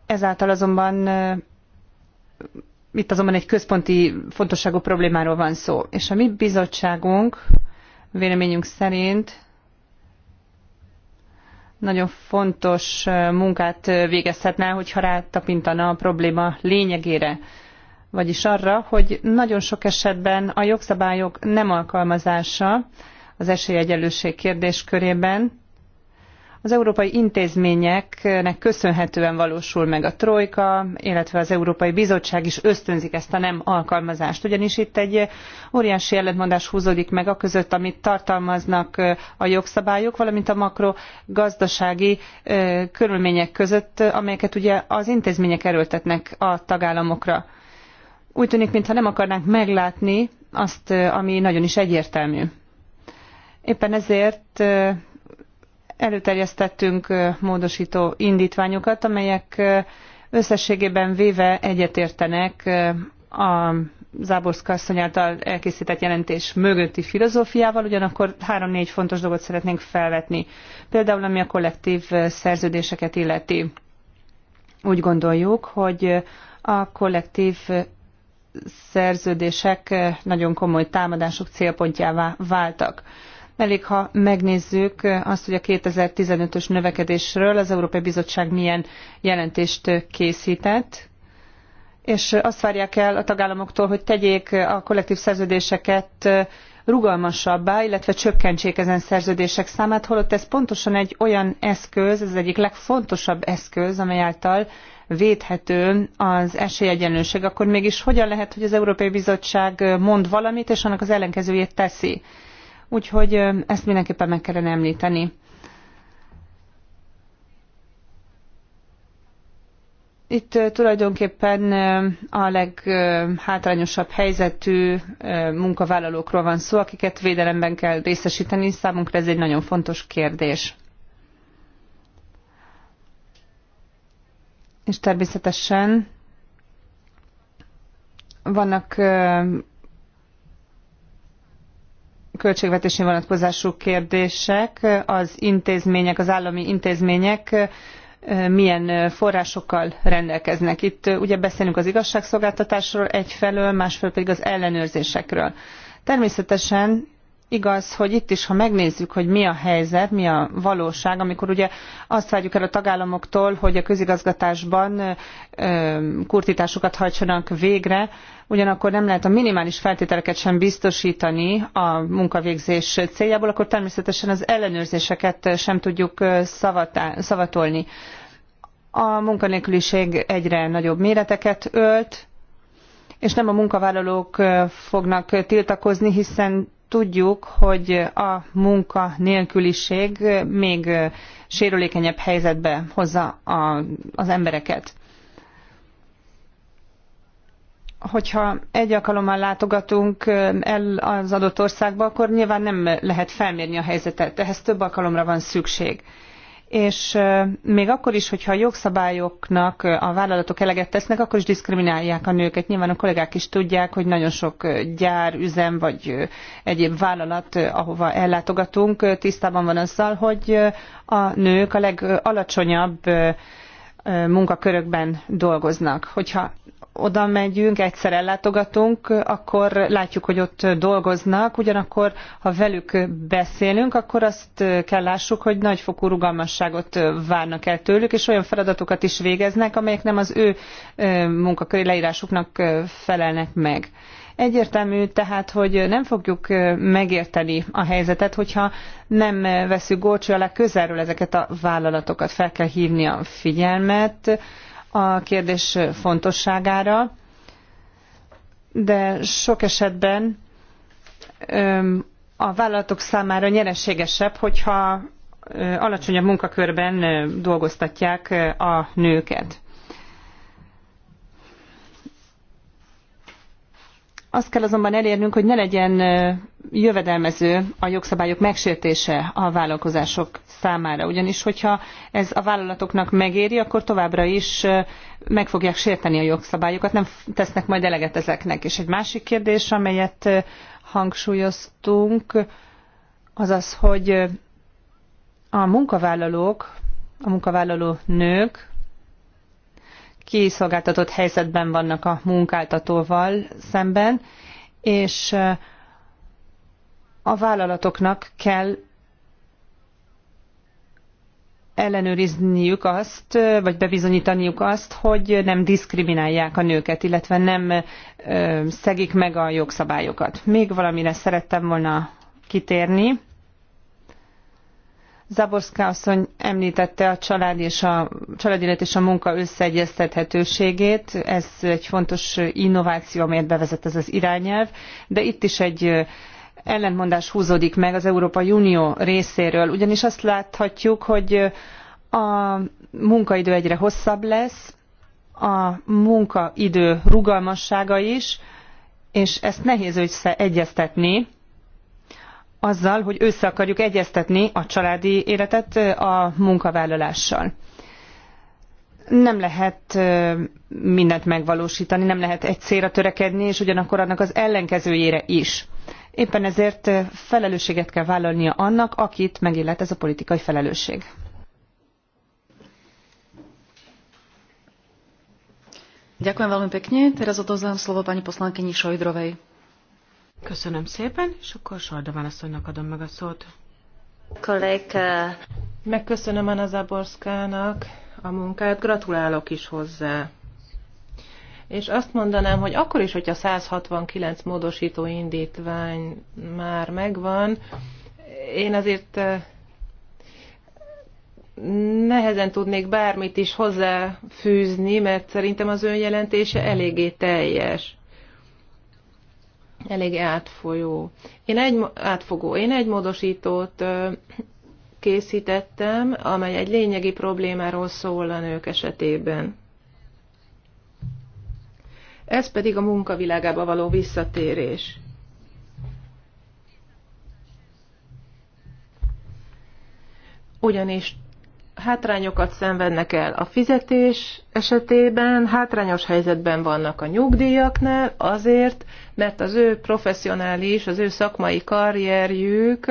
Ezáltal azonban eh, itt azonban egy központi fontosságú problémáról van szó. És a mi bizottságunk véleményünk szerint nagyon fontos munkát végezhetne, hogyha rátapintana a probléma lényegére. Vagyis arra, hogy nagyon sok esetben a jogszabályok nem alkalmazása az esélyegyenlőség kérdéskörében az európai intézményeknek köszönhetően valósul meg a trojka, illetve az Európai Bizottság is ösztönzik ezt a nem alkalmazást. Ugyanis itt egy óriási ellentmondás húzódik meg a között, amit tartalmaznak a jogszabályok, valamint a makrogazdasági körülmények között, amelyeket ugye az intézmények erőltetnek a tagállamokra. Úgy tűnik, mintha nem akarnánk meglátni azt, ami nagyon is egyértelmű. Éppen ezért előterjesztettünk módosító indítványokat, amelyek összességében véve egyetértenek a Záborszka asszony által elkészített jelentés mögötti filozófiával, ugyanakkor három-négy fontos dolgot szeretnénk felvetni. Például, ami a kollektív szerződéseket illeti. Úgy gondoljuk, hogy a kollektív szerződések nagyon komoly támadások célpontjává váltak. Elég, ha megnézzük azt, hogy a 2015-ös növekedésről az Európai Bizottság milyen jelentést készített, és azt várják el a tagállamoktól, hogy tegyék a kollektív szerződéseket rugalmasabbá, illetve csökkentsék ezen szerződések számát, holott ez pontosan egy olyan eszköz, ez az egyik legfontosabb eszköz, amely által védhető az esélyegyenlőség, akkor mégis hogyan lehet, hogy az Európai Bizottság mond valamit, és annak az ellenkezőjét teszi? úgyhogy ezt mindenképpen meg kellene említeni. Itt tulajdonképpen a leghátrányosabb helyzetű munkavállalókról van szó, akiket védelemben kell részesíteni. Számunkra ez egy nagyon fontos kérdés. És természetesen vannak költségvetési vonatkozású kérdések, az intézmények, az állami intézmények milyen forrásokkal rendelkeznek. Itt ugye beszélünk az igazságszolgáltatásról egyfelől, másfelől pedig az ellenőrzésekről. Természetesen igaz, hogy itt is, ha megnézzük, hogy mi a helyzet, mi a valóság, amikor ugye azt várjuk el a tagállamoktól, hogy a közigazgatásban kurtításokat hajtsanak végre, ugyanakkor nem lehet a minimális feltételeket sem biztosítani a munkavégzés céljából, akkor természetesen az ellenőrzéseket sem tudjuk szavatolni. A munkanélküliség egyre nagyobb méreteket ölt, és nem a munkavállalók fognak tiltakozni, hiszen tudjuk, hogy a munka még sérülékenyebb helyzetbe hozza a, az embereket. Hogyha egy alkalommal látogatunk el az adott országba, akkor nyilván nem lehet felmérni a helyzetet, ehhez több alkalomra van szükség és még akkor is, hogyha a jogszabályoknak a vállalatok eleget tesznek, akkor is diszkriminálják a nőket. Nyilván a kollégák is tudják, hogy nagyon sok gyár, üzem vagy egyéb vállalat, ahova ellátogatunk, tisztában van azzal, hogy a nők a legalacsonyabb munkakörökben dolgoznak. Hogyha oda megyünk, egyszer ellátogatunk, akkor látjuk, hogy ott dolgoznak, ugyanakkor ha velük beszélünk, akkor azt kell lássuk, hogy nagyfokú rugalmasságot várnak el tőlük, és olyan feladatokat is végeznek, amelyek nem az ő munkaköri leírásuknak felelnek meg. Egyértelmű tehát, hogy nem fogjuk megérteni a helyzetet, hogyha nem veszük górcső alá közelről ezeket a vállalatokat. Fel kell hívni a figyelmet, a kérdés fontosságára, de sok esetben a vállalatok számára nyereségesebb, hogyha alacsonyabb munkakörben dolgoztatják a nőket. Azt kell azonban elérnünk, hogy ne legyen jövedelmező a jogszabályok megsértése a vállalkozások számára. Ugyanis, hogyha ez a vállalatoknak megéri, akkor továbbra is meg fogják sérteni a jogszabályokat, nem tesznek majd eleget ezeknek. És egy másik kérdés, amelyet hangsúlyoztunk, az az, hogy a munkavállalók, a munkavállaló nők kiszolgáltatott helyzetben vannak a munkáltatóval szemben, és a vállalatoknak kell ellenőrizniük azt, vagy bebizonyítaniuk azt, hogy nem diszkriminálják a nőket, illetve nem szegik meg a jogszabályokat. Még valamire szerettem volna kitérni. Zaborszka asszony említette a család és a családélet és a munka összeegyeztethetőségét. Ez egy fontos innováció, amelyet bevezet ez az irányelv, de itt is egy ellentmondás húzódik meg az Európai Unió részéről, ugyanis azt láthatjuk, hogy a munkaidő egyre hosszabb lesz, a munkaidő rugalmassága is, és ezt nehéz összeegyeztetni azzal, hogy össze akarjuk egyeztetni a családi életet a munkavállalással. Nem lehet mindent megvalósítani, nem lehet egy célra törekedni, és ugyanakkor annak az ellenkezőjére is. Éppen ezért felelősséget kell vállalnia annak, akit megillet ez a politikai felelősség. Ďakujem veľmi pekne. Teraz odovzdám slovo pani poslankyni Šojdrovej. Köszönöm szépen, és akkor Sardaván asszonynak adom meg a szót. Kolléka. Megköszönöm Anna Zaborszkának a munkát, gratulálok is hozzá. És azt mondanám, hogy akkor is, hogyha 169 módosító indítvány már megvan, én azért eh, nehezen tudnék bármit is hozzáfűzni, mert szerintem az önjelentése eléggé teljes elég átfolyó. Én egy, átfogó. Én egy módosítót készítettem, amely egy lényegi problémáról szól a nők esetében. Ez pedig a munkavilágába való visszatérés. Ugyanis hátrányokat szenvednek el a fizetés esetében, hátrányos helyzetben vannak a nyugdíjaknál azért, mert az ő professzionális, az ő szakmai karrierjük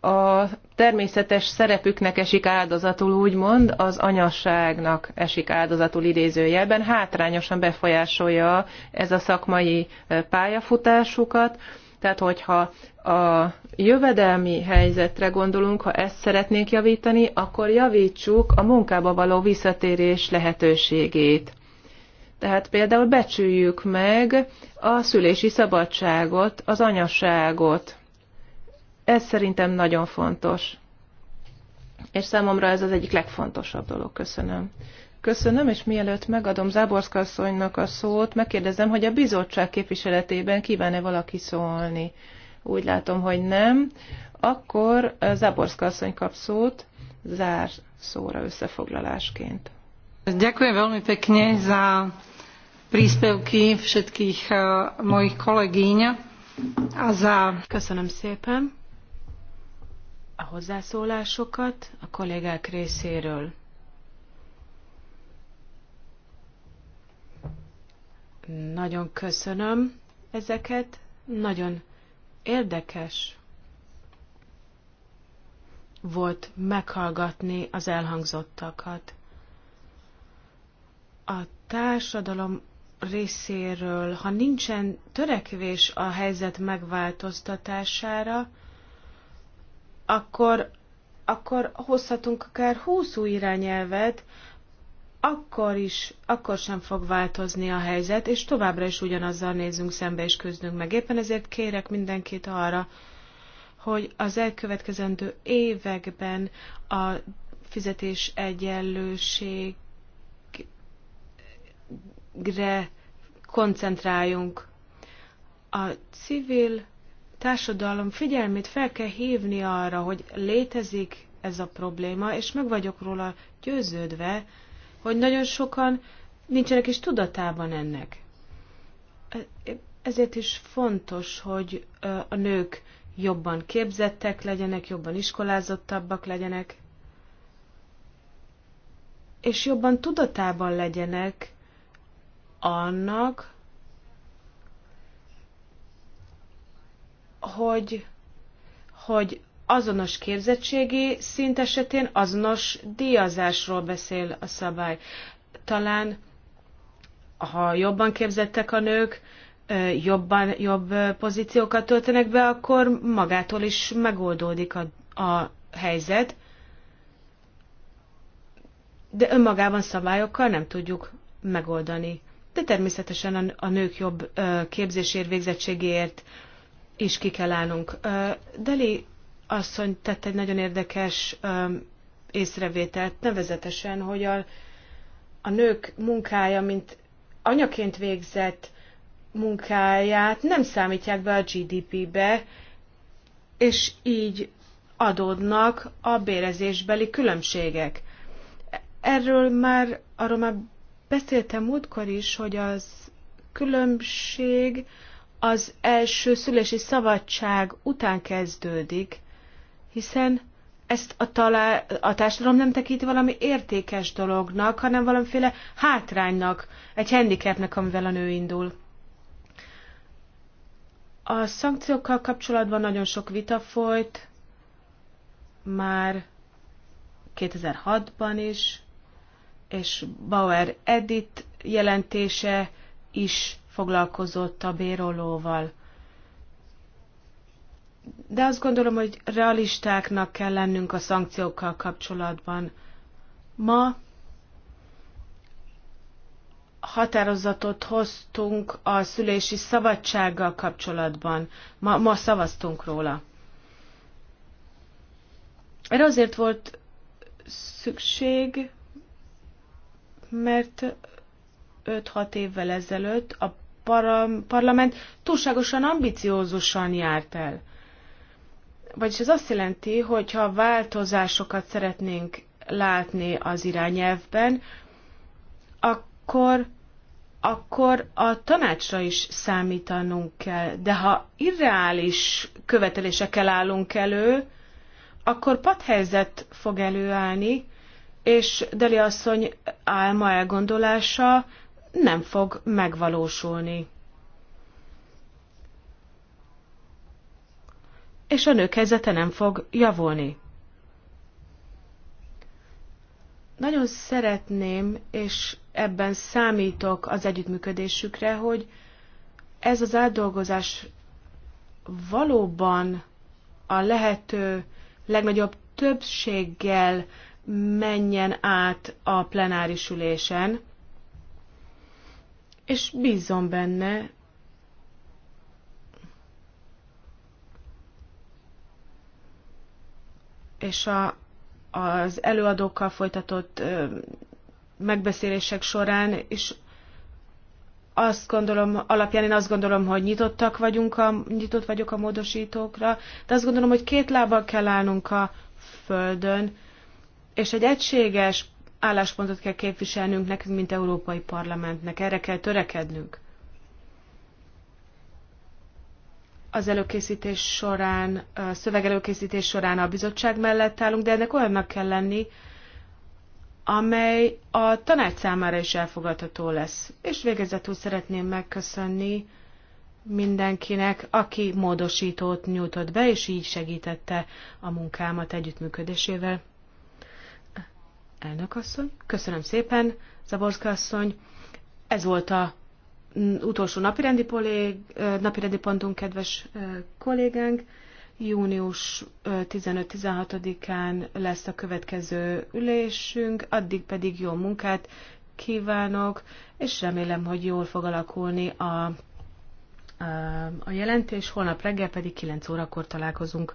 a természetes szerepüknek esik áldozatul, úgymond az anyasságnak esik áldozatul idézőjelben, hátrányosan befolyásolja ez a szakmai eh, pályafutásukat, tehát hogyha a jövedelmi helyzetre gondolunk, ha ezt szeretnénk javítani, akkor javítsuk a munkába való visszatérés lehetőségét. Tehát például becsüljük meg a szülési szabadságot, az anyaságot. Ez szerintem nagyon fontos. És számomra ez az egyik legfontosabb dolog. Köszönöm. Köszönöm, és mielőtt megadom Záborszka asszonynak a szót, megkérdezem, hogy a bizottság képviseletében kíván-e valaki szólni. Úgy látom, hogy nem. Akkor eh, Zaborszka asszony kap szót, zár szóra összefoglalásként. Ďakujem veľmi pekne za príspevky všetkých eh, mojich kolegyň a za... Köszönöm szépen a hozzászólásokat a kollégák részéről. Nagyon köszönöm ezeket, nagyon érdekes volt meghallgatni az elhangzottakat. A társadalom részéről, ha nincsen törekvés a helyzet megváltoztatására, akkor, akkor hozhatunk akár 20 új irányelvet, akkor is, akkor sem fog változni a helyzet, és továbbra is ugyanazzal nézünk szembe és küzdünk meg. Éppen ezért kérek mindenkit arra, hogy az elkövetkezendő években a fizetés egyenlőségre koncentráljunk. A civil társadalom figyelmét fel kell hívni arra, hogy létezik ez a probléma, és meg vagyok róla győződve, hogy nagyon sokan nincsenek is tudatában ennek. Ezért is fontos, hogy a nők jobban képzettek legyenek, jobban iskolázottabbak legyenek, és jobban tudatában legyenek annak, hogy, hogy azonos képzettségi szint esetén azonos díjazásról beszél a szabály. Talán, ha jobban képzettek a nők, jobban, jobb pozíciókat töltenek be, akkor magától is megoldódik a, a helyzet, de önmagában szabályokkal nem tudjuk megoldani. De természetesen a, a nők jobb képzésért, végzettségéért is ki kell állnunk. Deli asszony tett egy nagyon érdekes észrevételt, nevezetesen, hogy a, a nők munkája, mint anyaként végzett munkáját nem számítják be a GDP-be, és így adódnak a bérezésbeli különbségek. Erről már, arról már beszéltem múltkor is, hogy az különbség az első szülési szabadság után kezdődik, hiszen ezt a, talá, a társadalom nem tekint valami értékes dolognak, hanem valamiféle hátránynak, egy handicapnek, amivel a nő indul. A szankciókkal kapcsolatban nagyon sok vita folyt, már 2006-ban is, és Bauer Edit jelentése is foglalkozott a bérolóval de azt gondolom, hogy realistáknak kell lennünk a szankciókkal kapcsolatban. Ma határozatot hoztunk a szülési szabadsággal kapcsolatban. Ma, ma szavaztunk róla. Erre azért volt szükség, mert 5-6 évvel ezelőtt a parlament túlságosan ambiciózusan járt el. Vagyis ez azt jelenti, hogy ha változásokat szeretnénk látni az irányelvben, akkor, akkor a tanácsra is számítanunk kell. De ha irreális követelésekkel állunk elő, akkor padhelyzet fog előállni, és Deli asszony álma elgondolása nem fog megvalósulni. és a nők helyzete nem fog javulni. Nagyon szeretném, és ebben számítok az együttműködésükre, hogy ez az átdolgozás valóban a lehető legnagyobb többséggel menjen át a plenáris ülésen, és bízom benne, és a, az előadókkal folytatott megbeszélések során is azt gondolom, alapján én azt gondolom, hogy nyitottak vagyunk a, nyitott vagyok a módosítókra, de azt gondolom, hogy két lábbal kell állnunk a földön, és egy egységes álláspontot kell képviselnünk nekünk, mint Európai Parlamentnek. Erre kell törekednünk. az előkészítés során, a szövegelőkészítés során a bizottság mellett állunk, de ennek olyannak kell lenni, amely a tanács számára is elfogadható lesz. És végezetül szeretném megköszönni mindenkinek, aki módosítót nyújtott be, és így segítette a munkámat együttműködésével. Elnök asszony, köszönöm szépen, Zaborszka asszony, ez volt a utolsó napirendi, polég, napirendi pontunk, kedves kollégánk, június 15-16-án lesz a következő ülésünk, addig pedig jó munkát kívánok, és remélem, hogy jól fog alakulni a, a jelentés. Holnap reggel pedig 9 órakor találkozunk.